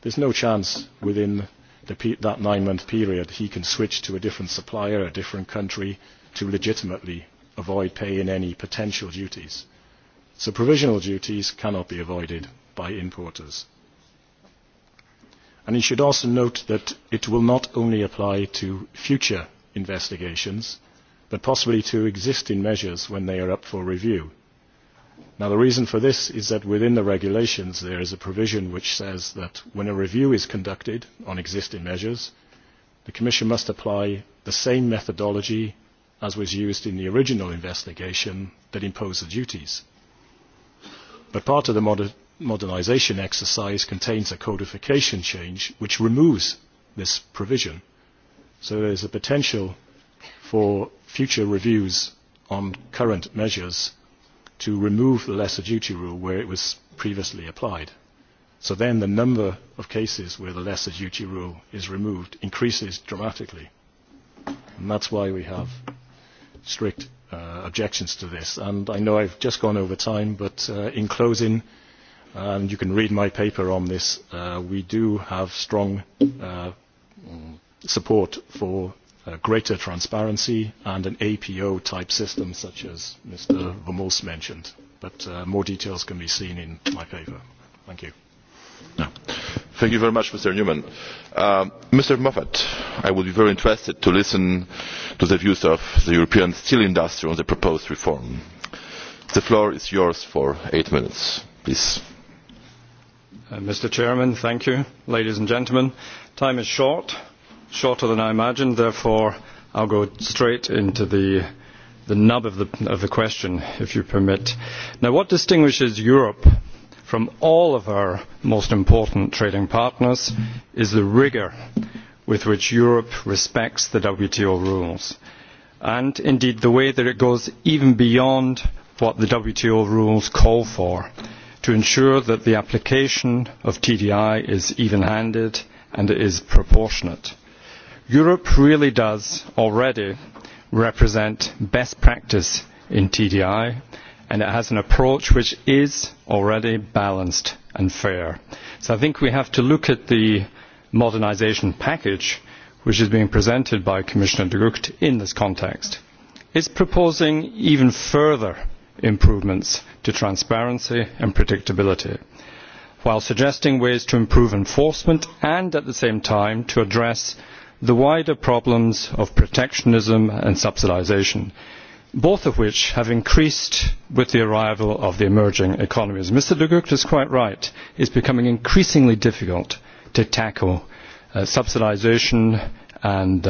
There is no chance within that nine-month period he can switch to a different supplier, a different country, to legitimately avoid paying any potential duties. So provisional duties cannot be avoided by importers. And should also note that it will not only apply to future investigations, but possibly to existing measures when they are up for review the reason for this is that within the regulations there is a provision which says that when a review is conducted on existing measures, the Commission must apply the same methodology as was used in the original investigation that imposed the duties. But part of the modernisation exercise contains a codification change which removes this provision. So there is a potential for future reviews on current measures to remove the lesser duty rule where it was previously applied. So then the number of cases where the lesser duty rule is removed increases dramatically. And that's why we have strict objections to this. And I know I've just gone over time, but in closing, and you can read my paper on this, we do have strong support for greater transparency and an APO type system such as Mr. vermoes mentioned. But more details can be seen in my paper. Thank you.
Thank you very much, Mr. Newman. Mr. Moffat, I would be very interested to listen to the views of the European steel industry on the proposed reform. The floor is yours for eight minutes, please.
Mr. Chairman, thank you. Ladies and gentlemen, time is short shorter than I imagined. Therefore, I'll go straight into the nub of the question, if you permit. Now, what distinguishes Europe from all of our most important trading partners is the rigour with which Europe respects the WTO rules, and indeed the way that it goes even beyond what the WTO rules call for, to ensure that the application of TDI is even-handed and is proportionate. Europe really does already represent best practice in TDI and it has an approach which is already balanced and fair. So I think we have to look at the modernisation package which is being presented by Commissioner de Gucht in this context. It is proposing even further improvements to transparency and predictability, while suggesting ways to improve enforcement and at the same time to address the wider problems of protectionism and subsidisation, both of which have increased with the arrival of the emerging economies. Mr de Gucht is quite right. It is becoming increasingly difficult to tackle subsidisation and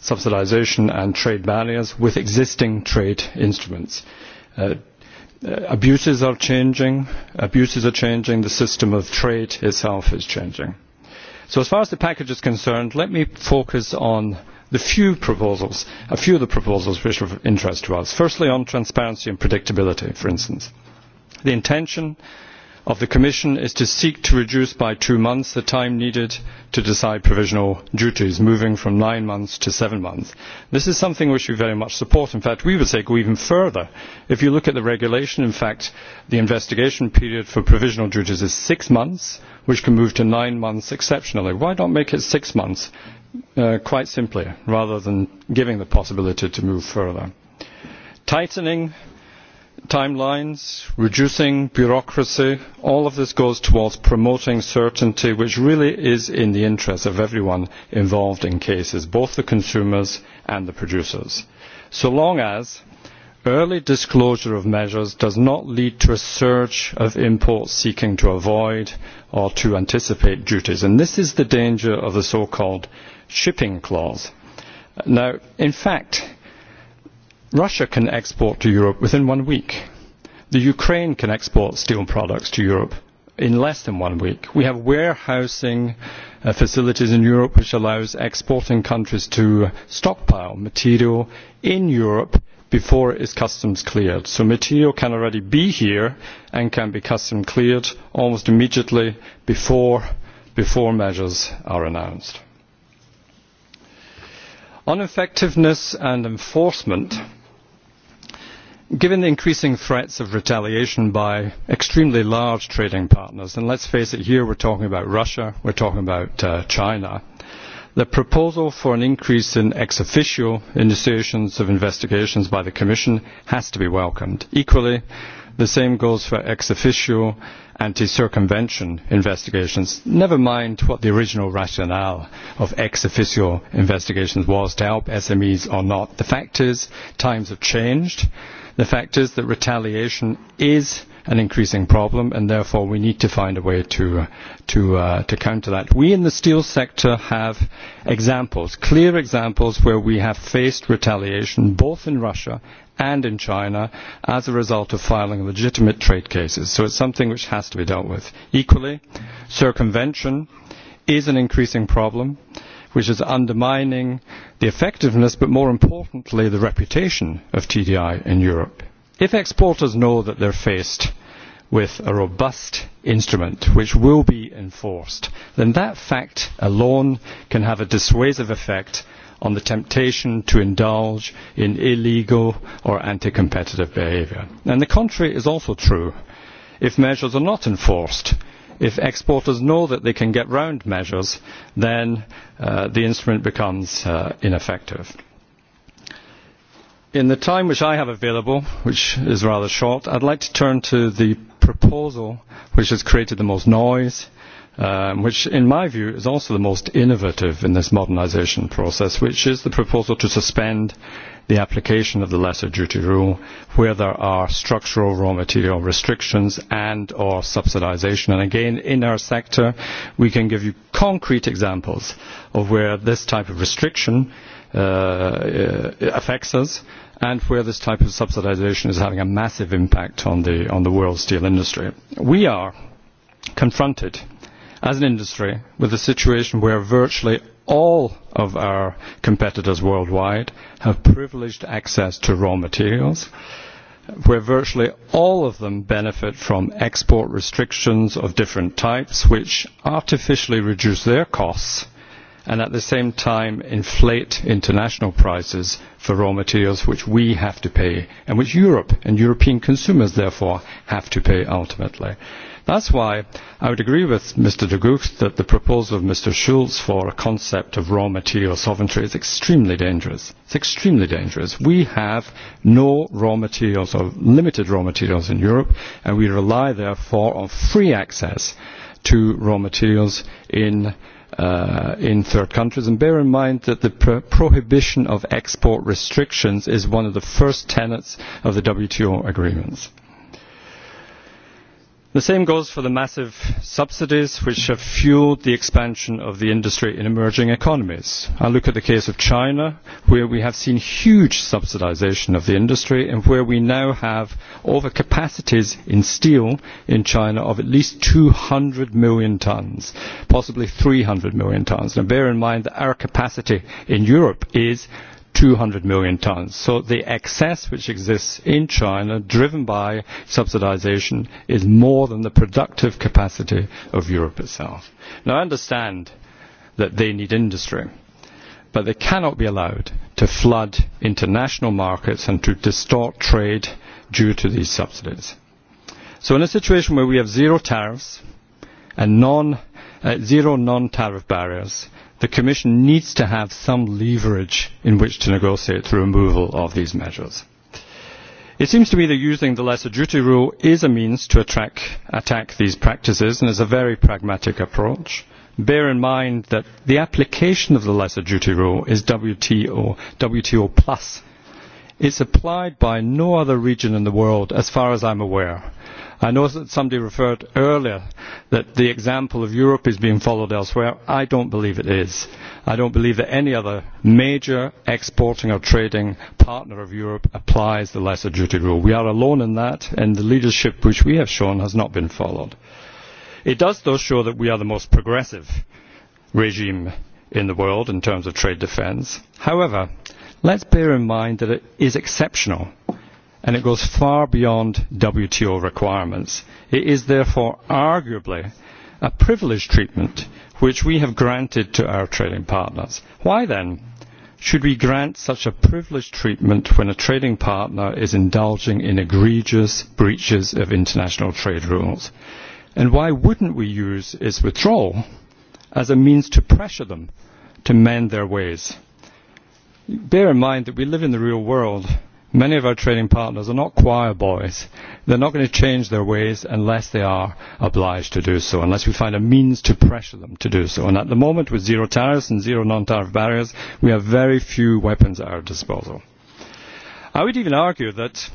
subsidisation and trade barriers with existing trade instruments. Abuses are changing. Abuses are changing. The system of trade itself is changing. So as far as the package is concerned, let me focus on the few proposals, a few of the proposals which are of interest to us. Firstly, on transparency and predictability, for instance. The intention of the Commission is to seek to reduce by two months the time needed to decide provisional duties, moving from nine months to seven months. This is something which we very much support. In fact, we would say go even further. If you look at the regulation, in fact, the investigation period for provisional duties is six months, which can move to nine months exceptionally. Why not make it six months, quite simply, rather than giving the possibility to move further? Tightening timelines, reducing bureaucracy, all of this goes towards promoting certainty, which really is in the interests of everyone involved in cases, both the consumers and the producers, so long as early disclosure of measures does not lead to a surge of imports seeking to avoid or to anticipate duties. And this is the danger of the so-called shipping clause. in fact, Russia can export to Europe within one week. The Ukraine can export steel products to Europe in less than one week. We have warehousing facilities in Europe which allows exporting countries to stockpile material in Europe before it is customs cleared. So material can already be here and can be customs cleared almost immediately before measures are announced. On effectiveness and enforcement Given the increasing threats of retaliation by extremely large trading partners, and let's face it, here we're talking about Russia, we're talking about China, the proposal for an increase in ex officio initiations of investigations by the Commission has to be welcomed. Equally, the same goes for ex officio anti-circumvention investigations, never mind what the original rationale of ex officio investigations was to help SMEs or not. The fact is, times have changed The fact is that retaliation is an increasing problem and therefore we need to find a way to counter that. We in the steel sector have examples, clear examples where we have faced retaliation both in Russia and in China as a result of filing legitimate trade cases. So it's something which has to be dealt with. Equally, circumvention is an increasing problem which is undermining the effectiveness but more importantly the reputation of TDI in Europe. If exporters know that they are faced with a robust instrument which will be enforced, then that fact alone can have a dissuasive effect on the temptation to indulge in illegal or anti-competitive behaviour. And the contrary is also true. If measures are not enforced, If exporters know that they can get round measures, then the instrument becomes ineffective. In the time which I have available, which is rather short, I'd like to turn to the proposal which has created the most noise, which in my view is also the most innovative in this modernisation process, which is the proposal to suspend the application of the lesser duty rule where there are structural raw material restrictions and or subsidisation. And again, in our sector, we can give you concrete examples of where this type of restriction affects us and where this type of subsidisation is having a massive impact on the world steel industry. We are confronted as an industry with a situation where virtually all of our competitors worldwide have privileged access to raw materials, where virtually all of them benefit from export restrictions of different types, which artificially reduce their costs and at the same time inflate international prices for raw materials which we have to pay and which Europe and European consumers therefore have to pay ultimately. That is why I would agree with Mr de Gucht that the proposal of Mr Schulz for a concept of raw material sovereignty is extremely dangerous. It's extremely dangerous. We have no raw materials or limited raw materials in Europe and we rely therefore on free access to raw materials in in third countries and bear in mind that the prohibition of export restrictions is one of the first tenets of the WTO agreements. The same goes for the massive subsidies which have fuelled the expansion of the industry in emerging economies. I look at the case of China, where we have seen huge subsidisation of the industry and where we now have overcapacities in steel in China of at least 200 million tonnes, possibly 300 million tonnes. bear in mind that our capacity in Europe is 200 million tons. So the excess which exists in China, driven by subsidization, is more than the productive capacity of Europe itself. Now, I understand that they need industry, but they cannot be allowed to flood international markets and to distort trade due to these subsidies. So in a situation where we have zero tariffs and zero non-tariff barriers, the Commission needs to have some leverage in which to negotiate the removal of these measures. It seems to me that using the lesser duty rule is a means to attack these practices and is a very pragmatic approach. Bear in mind that the application of the lesser duty rule is WTO plus. It's applied by no other region in the world, as far as I'm aware I know that somebody referred earlier that the example of Europe is being followed elsewhere. I don't believe it is. I don't believe that any other major exporting or trading partner of Europe applies the lesser duty rule. We are alone in that and the leadership which we have shown has not been followed. It does though show that we are the most progressive regime in the world in terms of trade defence. However, let's bear in mind that it is exceptional and it goes far beyond WTO requirements. It is therefore arguably a privileged treatment which we have granted to our trading partners. Why then should we grant such a privileged treatment when a trading partner is indulging in egregious breaches of international trade rules? And why wouldn't we use its withdrawal as a means to pressure them to mend their ways? Bear in mind that we live in the real world Many of our trading partners are not choir boys. They're not going to change their ways unless they are obliged to do so, unless we find a means to pressure them to do so. And at the moment, with zero tariffs and zero non-tariff barriers, we have very few weapons at our disposal. I would even argue that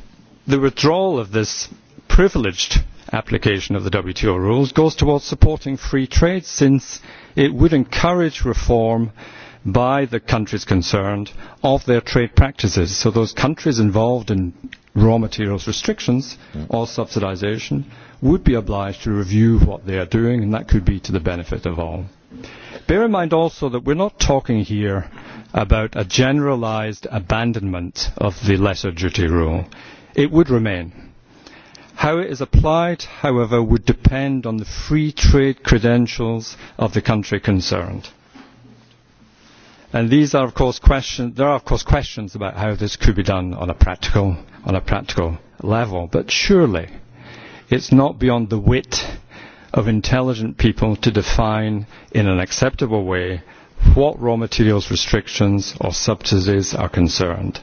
the withdrawal of this privileged application of the WTO rules goes towards supporting free trade, since it would encourage reform by the countries concerned of their trade practices. So those countries involved in raw materials restrictions or subsidisation would be obliged to review what they are doing, and that could be to the benefit of all. Bear in mind also that we're not talking here about a generalised abandonment of the lesser duty rule. It would remain. How it is applied, however, would depend on the free trade credentials of the country concerned. And these are, of course, questions. There are, of course, questions about how this could be done on a practical, on a practical level. But surely, it's not beyond the wit of intelligent people to define in an acceptable way what raw materials restrictions or subsidies are concerned,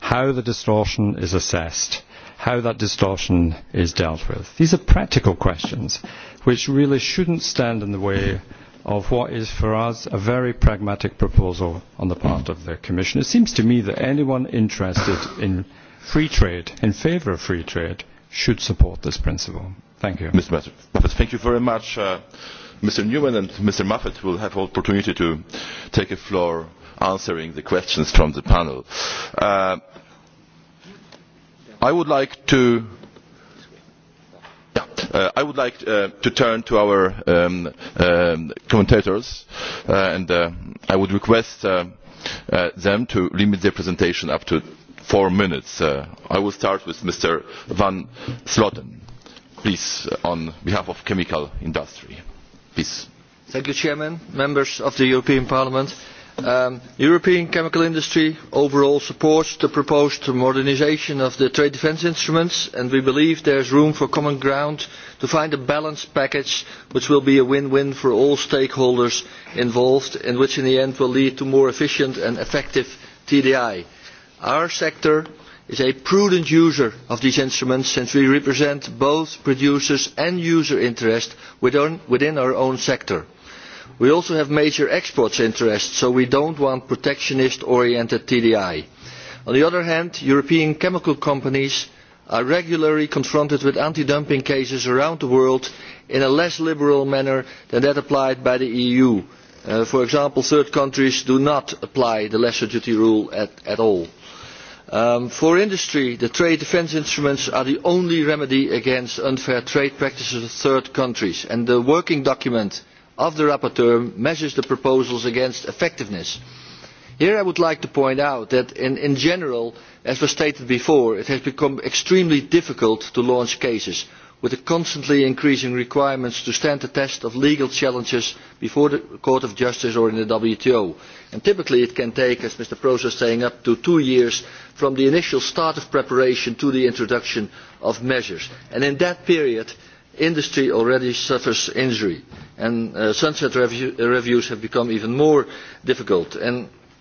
how the distortion is assessed, how that distortion is dealt with. These are practical questions which really shouldn't stand in the way of what is for us a very pragmatic proposal on the part of the Commission. It seems to me that anyone interested in free trade, in favour of free trade, should support this principle. Thank you. Mr. Muffet, thank you very much. Mr. Newman and
Mr. Muffet will have the opportunity to take a floor answering the questions from the panel. I would like to I would like to turn to our commentators and I would request them to limit their presentation up to four minutes. I will start with Mr. Van Sloten, please, on behalf of chemical industry. Please.
members of the European Parliament. The European chemical industry overall supports the proposed modernisation of the trade defence instruments and we believe there is room for common ground to find a balanced package which will be a win-win for all stakeholders involved and which in the end will lead to more efficient and effective TDI. Our sector is a prudent user of these instruments since we represent both producers and user interests within our own sector. We also have major exports interests, so we do not want protectionist-oriented TDI. On the other hand, European chemical companies are regularly confronted with anti-dumping cases around the world in a less liberal manner than that applied by the EU. For example, third countries do not apply the lesser duty rule at all. For industry, the trade defence instruments are the only remedy against unfair trade practices of third countries, and the working document of the rapporteur measures the proposals against effectiveness. Here I would like to point out that in general, as was stated before, it has become extremely difficult to launch cases, with the constantly increasing requirements to stand the test of legal challenges before the Court of Justice or in the WTO. And typically it can take, as Mr. Proser was saying, up to two years from the initial start of preparation to the introduction of measures. And in that period industry already suffers injury and sunset reviews have become even more difficult.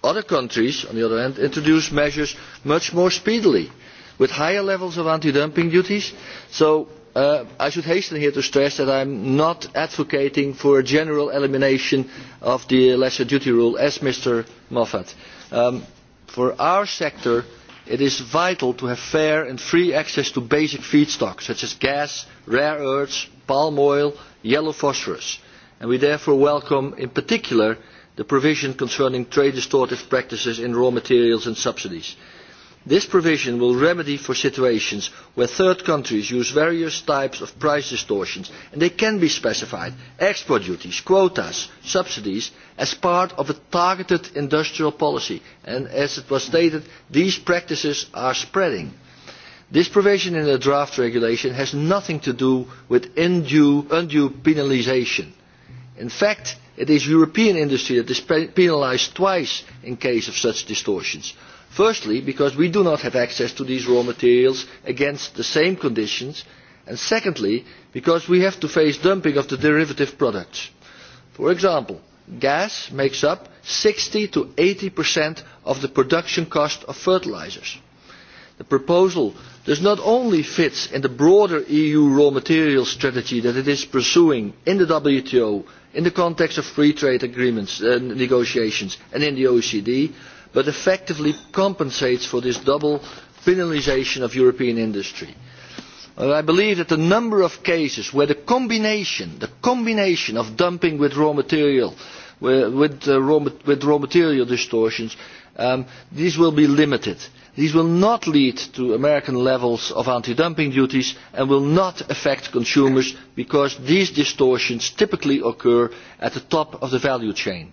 other countries on the other hand introduce measures much more speedily with higher levels of anti dumping duties so i should hasten here to stress that i am not advocating for a general elimination of the lesser duty rule as mr moffat. for our sector it is vital to have fair and free access to basic feedstocks such as gas rare earths palm oil yellow phosphorus and we therefore welcome in particular the provision concerning trade distortive practices in raw materials and subsidies. This provision will remedy for situations where third countries use various types of price distortions, and they can be specified export duties, quotas, subsidies, as part of a targeted industrial policy, and as it was stated, these practices are spreading. This provision in the draft regulation has nothing to do with undue penalisation. In fact, it is European industry that is penalised twice in case of such distortions firstly because we do not have access to these raw materials against the same conditions and secondly because we have to face dumping of the derivative products. for example gas makes up 60 to eighty of the production cost of fertilisers. the proposal does not only fit in the broader eu raw materials strategy that it is pursuing in the wto in the context of free trade agreements negotiations and in the oecd but effectively compensates for this double penalisation of european industry. i believe that the number of cases where the combination of dumping with raw material distortions these will be limited. these will not lead to american levels of anti dumping duties and will not affect consumers because these distortions typically occur at the top of the value chain.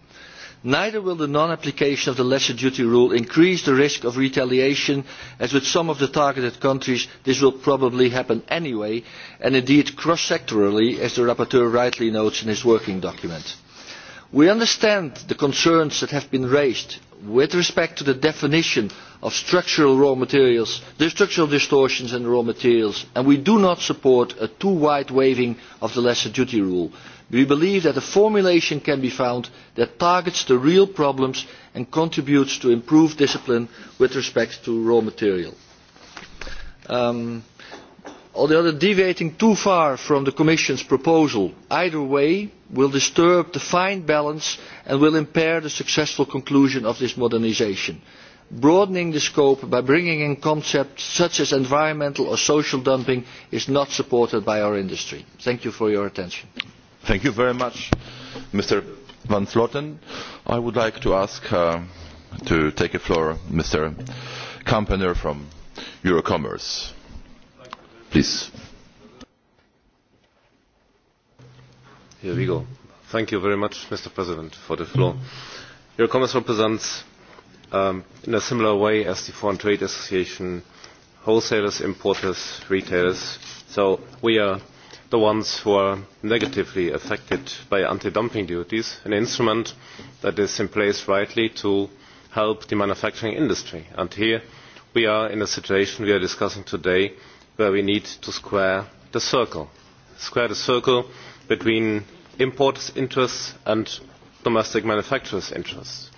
Neither will the non-application of the lesser duty rule increase the risk of retaliation, as with some of the targeted countries this will probably happen anyway, and indeed cross-sectorally, as the rapporteur rightly notes in his working document. We understand the concerns that have been raised with respect to the definition of structural raw materials, the structural distortions in raw materials, and we do not support a too wide waiving of the lesser duty rule we believe that a formulation can be found that targets the real problems and contributes to improved discipline with respect to raw material. on the other deviating too far from the commission's proposal either way will disturb the fine balance and will impair the successful conclusion of this modernisation. broadening the scope by bringing in concepts such as environmental or social dumping is not supported by our industry. thank you for your attention. Thank you very much,
Mr. Van Sloten. I would like to ask to take the floor Mr. Kampener from Eurocommerce. Please.
Here we go. Thank you very much, Mr. President, for the floor. Eurocommerce represents, in a similar way as the Foreign Trade Association, wholesalers, importers, retailers. So we are the ones who are negatively affected by anti-dumping duties, an instrument that is in place rightly to help the manufacturing industry. And here we are in a situation we are discussing today where we need to square the circle, square the circle between importers' interests and domestic manufacturers' interests.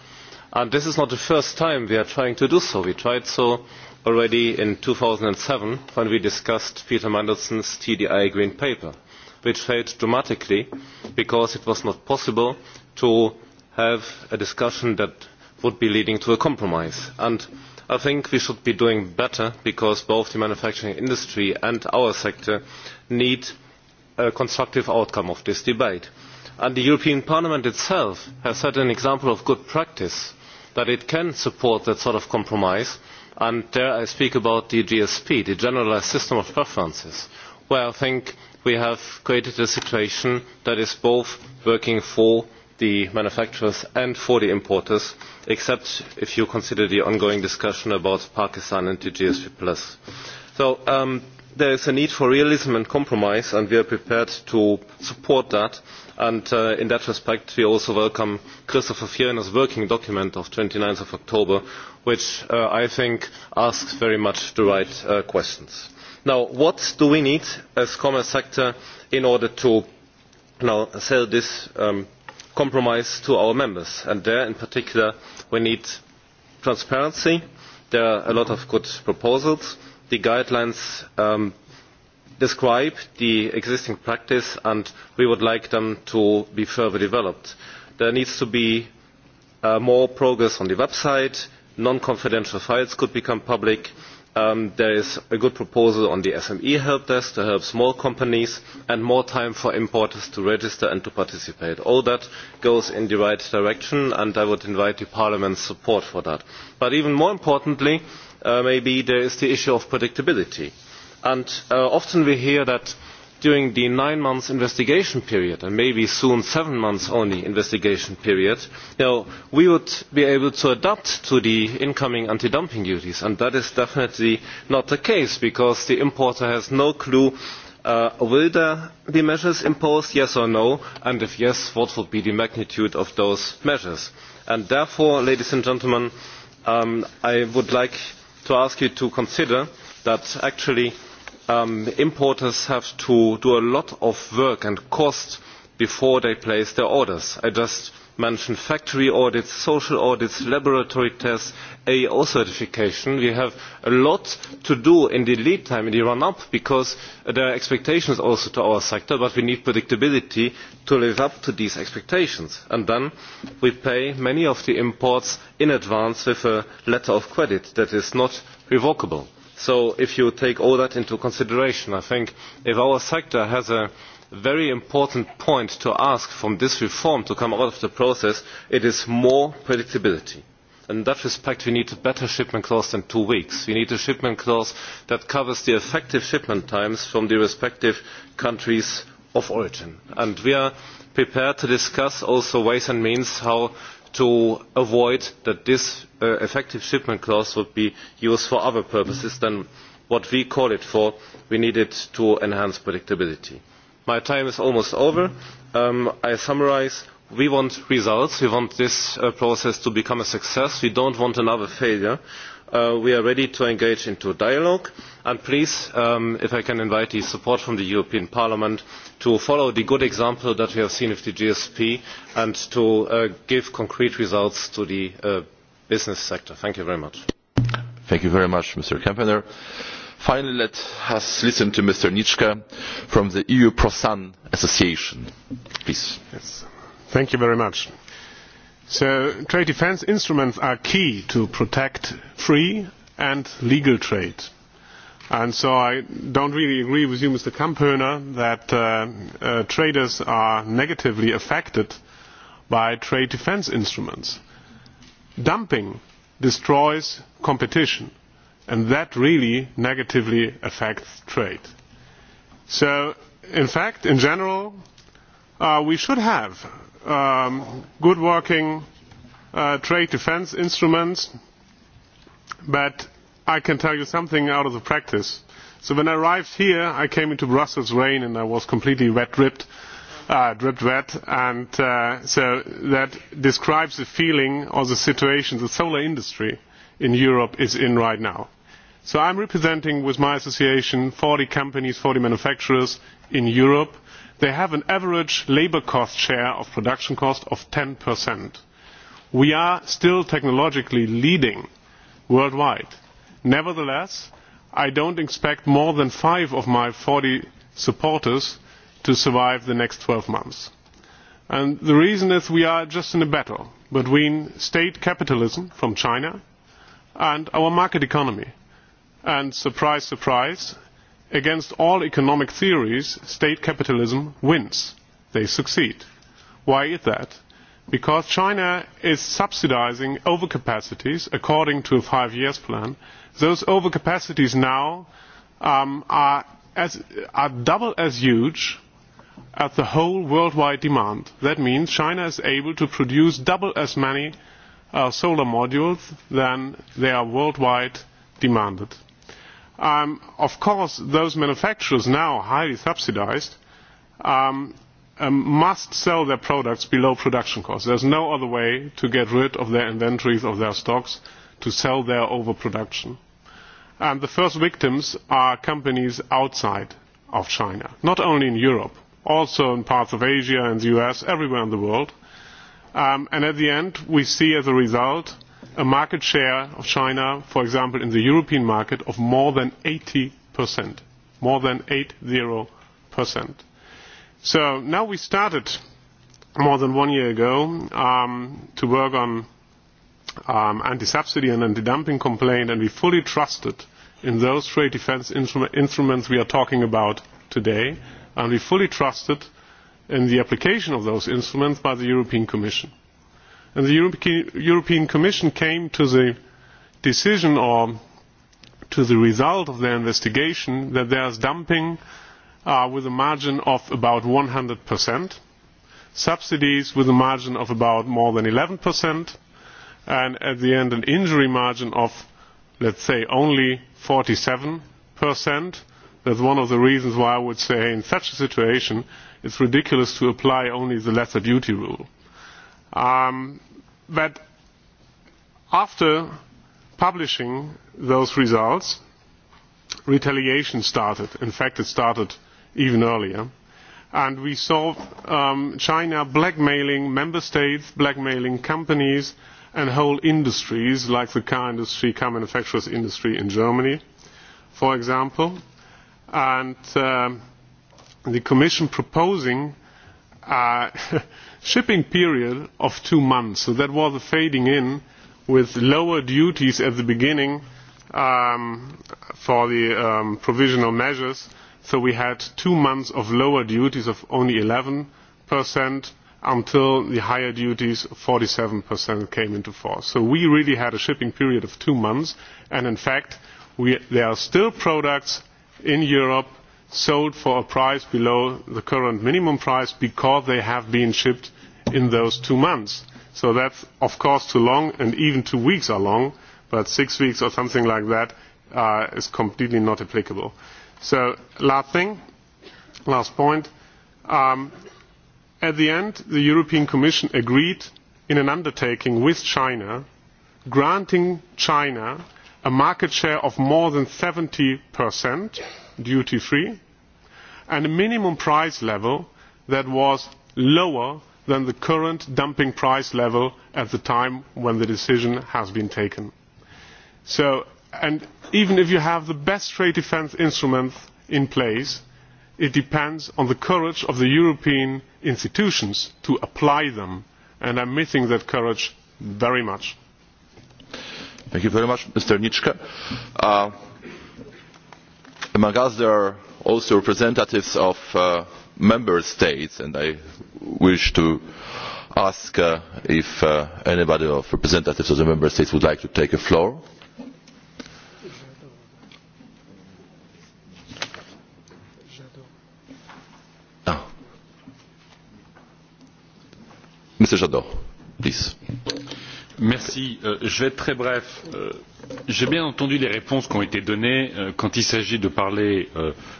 this is not the first time we are trying to do so. We tried so already in 2007 when we discussed Peter Mandelson's TDI Green Paper, which failed dramatically because it was not possible to have a discussion that would be leading to a compromise. I think we should be doing better because both the manufacturing industry and our sector need a constructive outcome of this debate. the European Parliament itself has set an example of good practice that it can support that sort of compromise and there I speak about the GSP, the Generalised System of Preferences, where I think we have created a situation that is both working for the manufacturers and for the importers, except if you consider the ongoing discussion about Pakistan and the GSP. So there is a need for realism and compromise, and we are prepared to support that and in that respect we also welcome Christopher fjellner's working document of 29th of October which I think asks very much the right questions. Now what do we need as commerce sector in order to sell this compromise to our members and there in particular we need transparency, there are a lot of good proposals, the guidelines describe the existing practice and we would like them to be further developed. There needs to be more progress on the website, non-confidential files could become public, there is a good proposal on the SME help desk to help small companies and more time for importers to register and to participate. All that goes in the right direction and I would invite Parliament's support for that. But even more importantly, maybe there is the issue of predictability and often we hear that during the nine month investigation period and maybe soon seven months only investigation period we would be able to adapt to the incoming anti dumping duties and that is definitely not the case because the importer has no clue whether there be measures imposed yes or no and if yes what will be the magnitude of those measures. therefore ladies and gentlemen i would like to ask you to consider that actually importers have to do a lot of work and cost before they place their orders. I just mentioned factory audits, social audits, laboratory tests, AO certification. We have a lot to do in the lead time, in the run-up, because there are expectations also to our sector, but we need predictability to live up to these expectations. And then we pay many of the imports in advance with a letter of credit that is not revocable So if you take all that into consideration, I think if our sector has a very important point to ask from this reform to come out of the process, it is more predictability. In that respect, we need a better shipment clause than two weeks. We need a shipment clause that covers the effective shipment times from the respective countries of origin. And we are prepared to discuss also ways and means how to avoid that this effective shipment clause would be used for other purposes than what we call it for. We need it to enhance predictability. My time is almost over. I summarise. We want results. We want this process to become a success. We do not want another failure we are ready to engage in dialogue and please if i can invite the support from the european parliament to follow the good example that we have seen with the gsp and to give concrete results to the business sector. thank you very much.
thank you very much mr kempner. finally let us listen to mr nitschke
from the eu prosan association. please. thank you very much So trade defence instruments are key to protect free and legal trade. And so I don't really agree with you, Mr. Kamperner, that traders are negatively affected by trade defence instruments. Dumping destroys competition, and that really negatively affects trade. So, in fact, in general, we should have good working trade defence instruments, but I can tell you something out of the practice. So when I arrived here, I came into Brussels rain and I was completely wet dripped, dripped wet, and so that describes the feeling or the situation the solar industry in Europe is in right now. So I'm representing with my association 40 companies, 40 manufacturers in Europe They have an average labour cost share of production cost of 10%. We are still technologically leading worldwide. Nevertheless, I do not expect more than five of my 40 supporters to survive the next 12 months. the reason is we are just in a battle between state capitalism from China and our market economy. And surprise, surprise, Against all economic theories, state capitalism wins. They succeed. Why is that? Because China is subsidising overcapacities according to a five year plan. Those overcapacities now are double as huge as the whole worldwide demand. That means China is able to produce double as many solar modules than they are worldwide demanded Of course, those manufacturers now highly subsidized must sell their products below production costs. There's no other way to get rid of their inventories, of their stocks, to sell their overproduction. And The first victims are companies outside of China, not only in Europe, also in parts of Asia and the US, everywhere in the world. And at the end, we see as a result a market share of China, for example, in the European market of more than 80%. More than 80%. So now we started more than one year ago to work on anti-subsidy and anti-dumping complaint, and we fully trusted in those trade defense instruments we are talking about today, and we fully trusted in the application of those instruments by the European Commission and the European Commission came to the decision or to the result of their investigation that there is dumping with a margin of about 100%, subsidies with a margin of about more than 11%, and at the end an injury margin of, let's say, only 47%. That's one of the reasons why I would say in such a situation it's ridiculous to apply only the lesser duty rule But after publishing those results, retaliation started. In fact, it started even earlier. And we saw China blackmailing member states, blackmailing companies and whole industries like the car industry, car manufacturers industry in Germany, for example. And the Commission proposing shipping period of two months. So that was a fading in with lower duties at the beginning for the provisional measures. So we had two months of lower duties of only 11% until the higher duties, 47%, came into force. So we really had a shipping period of two months. And in fact, there are still products in Europe sold for a price below the current minimum price because they have been shipped in those two months. So that's, of course, too long, and even two weeks are long, but six weeks or something like that is completely not applicable. So last thing, last point. At the end, the European Commission agreed in an undertaking with China, granting China a market share of more than 70% duty free and a minimum price level that was lower than the current dumping price level at the time when the decision has been taken. So even if you have the best trade defence instruments in place, it depends on the courage of the European institutions to apply them, and I missing that courage very much.
Thank you very much, Mr. Nitschke. Among us there are also representatives of member states, and I wish to ask if anybody of representatives of the member states would like to take a floor. Mr. Jadot,
please. Merci. Je vais être très bref. J'ai bien entendu les réponses qui ont été données quand il s'agit de parler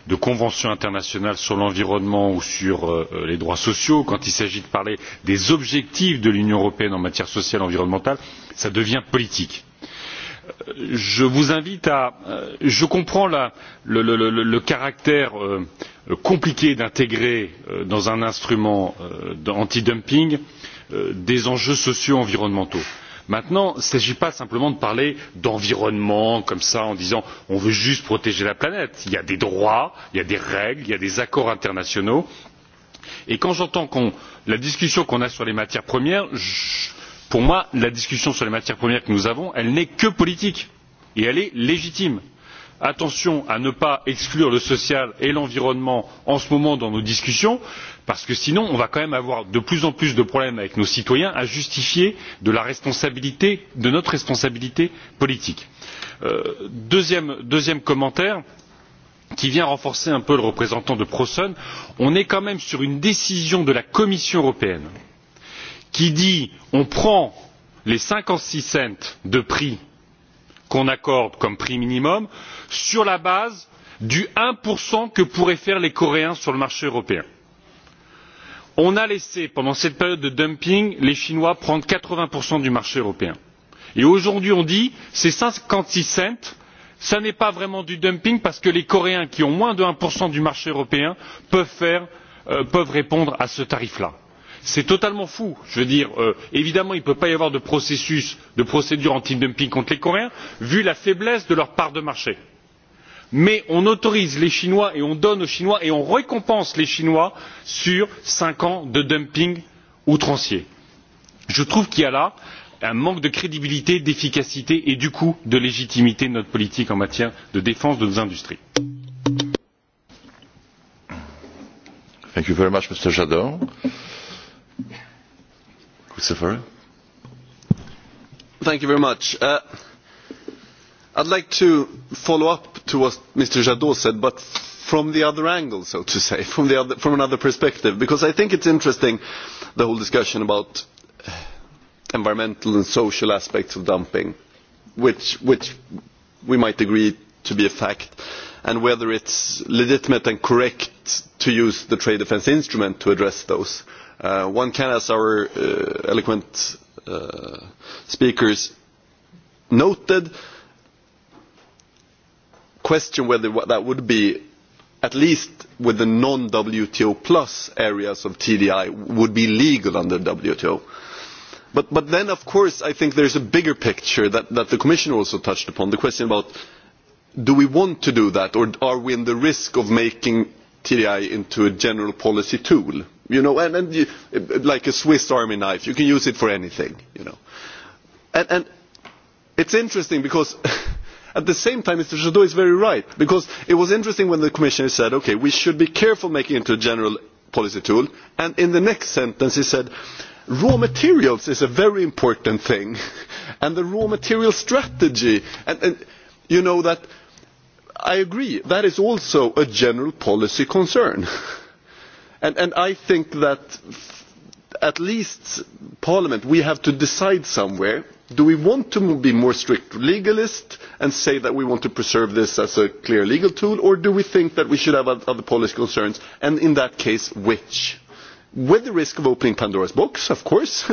de conventions internationales sur l'environnement ou sur les droits sociaux, quand il s'agit de parler des objectifs de l'Union européenne en matière sociale et environnementale, cela devient politique. Je vous invite à je comprends le caractère compliqué d'intégrer dans un instrument antidumping des enjeux sociaux environnementaux maintenant il ne s'agit pas simplement de parler d'environnement comme cela, en disant on veut juste protéger la planète il y a des droits il y a des règles il y a des accords internationaux et quand j'entends la discussion qu'on a sur les matières premières pour moi la discussion sur les matières premières que nous avons elle n'est que politique et elle est légitime. attention à ne pas exclure le social et l'environnement en ce moment dans nos discussions parce que sinon on va quand même avoir de plus en plus de problèmes avec nos citoyens à justifier de la responsabilité de notre responsabilité politique. deuxième commentaire qui vient renforcer un peu le représentant de Proson, on est quand même sur une décision de la Commission européenne qui dit on prend les cinquante six cents de prix qu'on accorde comme prix minimum sur la base du un que pourraient faire les Coréens sur le marché européen on a laissé pendant cette période de dumping les chinois prendre quatre vingts du marché européen et aujourd'hui on dit ces cinquante six cents ce n'est pas vraiment du dumping parce que les coréens qui ont moins de un du marché européen peuvent répondre à ce tarif là. c'est totalement fou. je veux dire évidemment il ne peut pas y avoir de processus de procédure antidumping contre les coréens vu la faiblesse de leur part de marché mais on autorise les chinois et on donne aux chinois et on récompense les chinois sur cinq ans de dumping outrancier. je trouve qu'il y a là un manque de crédibilité d'efficacité et du coup de légitimité de notre politique en matière de défense de nos industries.
I'd like to follow up to what Mr. Jadot said, but from the other angle, so to say, from another perspective, because I think it's interesting, the whole discussion about environmental and social aspects of dumping, which we might agree to be a fact, and whether it's legitimate and correct to use the trade defence instrument to address those. One can, as our eloquent speakers noted, question whether that would be at least with the non WTO plus areas of TDI would be legal under WTO. But then of course I think there is a bigger picture that the Commission also touched upon, the question about do we want to do that or are we in the risk of making TDI into a general policy tool? You know, and like a Swiss army knife, you can use it for anything, you know. And it's interesting because At the same time, Mr. Jadot is very right, because it was interesting when the Commissioner said, OK, we should be careful making it into a general policy tool, and in the next sentence he said, raw materials is a very important thing, and the raw material strategy, and you know that, I agree, that is also a general policy concern, and I think that at least Parliament, we have to decide somewhere do we want to be more strict legalist and say that we want to preserve this as a clear legal tool or do we think that we should have other policy concerns and in that case which? with the risk of opening pandora's box of course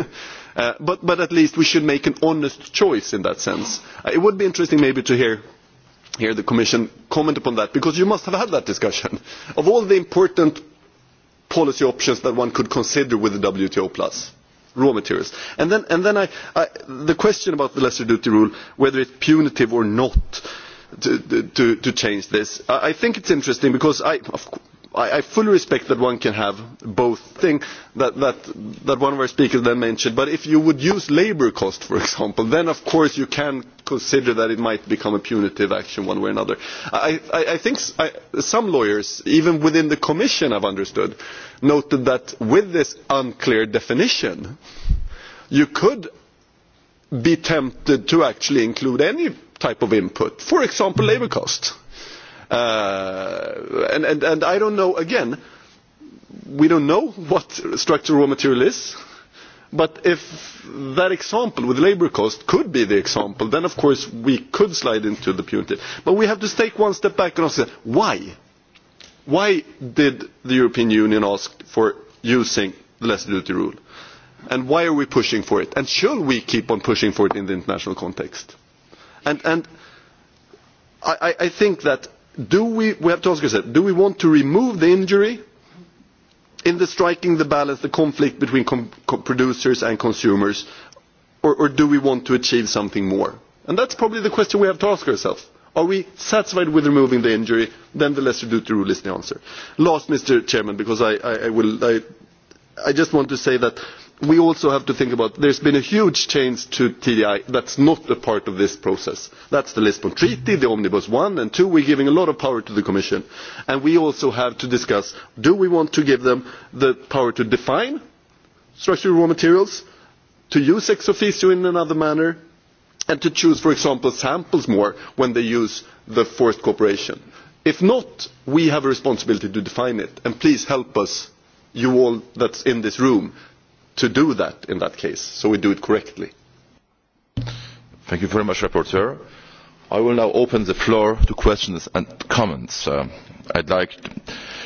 but at least we should make an honest choice in that sense. it would be interesting maybe to hear the commission comment upon that because you must have had that discussion of all the important policy options that one could consider with the wto plus raw materials. And then the question about the lesser duty rule, whether it's punitive or not to change this, I think it's interesting because I I fully respect that one can have both things that one of our speakers then mentioned, but if you would use labour cost, for example, then of course you can consider that it might become a punitive action one way or another. I think some lawyers, even within the Commission, I've understood, noted that with this unclear definition, you could be tempted to actually include any type of input, for example, labour cost And I don't know, again, we don't know what structural raw material is, but if that example with labor cost could be the example, then of course we could slide into the punitive. But we have to take one step back and ask, why? Why did the European Union ask for using the less duty rule? And why are we pushing for it? And should we keep on pushing for it in the international context? And I think that do we have to ask ourselves do we want to remove the injury in the striking the balance the conflict between producers and consumers or do we want to achieve something more? and that's probably the question we have to ask ourselves are we satisfied with removing the injury? then the lesser duty rule is the answer. last mr chairman because I I will i just want to say that we also have to think about there has been a huge change to tdi that is not a part of this process that is the lisbon treaty the omnibus one and two we are giving a lot of power to the commission and we also have to discuss do we want to give them the power to define structural raw materials to use ex officio in another manner and to choose for example samples more when they use the forced cooperation. if not we have a responsibility to define it and please help us you all that are in this room to do that in that case, so
we do it correctly. Thank you very much, Rapporteur. I will now open the floor to questions and comments. I'd like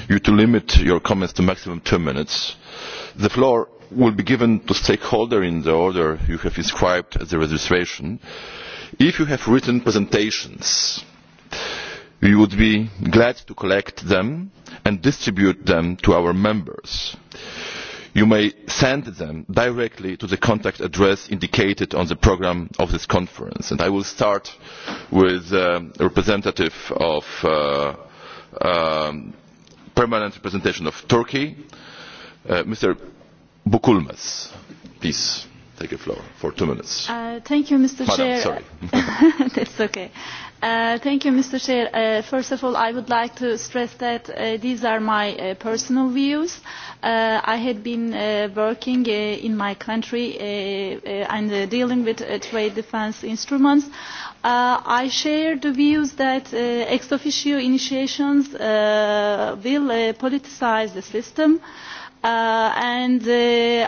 you to limit your comments to maximum two minutes. The floor will be given to stakeholders in the order you have inscribed at the registration. If you have written presentations, we would be glad to collect them and distribute them to our members you may send them directly to the contact address indicated on the programme of this conference. And i will start with a representative of permanent representation of turkey mr bukulmas. please take the floor for two minutes. thank you mr
okay. Thank you, Mr. Chair. First of all, I would like to stress that these are my personal views. I had been working in my country and dealing with trade defence instruments. I share the views that ex officio initiations will politicise the system and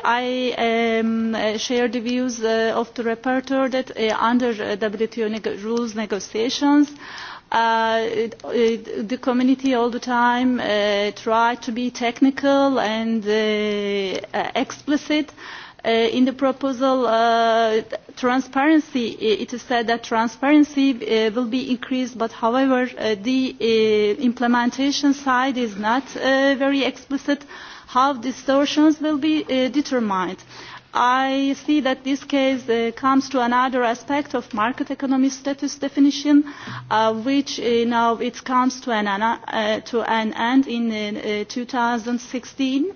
I share the views of the rapporteur that under WTO rules negotiations, the community all the time tries to be technical and explicit. In the proposal, transparency, it is said that transparency will be increased, but however, the implementation side is not very explicit how distortions will be determined. I see that this case comes to another aspect of market economy status definition, which now it comes to an end in 2016.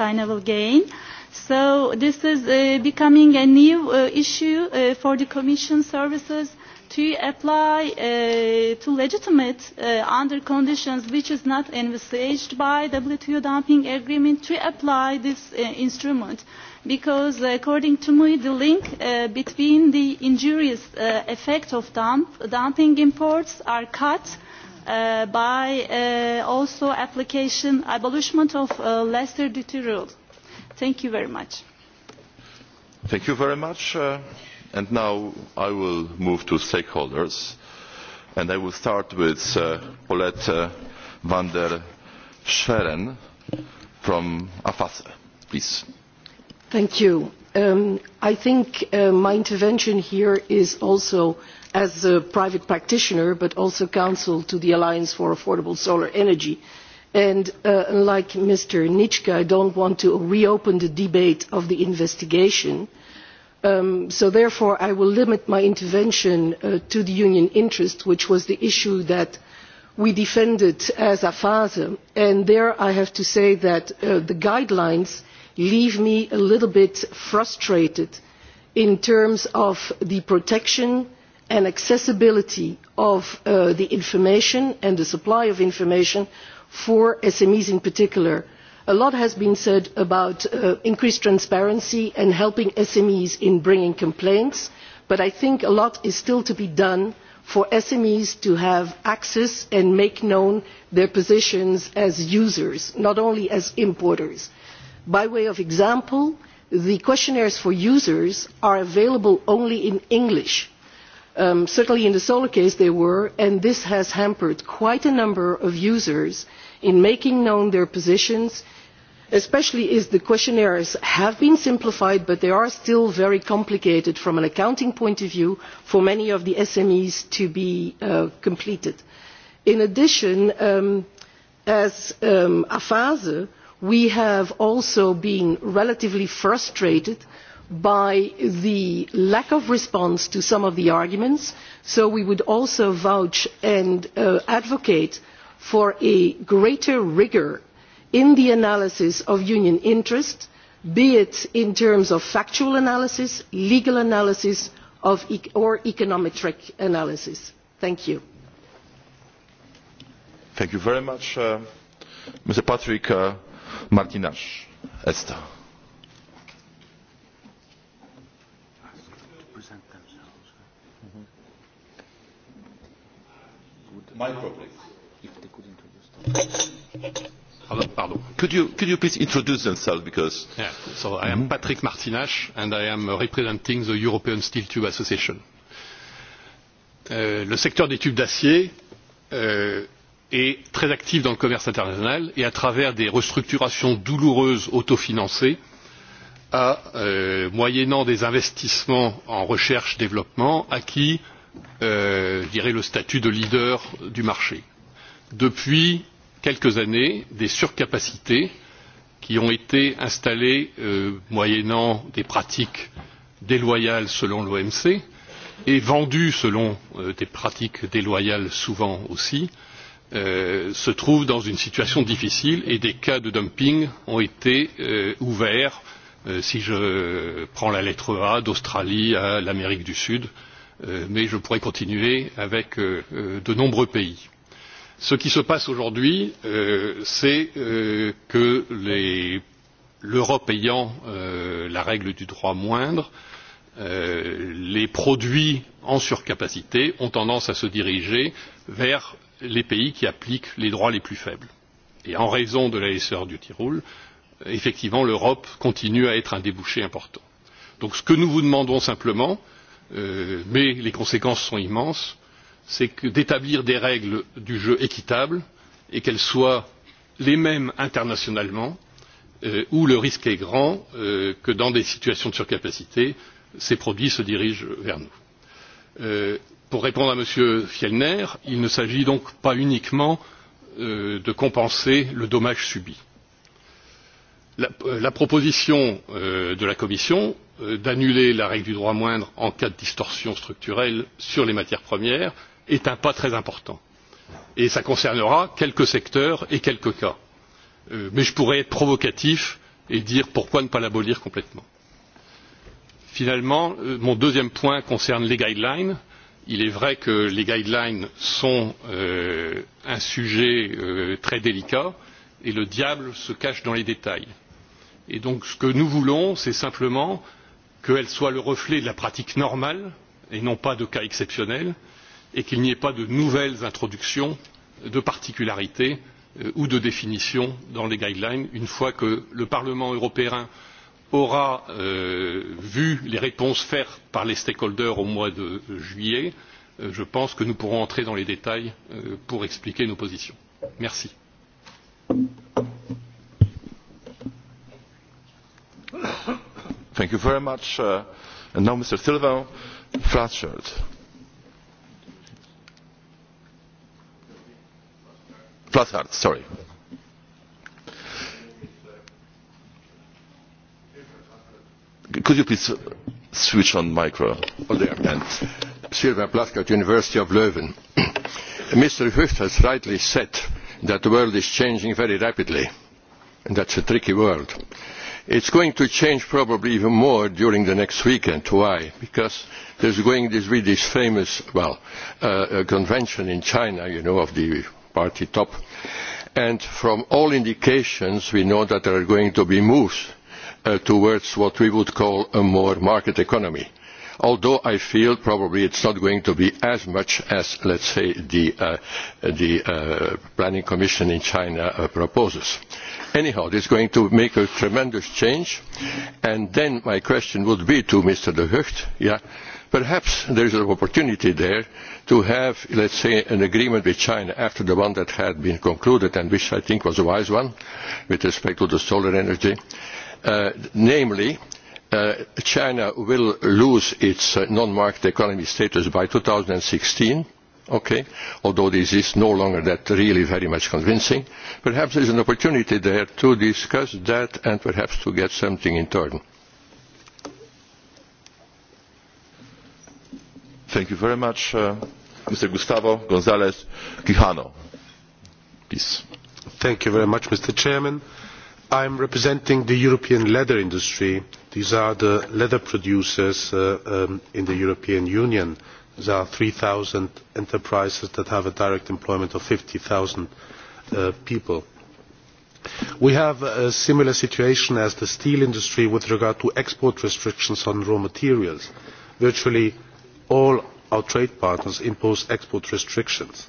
China will gain. So this is becoming a new issue for the Commission services to apply to legitimate under conditions which is not envisaged by WTO dumping agreement to apply this instrument because according to me the link between the injurious effect of dumping imports are cut by also application abolishment of lesser duty rule. Thank you very much.
Thank you very much. And now I will move to stakeholders, and I will start with Paulette van der Scheren from AFASE. Please.
Thank you. I think my intervention here is also as a private practitioner, but also counsel to the Alliance for Affordable Solar Energy. And like Mr. Nitschke, I don't want to reopen the debate of the investigation So therefore I will limit my intervention to the union interest, which was the issue that we defended as a FASE, and there I have to say that the guidelines leave me a little bit frustrated in terms of the protection and accessibility of the information and the supply of information for SMEs in particular a lot has been said about increased transparency and helping smes in bringing complaints but i think a lot is still to be done for smes to have access and make known their positions as users not only as importers. by way of example the questionnaires for users are available only in english certainly in the solar case they were and this has hampered quite a number of users in making known their positions especially as the questionnaires have been simplified but they are still very complicated from an accounting point of view for many of the smes to be completed. in addition as afase we have also been relatively frustrated by the lack of response to some of the arguments so we would also vouch and advocate for a greater rigour in the analysis of union interest be it in terms of factual analysis legal analysis or econometric analysis. thank you.
thank you very much mr patrick martinez
Pardon. Could you could you please introduce yourself because? So I am Patrick Martinache and I am representing the European Steel Tube Association. Le secteur des tubes d'acier est très actif dans le commerce international et à travers des restructurations douloureuses autofinancées, moyennant des investissements en recherche développement, acquis, je dirais, le statut de leader du marché. Depuis quelques années des surcapacités qui ont été installées moyennant des pratiques déloyales selon l'omc et vendues selon des pratiques déloyales souvent aussi se trouvent dans une situation difficile et des cas de dumping ont été ouverts si je prends la lettre a d'australie à l'amérique du sud mais je pourrais continuer avec de nombreux pays ce qui se passe aujourd'hui c'est que l'europe ayant la règle du droit moindre les produits en surcapacité ont tendance à se diriger vers les pays qui appliquent les droits les plus faibles et en raison de la laisseur du Tyrol, effectivement l'europe continue à être un débouché important. donc ce que nous vous demandons simplement mais les conséquences sont immenses c'est d'établir des règles du jeu équitables et qu'elles soient les mêmes internationalement où le risque est grand que dans des situations de surcapacité ces produits se dirigent vers nous. pour répondre à m. fjellner il ne s'agit donc pas uniquement de compenser le dommage subi. la proposition de la commission d'annuler la règle du droit moindre en cas de distorsion structurelle sur les matières premières est un pas très important et cela concernera quelques secteurs et quelques cas. mais je pourrais être provocatif et dire pourquoi ne pas l'abolir complètement? finalement mon deuxième point concerne les guidelines. il est vrai que les guidelines sont un sujet très délicat et le diable se cache dans les détails. et donc ce que nous voulons c'est simplement qu'elles soient le reflet de la pratique normale et non pas de cas exceptionnels et qu'il n'y ait pas de nouvelles introductions de particularités ou de définitions dans les guidelines une fois que le parlement européen aura vu les réponses faites par les stakeholders au mois de juillet je pense que nous pourrons entrer dans les détails pour expliquer nos positions. merci.
thank you very much. sorry. Could you please
switch on micro? Silvia Plasshardt, University of Leuven. Mr. Hüft has rightly said that the world is changing very rapidly, and that's a tricky world. It's going to change probably even more during the next weekend. Why? Because there's going to be this famous, well, convention in China, you know, of the party top. And from all indications, we know that there are going to be moves towards what we would call a more market economy. Although I feel probably it is not going to be as much as, let's say, the Planning Commission in China proposes. Anyhow, this is going to make a tremendous change. And then my question would be to Mr. De Gucht, Perhaps there is an opportunity there to have, let's say, an agreement with China after the one that had been concluded and which I think was a wise one with respect to the solar energy. Namely, China will lose its non-market economy status by 2016, although this is no longer that really very much convincing. Perhaps there is an opportunity there to discuss that and perhaps to get something in turn.
Thank you very much. Mr. Gustavo González Quijano. Please. Thank you very much, Mr. Chairman.
I am representing the European leather industry. These are the leather producers in the European Union. There are 3,000 enterprises that have a direct employment of 50,000 people. We have a similar situation as the steel industry with regard to export restrictions on raw materials. Virtually all our trade partners impose export restrictions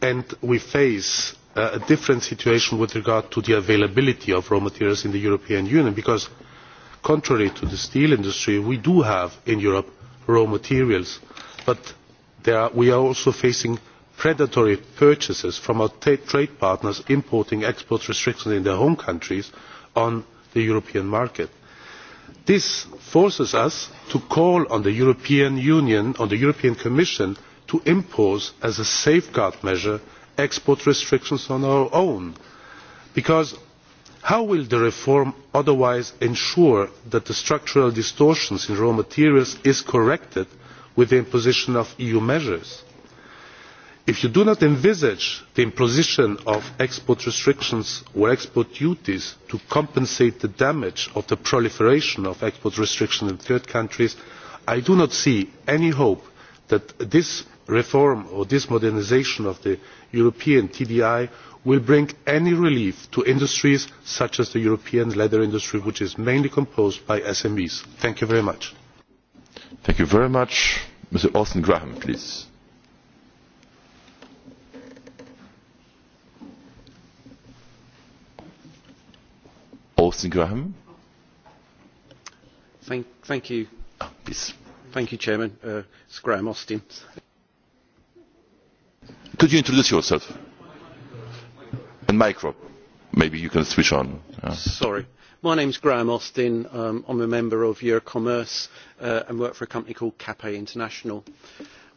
and we face a different situation with regard to the availability of raw materials in the European Union because contrary to the steel industry we do have in Europe raw materials but we are also facing predatory purchases from our trade partners importing export restrictions in their home countries on the European market. This forces us to call on the European Union, on the European Commission, to impose as a safeguard measure export restrictions on our own. Because how will the reform otherwise ensure that the structural distortions in raw materials is corrected with the imposition of EU measures? If you do not envisage the imposition of export restrictions or export duties to compensate the damage of the proliferation of export restrictions in third countries, I do not see any hope that this reform or this modernisation of the European TDI will bring any relief to industries such as the European leather industry, which is mainly composed by SMEs. Thank you very much.
Thank you very much. Mr. Austin Graham, please. Austin Graham.
Thank, thank you. please. Thank you, Chairman. Uh, it's Graham Austin.
Could you introduce yourself? And micro, maybe you can switch on.
Sorry. My name's Graham Austin. Um, I'm a member of Eurocommerce uh, and work for a company called CAPE International.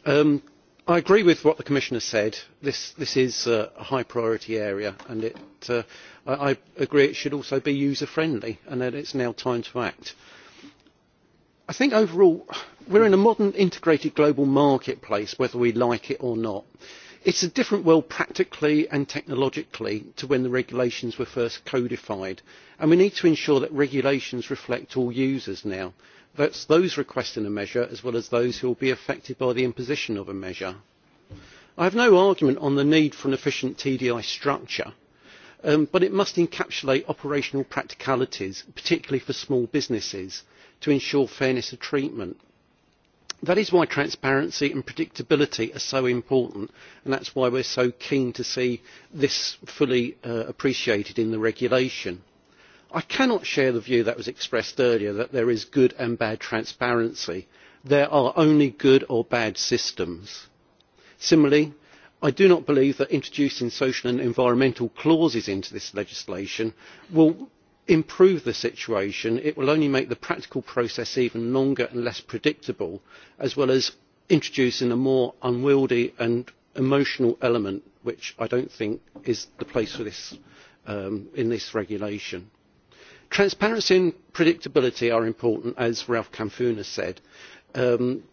Um, i agree with what the commissioner said this is a high priority area and i agree it should also be user friendly and that it is now time to act. i think overall we are in a modern integrated global marketplace whether we like it or not. it is a different world practically and technologically to when the regulations were first codified and we need to ensure that regulations reflect all users now that is those requesting a measure as well as those who will be affected by the imposition of a measure. i have no argument on the need for an efficient tdi structure but it must encapsulate operational practicalities particularly for small businesses to ensure fairness of treatment. that is why transparency and predictability are so important and that is why we are so keen to see this fully appreciated in the regulation. I cannot share the view that was expressed earlier that there is good and bad transparency. There are only good or bad systems. Similarly, I do not believe that introducing social and environmental clauses into this legislation will improve the situation. It will only make the practical process even longer and less predictable, as well as introducing a more unwieldy and emotional element, which I do not think is the place for this in this regulation transparency and predictability are important as ralph kamfuna said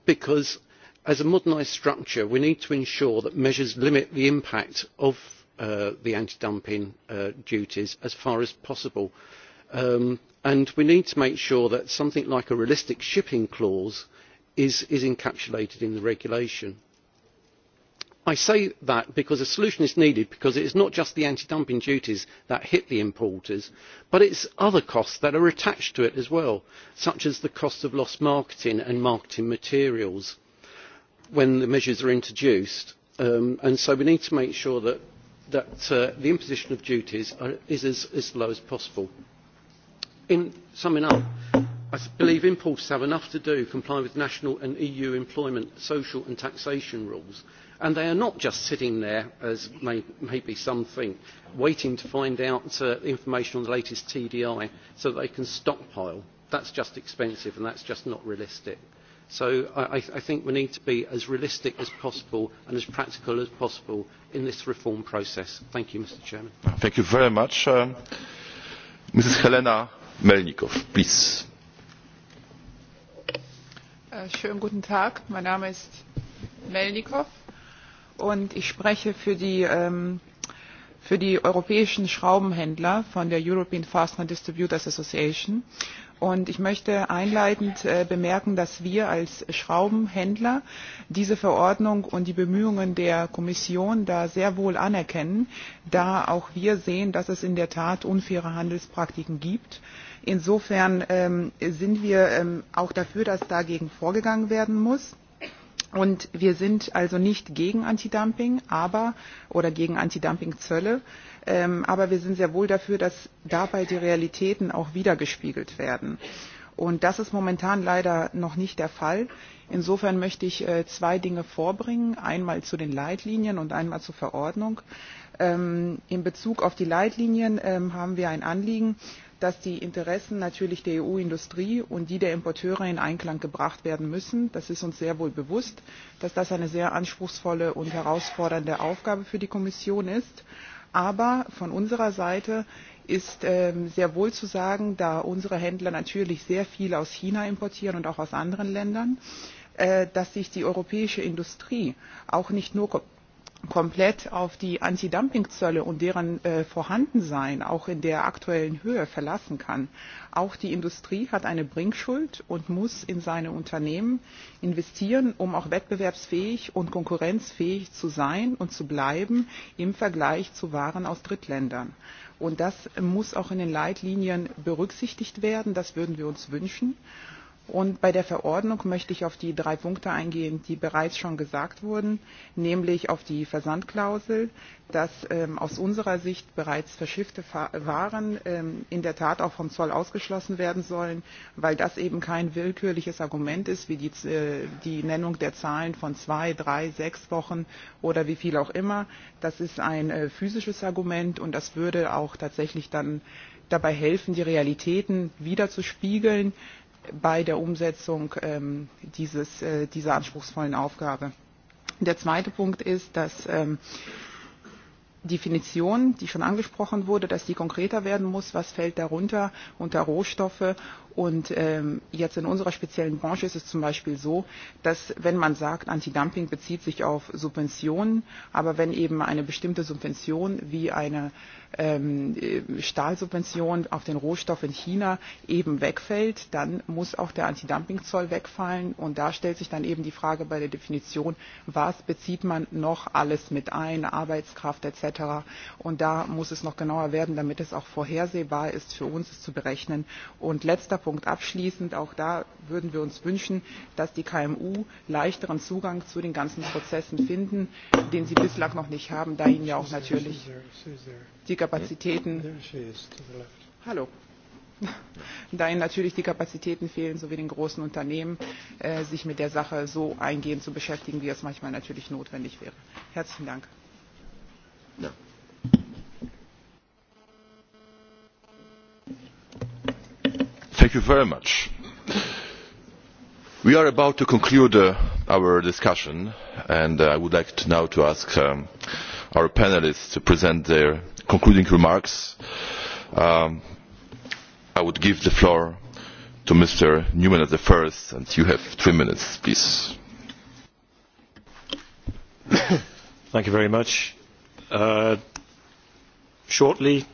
because as a modernised structure we need to ensure that measures limit the impact of the anti dumping duties as far as possible and we need to make sure that something like a realistic shipping clause is encapsulated in the regulation i say that because a solution is needed because it is not just the anti dumping duties that hit the importers but it is other costs that are attached to it as well such as the cost of lost marketing and marketing materials when the measures are introduced and so we need to make sure that the imposition of duties is as low as possible. in summing up i believe importers have enough to do complying with national and eu employment social and taxation rules and they are not just sitting there, as maybe some think, waiting to find out information on the latest TDI so that they can stockpile. That's just expensive and that's just not realistic. So I think we need to be as realistic as possible and as practical as possible in this reform process. Thank you, Mr. Chairman.
Thank you very much. Mrs. Helena Melnikov, please.
Schönen guten Tag. Mein Name ist Melnikov und ich spreche für die für die europäischen Schraubenhändler von der European Fastener Distributors Association. Und ich möchte einleitend bemerken, dass wir als Schraubenhändler diese Verordnung und die Bemühungen der Kommission da sehr wohl anerkennen, da auch wir sehen, dass es in der Tat unfaire Handelspraktiken gibt. Insofern sind wir auch dafür, dass dagegen vorgegangen werden muss Und wir sind also nicht gegen Antidumping, aber oder gegen Antidumpingzölle, aber wir sind sehr wohl dafür, dass dabei die Realitäten auch wiedergespiegelt werden. Und das ist momentan leider noch nicht der Fall. Insofern möchte ich zwei Dinge vorbringen, einmal zu den Leitlinien und einmal zur Verordnung. In Bezug auf die Leitlinien haben wir ein Anliegen, dass die Interessen natürlich der EU-Industrie und die der Importeure in Einklang gebracht werden müssen. Das ist uns sehr wohl bewusst, dass das eine sehr anspruchsvolle und herausfordernde Aufgabe für die Kommission ist. Aber von unserer Seite ist sehr wohl zu sagen, da unsere Händler natürlich sehr viel aus China importieren und auch aus anderen Ländern, dass sich die europäische Industrie auch nicht nur komplett auf die Zölle und deren Vorhandensein auch in der aktuellen Höhe verlassen kann. Auch die Industrie hat eine Bringschuld und muss in seine Unternehmen investieren, um auch wettbewerbsfähig und konkurrenzfähig zu sein und zu bleiben im Vergleich zu Waren aus Drittländern. Und das muss auch in den Leitlinien berücksichtigt werden. Das würden wir uns wünschen. Und bei der Verordnung möchte ich auf die drei Punkte eingehen, die bereits schon gesagt wurden, nämlich auf die Versandklausel, dass aus unserer Sicht bereits verschiffte Waren in der Tat auch vom Zoll ausgeschlossen werden sollen, weil das eben kein willkürliches Argument ist, wie die Nennung der Zahlen von zwei, drei, sechs Wochen oder wie viel auch immer. Das ist ein physisches Argument und das würde auch tatsächlich dann dabei helfen, die Realitäten wiederzuspiegeln bei der Umsetzung dieser anspruchsvollen Aufgabe. Der zweite Punkt ist, dass die Definition, die schon angesprochen wurde, dass die konkreter werden muss, was fällt darunter unter Rohstoffe Und jetzt in unserer speziellen Branche ist es zum Beispiel so, dass wenn man sagt, Antidumping bezieht sich auf Subventionen, aber wenn eben eine bestimmte Subvention wie eine Stahlsubvention auf den Rohstoff in China eben wegfällt, dann muss auch der Antidumpingzoll wegfallen. Und da stellt sich dann eben die Frage bei der Definition, was bezieht man noch alles mit ein, Arbeitskraft etc. Und da muss es noch genauer werden, damit es auch vorhersehbar ist für uns, es zu berechnen. Und letzter punkt abschließend auch da würden wir uns wünschen dass die kmu leichteren zugang zu den ganzen prozessen finden den sie bislang noch nicht haben da ihnen ja auch natürlich die kapazitäten hallo da ihnen natürlich die kapazitäten fehlen sowie den großen unternehmen sich mit der sache so eingehend zu beschäftigen wie es manchmal natürlich notwendig wäre. herzlichen dank!
Thank you very much. We are about to conclude our discussion and I would like now to ask our panelists to present their concluding remarks. I would give the floor to Mr. Newman as the first and you have three minutes, please.
Thank you very much. Shortly,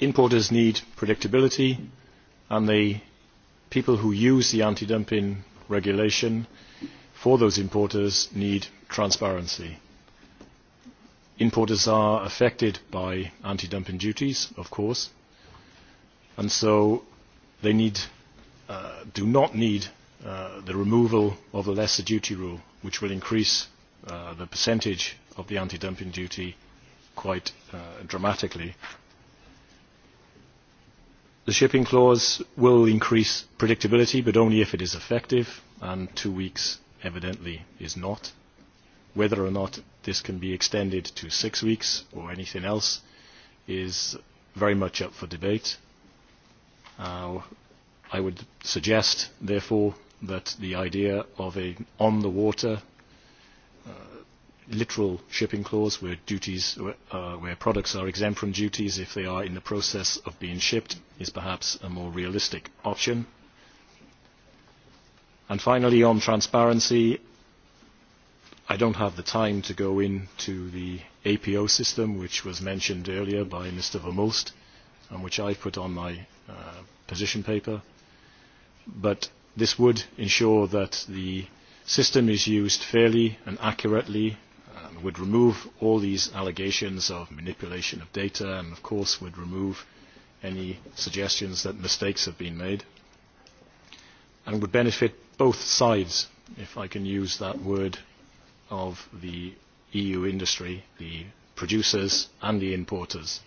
Importers need predictability and the people who use the anti-dumping regulation for those importers need transparency. Importers are affected by anti-dumping duties, of course, and so they do not need the removal of the lesser duty rule, which will increase the percentage of the anti-dumping duty quite dramatically The shipping clause will increase predictability, but only if it is effective, and two weeks evidently is not. Whether or not this can be extended to six weeks or anything else is very much up for debate. I would suggest, therefore, that the idea of an on-the-water literal shipping clause where duties where products are exempt from duties if they are in the process of being shipped is perhaps a more realistic option. And finally on transparency I don't have the time to go into the APO system which was mentioned earlier by Mr Vermulst and which I put on my position paper but this would ensure that the system is used fairly and accurately would remove all these allegations of manipulation of data and, of course, would remove any suggestions that mistakes have been made and would benefit both sides, if I can use that word, of the EU industry, the producers and the importers,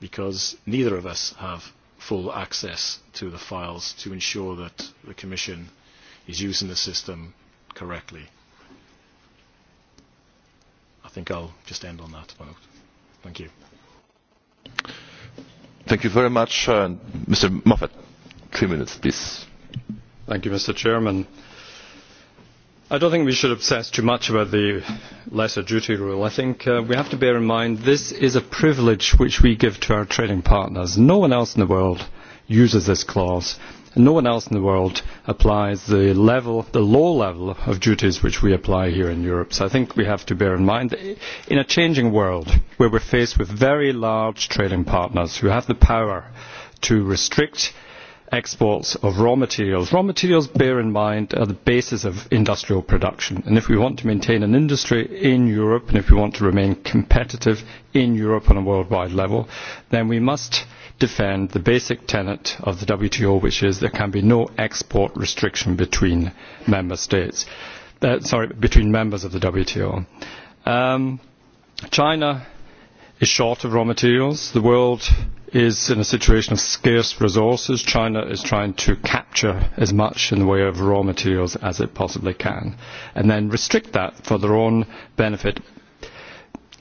because neither of us have full access to the files to ensure that the Commission is using the system correctly think I'll just end on that note. Thank you.
Thank you very much. Mr. Moffat, three minutes, please. Thank you, Mr. Chairman. I don't think we should obsess too much about the lesser duty rule. I think we have to bear in mind this is a privilege which we give to our trading partners. No one else in the world uses this clause no one else in the world applies the low level of duties which we apply here in europe so i think we have to bear in mind that in a changing world where we are faced with very large trading partners who have the power to restrict exports of raw materials raw materials bear in mind are the basis of industrial production and if we want to maintain an industry in europe and if we want to remain competitive in europe on a worldwide level then we must defend the basic tenet of the WTO, which is there can be no export restriction between member states, sorry, between members of the WTO. China is short of raw materials. The world is in a situation of scarce resources. China is trying to capture as much in the way of raw materials as it possibly can and then restrict that for their own benefit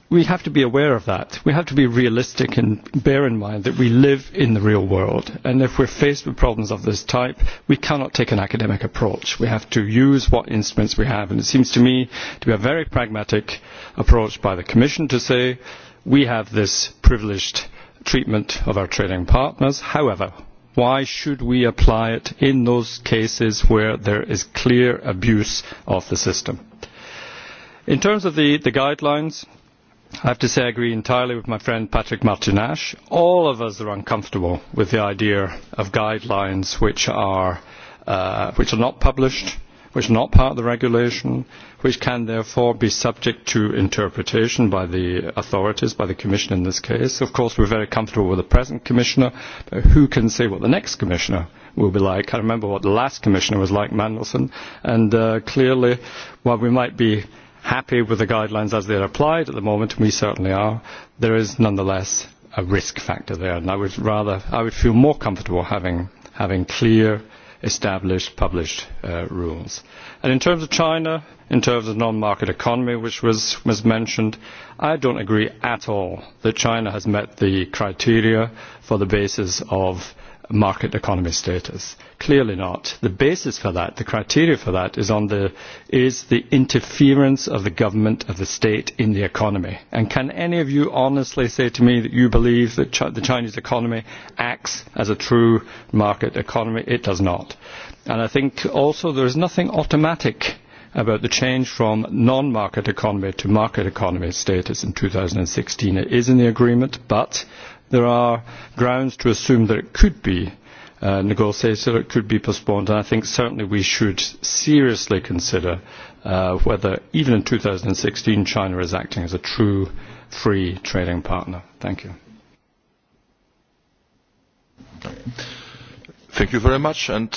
we have to be aware of that. We have to be realistic and bear in mind that we live in the real world. And if we are faced with problems of this type, we cannot take an academic approach. We have to use what instruments we have. And it seems to me to be a very pragmatic approach by the Commission to say, we have this privileged treatment of our trading partners. However, why should we apply it in those cases where there is clear abuse of the system? In terms of the guidelines, I have to say I agree entirely with my friend Patrick Martinash. All of us are uncomfortable with the idea of guidelines which are not published, which are not part of the regulation, which can therefore be subject to interpretation by the authorities, by the Commission in this case. Of course, we're very comfortable with the present Commissioner, but who can say what the next Commissioner will be like? I remember what the last Commissioner was like, Mandelson, and clearly, while we might be happy with the guidelines as they are applied at the moment, and we certainly are, there is nonetheless a risk factor there. And I would rather, I would feel more comfortable having having clear, established, published rules. And in terms of China, in terms of non-market economy, which was was mentioned, I don't agree at all that China has met the criteria for the basis of market economy status. Clearly not. The basis for that, the criteria for that, is on the interference of the government of the state in the economy. And can any of you honestly say to me that you believe that the Chinese economy acts as a true market economy? It does not. And I think also there is nothing automatic about the change from non-market economy to market economy status in 2016. It is in the agreement, but there are grounds to assume that it could be negotiated, it could be postponed, and I think certainly we should seriously consider whether, even in 2016, China is acting as a true free trading partner. Thank you.
Thank you very much, and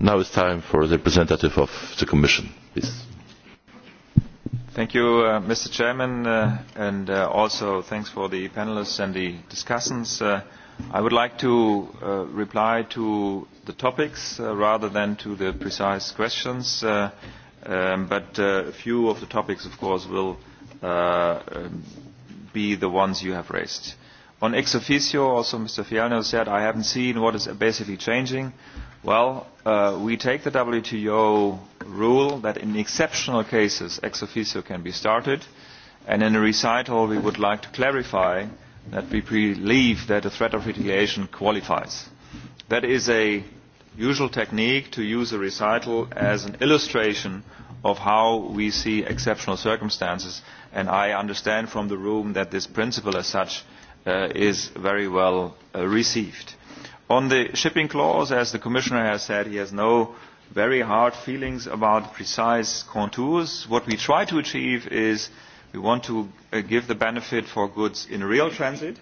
now it's time for the representative of the Commission,
Thank you, Mr. Chairman, and also thanks for the panelists and the discussants. I would like to reply to the topics rather than to the precise questions, but a few of the topics, of course, will be the ones you have raised. On ex officio, also Mr. Fialno said, I haven't seen what is basically changing. Well, we take the WTO rule that in exceptional cases ex officio can be started, and in a recital we would like to clarify that we believe that a threat of retaliation qualifies. That is a usual technique to use a recital as an illustration of how we see exceptional circumstances, and I understand from the room that this principle as such is very well received. On the shipping clause, as the Commissioner has said, he has no very hard feelings about precise contours. What we try to achieve is we want to give the benefit for goods in real transit,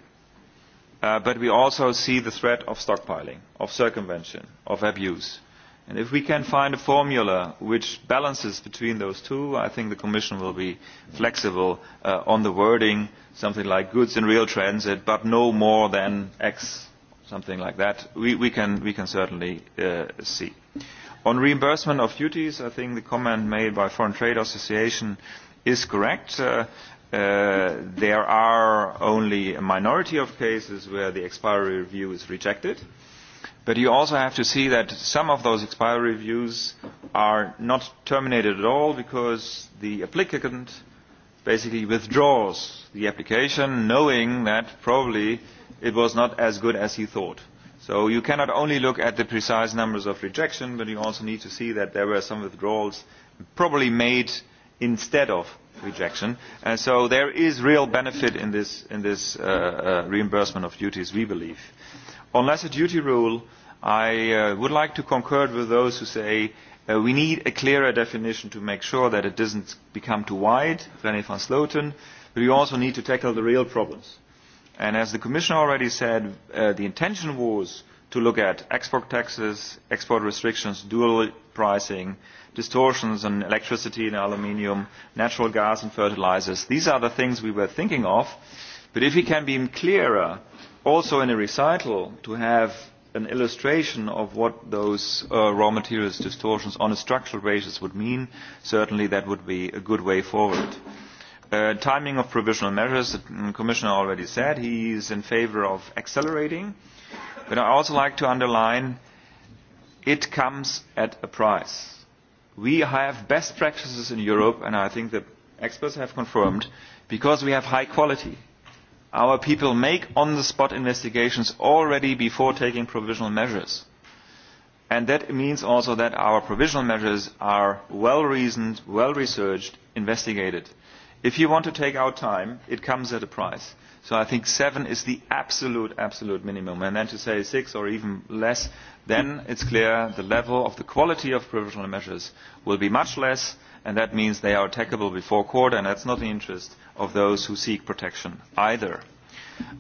but we also see the threat of stockpiling, of circumvention, of abuse. And if we can find a formula which balances between those two, I think the Commission will be flexible on the wording, something like goods in real transit, but no more than X something like that, we, we, can, we can certainly see. On reimbursement of duties, I think the comment made by Foreign Trade Association is correct. There are only a minority of cases where the expiry review is rejected. But you also have to see that some of those expiry reviews are not terminated at all because the applicant basically withdraws the application knowing that probably it was not as good as he thought. So you cannot only look at the precise numbers of rejection, but you also need to see that there were some withdrawals probably made instead of rejection. And so there is real benefit in this reimbursement of duties, we believe. On lesser duty rule, I would like to concur with those who say we need a clearer definition to make sure that it doesn't become too wide, René van Sloten, but we also need to tackle the real problems. And as the Commission already said, the intention was to look at export taxes, export restrictions, dual pricing, distortions on electricity and aluminium, natural gas and fertilisers. These are the things we were thinking of. But if we can be clearer, also in a recital, to have an illustration of what those raw materials distortions on a structural basis would mean, certainly that would be a good way forward. Timing of provisional measures, the Commissioner already said he is in favour of accelerating, but I also like to underline it comes at a price. We have best practices in Europe, and I think the experts have confirmed, because we have high quality. Our people make on-the-spot investigations already before taking provisional measures. And that means also that our provisional measures are well-reasoned, well-researched, investigated. If you want to take out time, it comes at a price. So I think seven is the absolute, absolute minimum. And then to say six or even less, then it's clear the level of the quality of provisional measures will be much less, and that means they are attackable before court, and that's not the interest of those who seek protection either.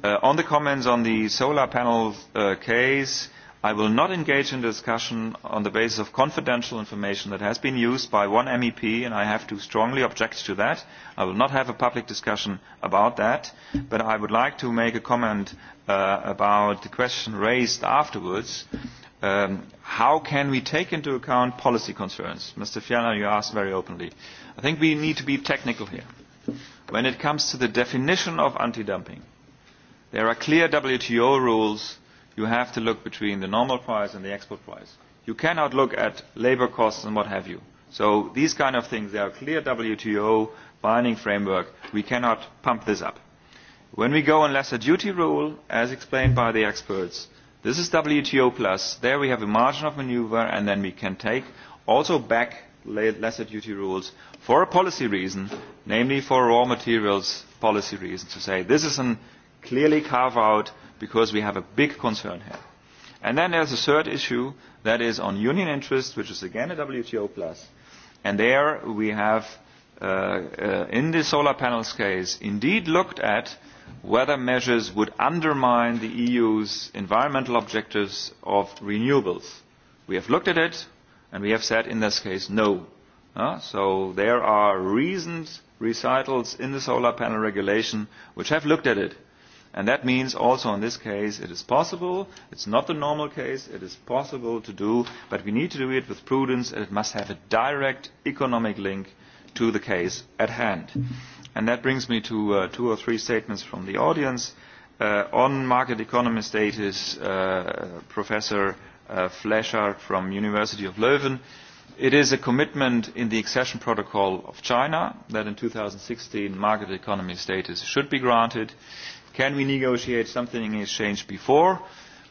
On the comments on the solar panel case, I will not engage in discussion on the basis of confidential information that has been used by one MEP, and I have to strongly object to that. I will not have a public discussion about that, but I would like to make a comment about the question raised afterwards. How can we take into account policy concerns? Mr. Fiala? you asked very openly. I think we need to be technical here. When it comes to the definition of anti-dumping, there are clear WTO rules you have to look between the normal price and the export price. You cannot look at labor costs and what have you. So these kind of things, they are clear WTO binding framework. We cannot pump this up. When we go on lesser duty rule, as explained by the experts, this is WTO plus. There we have a margin of maneuver, and then we can take also back lesser duty rules for a policy reason, namely for raw materials policy reasons, to say this is a clearly carved out because we have a big concern here. And then there's a third issue that is on union interest, which is again a WTO plus. And there we have, in the solar panels case, indeed looked at whether measures would undermine the EU's environmental objectives of renewables. We have looked at it, and we have said in this case no. So there are reasoned recitals in the solar panel regulation which have looked at it And that means also in this case it is possible. It's not the normal case. It is possible to do, but we need to do it with prudence and it must have a direct economic link to the case at hand. And that brings me to two or three statements from the audience. On market economy status, Professor Flescher from University of Leuven, it is a commitment in the accession protocol of China that in 2016 market economy status should be granted. Can we negotiate something in exchange before?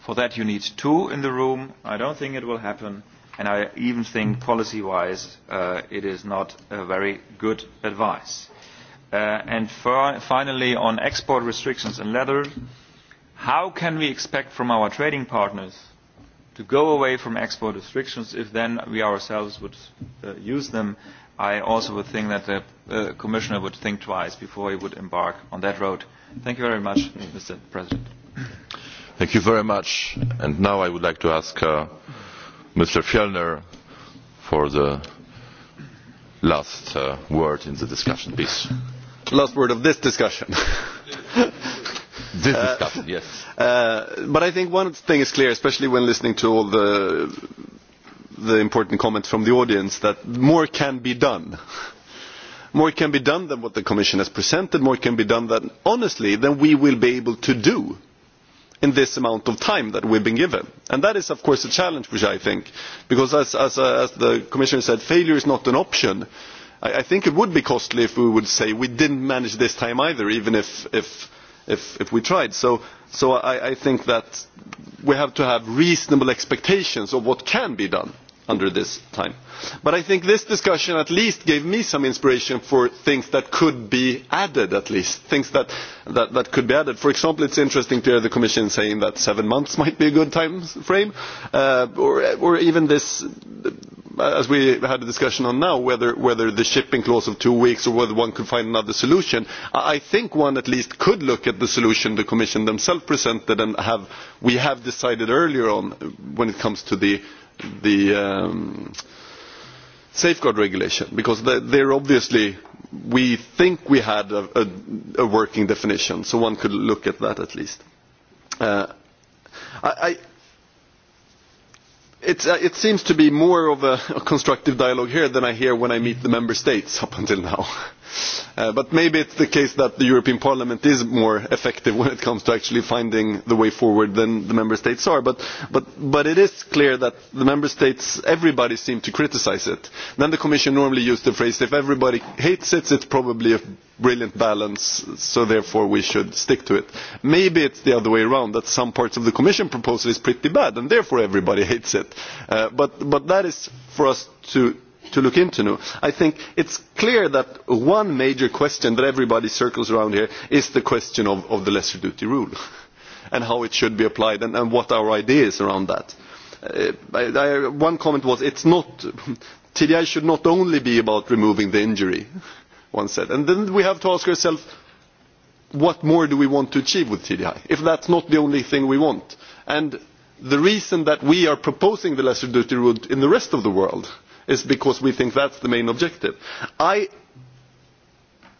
For that you need two in the room. I don't think it will happen. And I even think policy-wise it is not a very good advice. And finally, on export restrictions and leather, how can we expect from our trading partners to go away from export restrictions if then we ourselves would use them I also would think that the Commissioner would think twice before he would embark on that road. Thank you very much, Mr. President.
Thank you very much. And now I would like to ask Mr. Fjellner for the last word in the discussion, please.
Last word of this discussion.
This discussion, yes.
But I think one thing is clear, especially when listening to all the the important comment from the audience that more can be done. More can be done than what the Commission has presented, more can be done than, honestly, than we will be able to do in this amount of time that we've been given. And that is, of course, a challenge, which I think, because as the Commissioner said, failure is not an option. I think it would be costly if we would say we didn't manage this time either, even if we tried. So I think that we have to have reasonable expectations of what can be done under this time. But I think this discussion at least gave me some inspiration for things that could be added, at least things that could be added. For example, it's interesting to hear the Commission saying that seven months might be a good time frame, or even this, as we had a discussion on now, whether the shipping clause of two weeks or whether one could find another solution. I think one at least could look at the solution the Commission themselves presented and we have decided earlier on when it comes to the the safeguard regulation because there obviously we think we had a working definition so one could look at that at least. It seems to be more of a constructive dialogue here than I hear when I meet the member states up until now But maybe it's the case that the European Parliament is more effective when it comes to actually finding the way forward than the Member States are. But it is clear that the Member States, everybody seems to criticise it. Then the Commission normally used the phrase, if everybody hates it, it's probably a brilliant balance, so therefore we should stick to it. Maybe it's the other way around, that some parts of the Commission proposal is pretty bad, and therefore everybody hates it. But that is for us to to look into. I think it's clear that one major question that everybody circles around here is the question of the lesser duty rule and how it should be applied and what our idea is around that. One comment was it's not TDI should not only be about removing the injury, one said. And then we have to ask ourselves what more do we want to achieve with TDI if that's not the only thing we want. And the reason that we are proposing the lesser duty rule in the rest of the world is because we think that's the main objective.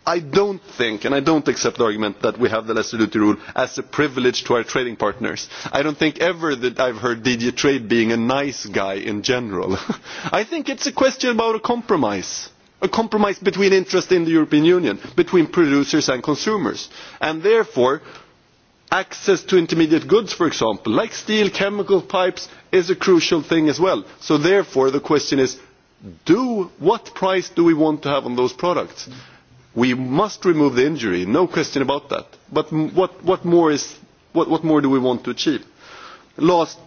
I don't think, and I don't accept the argument that we have the lesser duty rule as a privilege to our trading partners. I don't think ever that I've heard DG Trade being a nice guy in general. I think it's a question about a compromise a compromise between interests in the European Union, between producers and consumers. And therefore, access to intermediate goods, for example, like steel, chemical pipes, is a crucial thing as well. So therefore, the question is, do what price do we want to have on those products? We must remove the injury, no question about that. But what more is what more do we want to achieve? Last,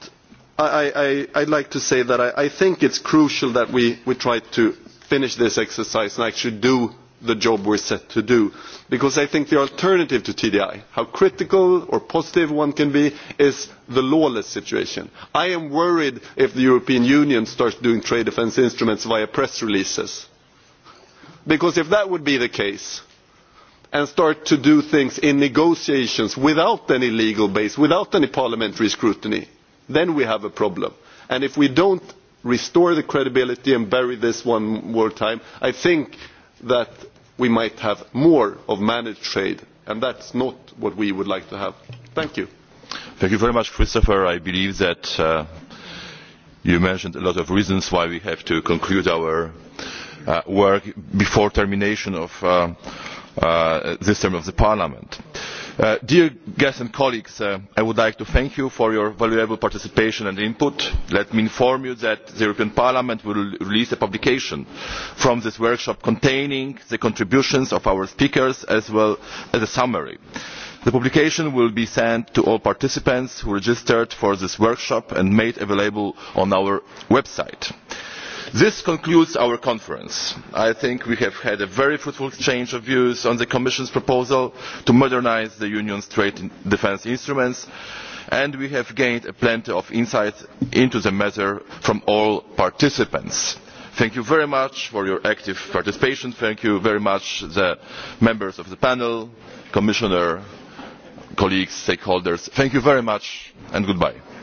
I I'd like to say that I think it's crucial that we try to finish this exercise and actually do the job we are set to do because i think the alternative to tdi how critical or positive one can be is the lawless situation. i am worried if the european union starts doing trade defence instruments via press releases because if that would be the case and start to do things in negotiations without any legal base without any parliamentary scrutiny then we have a problem and if we do not restore the credibility and bury this one more time i think that we might have more of managed trade and that is not what we would like to have. Thank you.
Thank you very much, Christopher. I believe that you mentioned a lot of reasons why we have to conclude our work before termination of this term of the Parliament. Dear guests and colleagues, I would like to thank you for your valuable participation and input. Let me inform you that the European Parliament will release a publication from this workshop containing the contributions of our speakers as well as a summary. The publication will be sent to all participants who registered for this workshop and made available on our website this concludes our conference. i think we have had a very fruitful exchange of views on the commission's proposal to modernise the union's trade defence instruments and we have gained plenty of insight into the matter from all participants. thank you very much for your active participation. thank you very much the members of the panel commissioner colleagues stakeholders. thank you very much and goodbye.